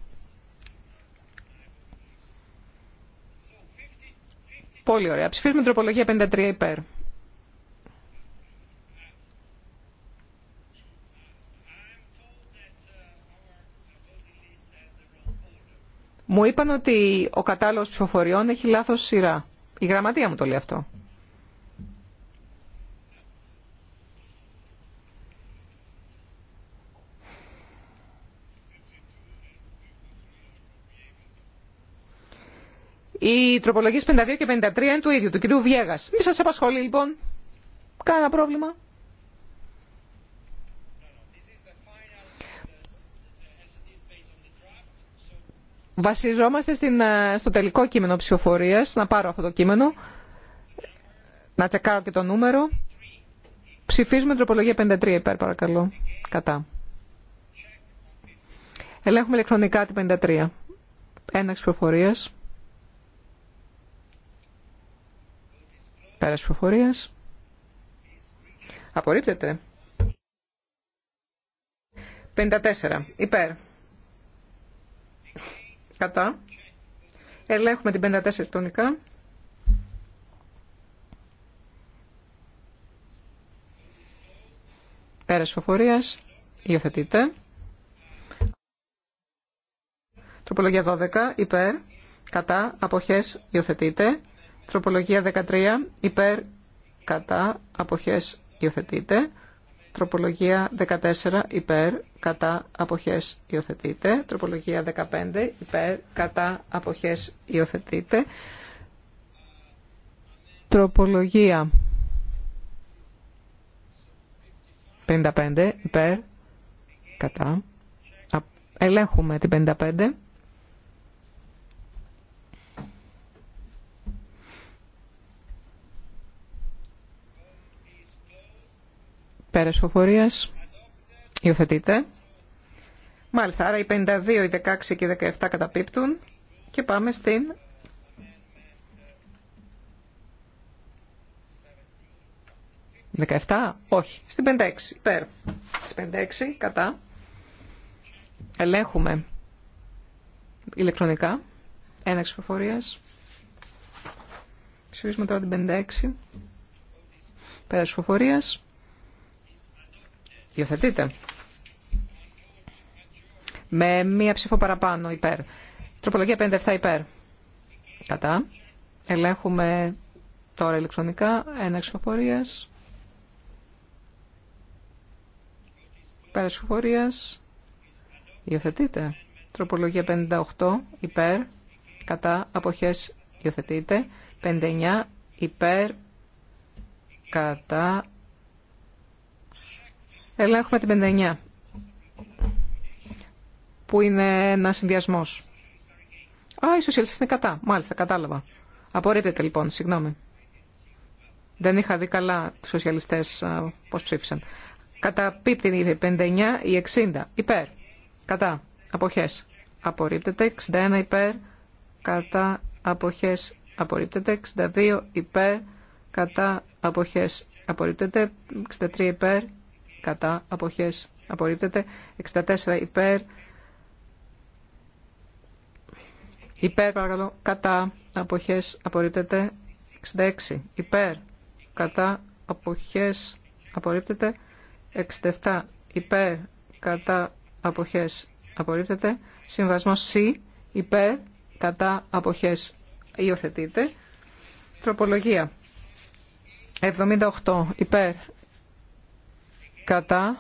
Πολύ ωραία. Ψηφίζουμε τροπολογία 53 υπέρ. Μου είπαν ότι ο κατάλογος ψηφοφοριών έχει λάθος σειρά. Η γραμματεία μου το λέει αυτό. Οι τροπολογίε 52 και 53 είναι του ίδιου, του κυρίου Βιέγα. Μη σα απασχολεί λοιπόν. Κάνα πρόβλημα. Βασιζόμαστε ε, στο τελικό κείμενο ψηφοφορία. Να πάρω αυτό το κείμενο. Να τσεκάρω και το νούμερο. Ψηφίζουμε τροπολογία 53 υπέρ, παρακαλώ. Κατά. Ελέγχουμε ηλεκτρονικά την 53. Ένα ψηφοφορία. Πέρας προφορίας. Απορρίπτεται. 54. Υπέρ. Κατά. Ελέγχουμε την 54 τονικά. Πέρας φοφορίας. Υιοθετείτε. Τροπολογία 12. Υπέρ. Κατά. Αποχές. Υιοθετείτε. Τροπολογία 13 υπέρ κατά αποχές υιοθετείται. Τροπολογία 14 υπέρ κατά αποχές υιοθετείται. Τροπολογία 15 υπέρ κατά αποχές υιοθετείται. Τροπολογία 55 υπέρ κατά. Ελέγχουμε την 55. Πέρας φοφορίας. Υιοθετείτε. Μάλιστα, άρα οι 52, οι 16 και οι 17 καταπίπτουν. Και πάμε στην 17, όχι, στην 56, Πέρα. Στις 56, κατά. Ελέγχουμε ηλεκτρονικά, ένα ψηφοφορία. Ψηφίσουμε τώρα την 56, πέρα ψηφοφορίας. Υιοθετείτε. Με μία ψήφο παραπάνω υπέρ. Τροπολογία 57 υπέρ. Κατά. Ελέγχουμε τώρα ηλεκτρονικά. Ένα ψηφοφορία. Πέρα ψηφοφορία. Υιοθετείτε. Τροπολογία 58 υπέρ. Κατά. Αποχές υιοθετείτε. 59 υπέρ. Κατά. Ελέγχουμε την 59, που είναι ένα συνδυασμό. Α, οι σοσιαλιστέ είναι κατά. Μάλιστα, κατάλαβα. Απορρίπτεται λοιπόν, συγγνώμη. Δεν είχα δει καλά τους σοσιαλιστές πώς ψήφισαν. είναι η 59, η 60, υπέρ, κατά, αποχές, απορρίπτεται, 61 υπέρ, κατά, αποχές, απορρίπτεται, 62 υπέρ, κατά, αποχές, απορρίπτεται, 63 υπέρ, κατά αποχές απορρίπτεται 64 υπέρ υπέρ παρακαλώ κατά αποχές απορρίπτεται 66 υπέρ κατά αποχές απορρίπτεται 67 υπέρ κατά αποχές απορρίπτεται συμβασμός C υπέρ κατά αποχές υιοθετείται τροπολογία 78 υπέρ Κατά.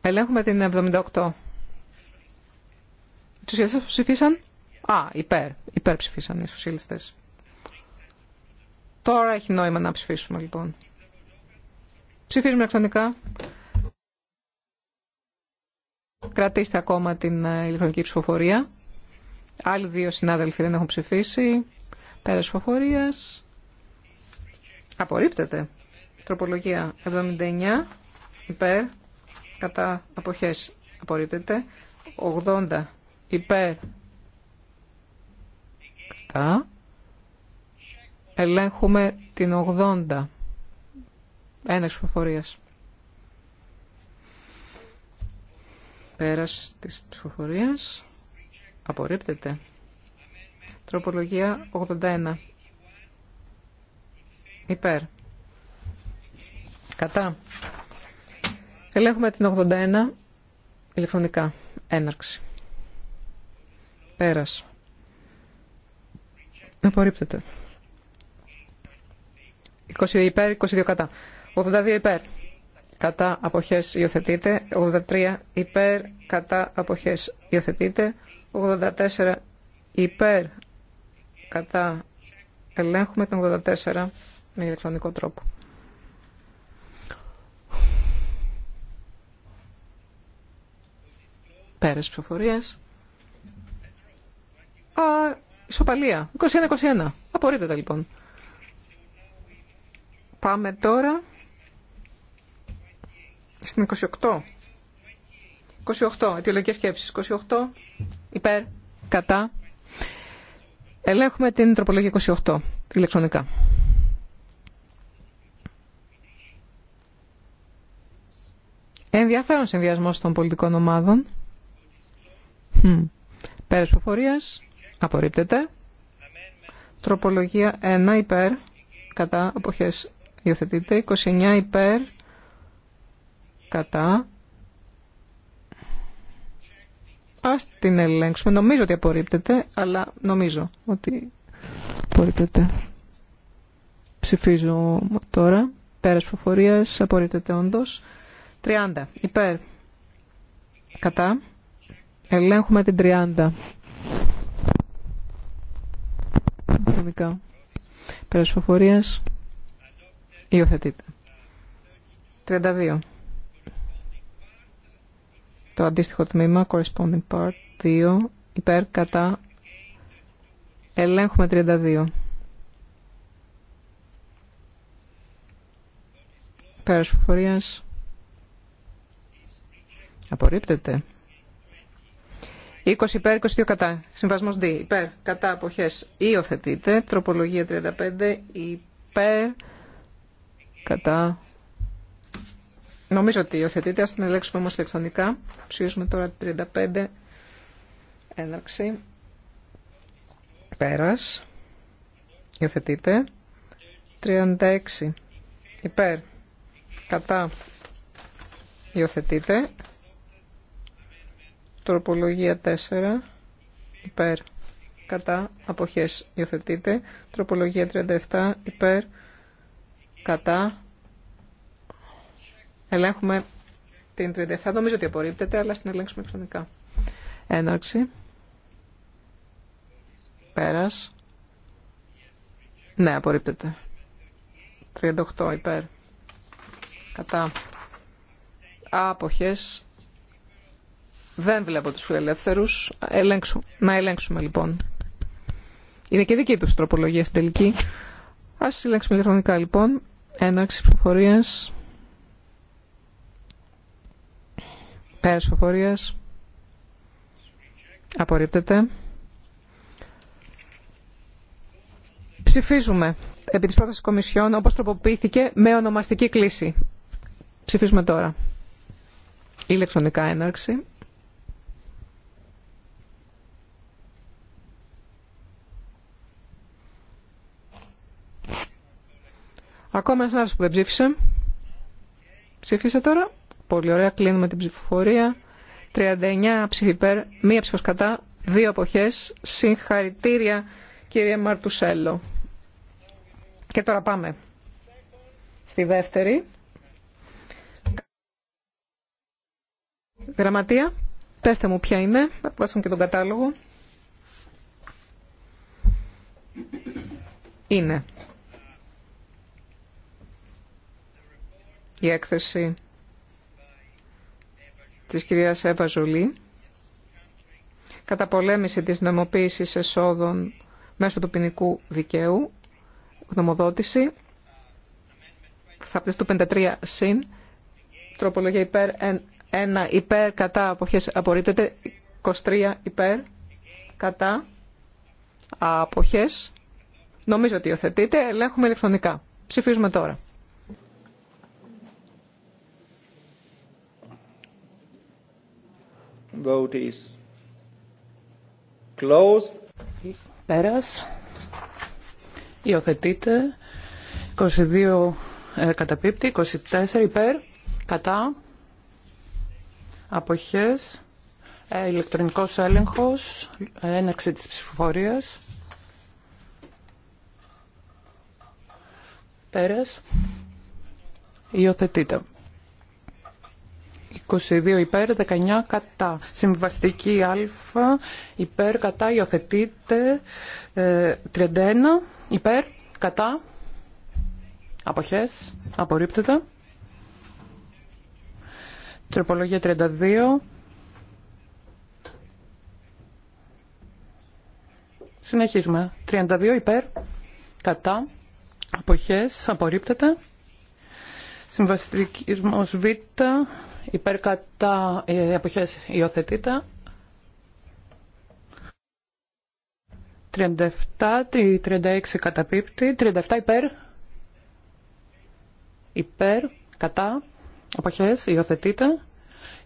Ελέγχουμε την 78. Οι σοσιαλιστές ψηφίσαν. Α, υπέρ. Υπέρ ψηφίσαν οι σοσιαλιστές. Τώρα έχει νόημα να ψηφίσουμε λοιπόν. Ψηφίζουμε ηλεκτρονικά. Κρατήστε ακόμα την ε, ηλεκτρονική ψηφοφορία. Άλλοι δύο συνάδελφοι δεν έχουν ψηφίσει. πέρα ψηφοφορίας. Απορρίπτεται. Τροπολογία 79 υπέρ κατά αποχές απορρίπτεται. 80 υπέρ κατά. Ελέγχουμε την 80. Ένας ψηφοφορίας. Πέρας της ψηφοφορίας. Απορρίπτεται. Τροπολογία 81. Υπέρ. Κατά. Ελέγχουμε την 81 ηλεκτρονικά. Έναρξη. Πέρας. Απορρίπτεται. 20 υπέρ, 22 κατά. 82 υπέρ. Κατά αποχές υιοθετείται. 83 υπέρ. Κατά αποχές υιοθετείται. 84 υπέρ. Κατά ελέγχουμε την 84 με ηλεκτρονικό τρόπο. Πέρας Α, ισοπαλία. 21-21. Απορρίπτεται λοιπόν. Πάμε τώρα στην 28. 28. Αιτιολογικές σκέψεις. 28. Υπέρ. Κατά. Ελέγχουμε την τροπολογία 28. Ηλεκτρονικά. Ενδιαφέρον συνδυασμό των πολιτικών ομάδων. Πέρας προφορίας. Απορρίπτεται. Τροπολογία 1 υπέρ. Κατά αποχές υιοθετείται. 29 υπέρ. Κατά. Ας την ελέγξουμε. Νομίζω ότι απορρίπτεται, αλλά νομίζω ότι απορρίπτεται. Ψηφίζω τώρα. Πέρας προφορίας απορρίπτεται όντως. 30 υπέρ. Κατά. Ελέγχουμε την 30. Χρονικά. Περασφοφορία. Υιοθετείται. 32. Το αντίστοιχο τμήμα, corresponding part, 2, υπέρ, κατά, ελέγχουμε 32. Πέρας φοφορίας. Απορρίπτεται. 20 υπέρ, 22 κατά. Συμβασμός D υπέρ, κατά αποχές υιοθετείται. Τροπολογία 35 υπέρ, κατά. Νομίζω ότι υιοθετείται. Ας την ελέγξουμε όμως ηλεκτρονικά. Ψηφίσουμε τώρα 35 έναρξη. Πέρας. Υιοθετείται. 36 υπέρ, κατά. Υιοθετείται. Τροπολογία 4 υπέρ κατά αποχές υιοθετείται. Τροπολογία 37 υπέρ κατά ελέγχουμε την 37. Νομίζω ότι απορρίπτεται, αλλά στην ελέγξουμε εξωτερικά. Έναρξη. Πέρας. Ναι, απορρίπτεται. 38 υπέρ. Κατά. Άποχες δεν βλέπω τους φιλελεύθερους. να ελέγξουμε λοιπόν. Είναι και δική τους τροπολογία στην τελική. Ας τους ελέγξουμε ηλεκτρονικά λοιπόν. Έναρξη ψηφοφορίας. Πέρας ψηφοφορίας. Απορρίπτεται. Ψηφίζουμε επί της πρότασης κομισιών, όπως τροποποιήθηκε με ονομαστική κλίση. Ψηφίζουμε τώρα. Ηλεκτρονικά έναρξη. Ακόμα ένα άνθρωπο που δεν ψήφισε. Ψήφισε τώρα. Πολύ ωραία. Κλείνουμε την ψηφοφορία. 39 ψήφι μία ψήφο κατά, δύο αποχές. Συγχαρητήρια κύριε Μαρτουσέλο. Και τώρα πάμε στη δεύτερη. Γραμματεία, πέστε μου ποια είναι. Θα και τον κατάλογο. Είναι η έκθεση της κυρίας Εύα Ζουλή καταπολέμηση της νομοποίησης εσόδων μέσω του ποινικού δικαίου γνωμοδότηση θα του 53 συν τροπολογία υπέρ 1 υπέρ κατά αποχές απορρίπτεται 23 υπέρ κατά αποχές νομίζω ότι υιοθετείται ελέγχουμε ηλεκτρονικά ψηφίζουμε τώρα Vote is closed. Πέρας. Υιοθετείτε. 22 ε, καταπίπτει. 24 υπέρ. Κατά. Αποχές. Ε, ηλεκτρονικός έλεγχος. Έναρξη της ψηφοφορίας. Πέρας. Υιοθετείτε. 22 υπέρ, 19 κατά. Συμβαστική α υπέρ, κατά, υιοθετείται. Ε, 31 υπέρ, κατά. Αποχές, απορρίπτεται. Τροπολογία 32. Συνεχίζουμε. 32 υπέρ, κατά, αποχές, απορρίπτεται. Συμβαστικισμός Β, υπέρ κατά ε, αποχές υιοθετήτα. 37, 36 καταπίπτει, 37 υπέρ, υπέρ, κατά, αποχές, υιοθετείτε,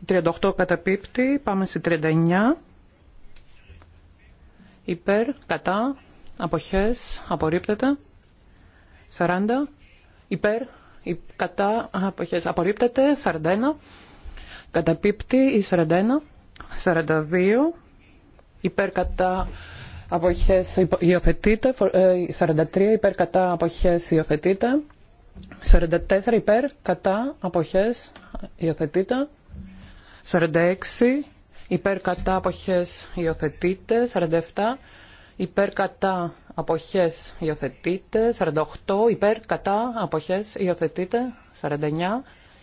38 καταπίπτει, πάμε στη 39, υπέρ, κατά, αποχές, απορρίπτεται. 40, υπέρ, Κατά αποχές απορρίπτεται 41. Καταπίπτει η 41. 42. Ε, υπέρ κατά αποχές υιοθετείται. 43. Υπέρ κατά αποχές υιοθετείται. 44 υπέρ, κατά, αποχές, υιοθετείται, 46 υπέρ, κατά, αποχές, υιοθετείται. 47 υπέρ κατά αποχές υιοθετείται, 48 υπέρ κατά αποχές υιοθετείτε. 49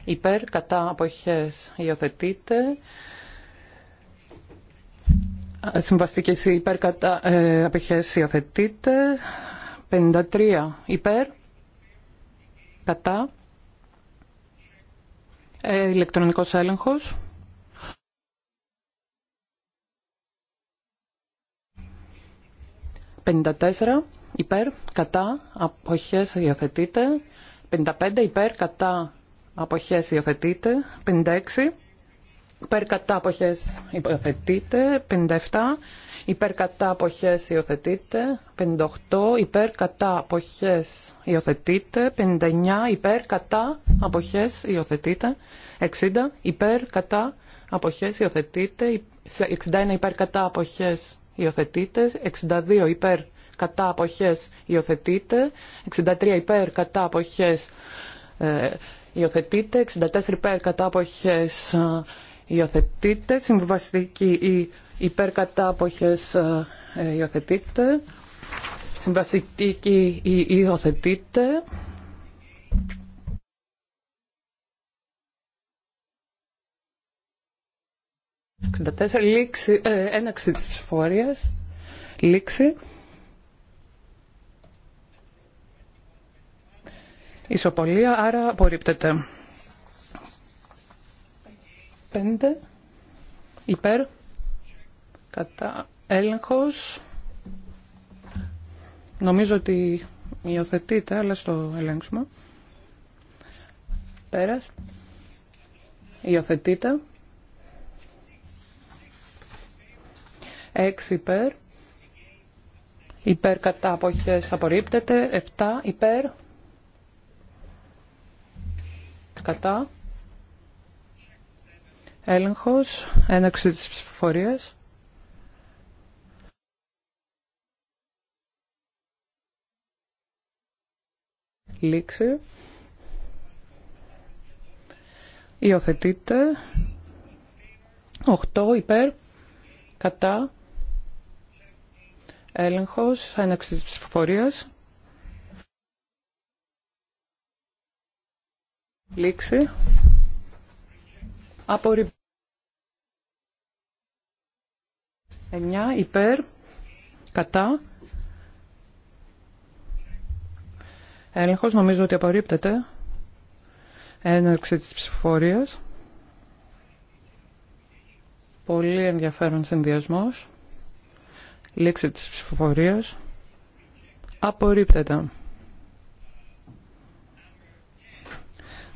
υπέρ κατά αποχές υιοθετείτε. Συμβαστική υπέρ κατά ε, αποχές 53 υπέρ κατά ε, ηλεκτρονικός έλεγχος. 54 υπέρ, κατά, αποχές υιοθετείτε. 55 υπέρ, κατά, αποχές υιοθετείτε. 56 υπέρ, κατά, αποχές υιοθετείτε. 57 υπέρ, κατά, αποχές υιοθετείτε. 58 υπέρ, κατά, αποχές υιοθετείτε. 59 υπέρ, κατά, αποχές υιοθετείτε. 60 υπέρ, κατά, αποχές υιοθετείτε, 61 υπέρ, κατά, αποχές υιοθετείται, 62 υπέρ κατά αποχές υιοθετείται, 63 υπέρ κατά αποχές ε, υιοθετείται, 64 υπέρ κατά αποχές ε, υιοθετείται, συμβαστική ή υπέρ κατά αποχές ε, ε, υιοθετείται, συμβαστική ή υιοθετείται, 64, λήξη, ε, έναξη της ψηφορίας, λήξη. Ισοπολία, άρα απορρίπτεται. 5, υπέρ, κατά έλεγχος. Νομίζω ότι υιοθετείτε αλλά στο ελέγξουμε. Πέρας. υιοθετείτε. 6 υπέρ. Υπέρ κατά αποχές απορρίπτεται. 7 υπέρ. Κατά. Έλεγχος. Έναρξη της ψηφοφορίας. Λήξη. Υιοθετείται. 8 υπέρ. Κατά έλεγχος, έναξη της ψηφοφορίας. Λήξη. Απορρι... 9 υπέρ, κατά. Έλεγχος, νομίζω ότι απορρίπτεται. Έναρξη της ψηφοφορίας. Πολύ ενδιαφέρον συνδυασμός. Λήξη της ψηφοφορίας. Απορρίπτεται.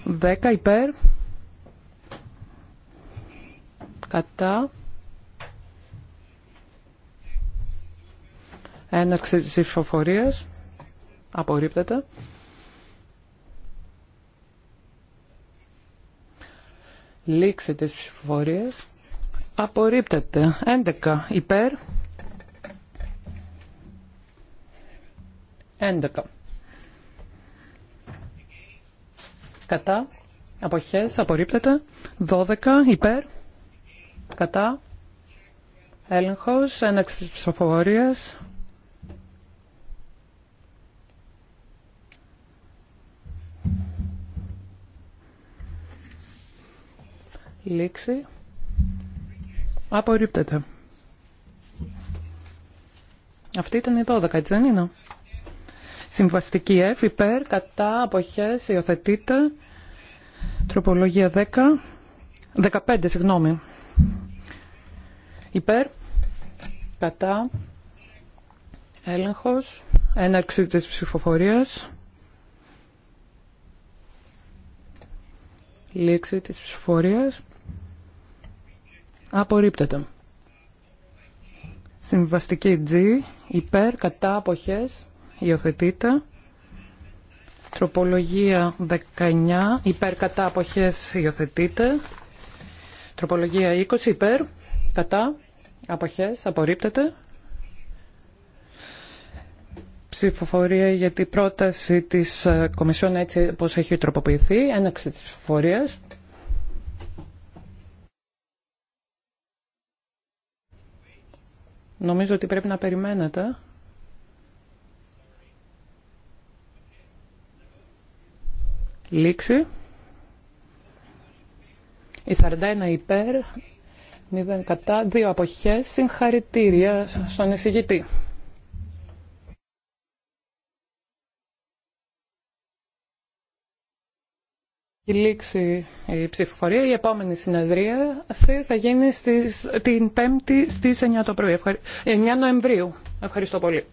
10 υπέρ. Κατά. Έναρξη της ψηφοφορίας. Απορρίπτεται. Λήξη της ψηφοφορίας. Απορρίπτεται. 11 υπέρ. 11. Κατά. Αποχές. Απορρίπτεται. 12. Υπέρ. Κατά. Έλεγχος. Έναξη της ψηφοφορίας. λήξη απορρίπτεται. Αυτή ήταν η 12, έτσι δεν είναι. Συμβαστική F υπέρ κατά αποχές υιοθετείται. Τροπολογία 10. 15, συγγνώμη. Υπέρ κατά έλεγχος έναρξη της ψηφοφορίας. Λήξη της ψηφοφορίας. Απορρίπτεται. Συμβαστική G, υπέρ, κατά, αποχές, Υιοθετείτε. Τροπολογία 19. Υπέρ κατά αποχές υιοθετείτε. Τροπολογία 20. Υπέρ κατά αποχές απορρίπτεται. Ψηφοφορία για την πρόταση της ε, Κομισιόν έτσι πώς έχει τροποποιηθεί. Έναξη της ψηφοφορίας. Νομίζω ότι πρέπει να περιμένετε. Λήξη. Η 41 υπέρ, 0 κατά, 2 αποχές. Συγχαρητήρια στον εισηγητή. Η λήξη η ψηφοφορία, η επόμενη συνεδρία θα γίνει στις, την 5η στις 9, το πρωί, 9 Νοεμβρίου. Ευχαριστώ πολύ.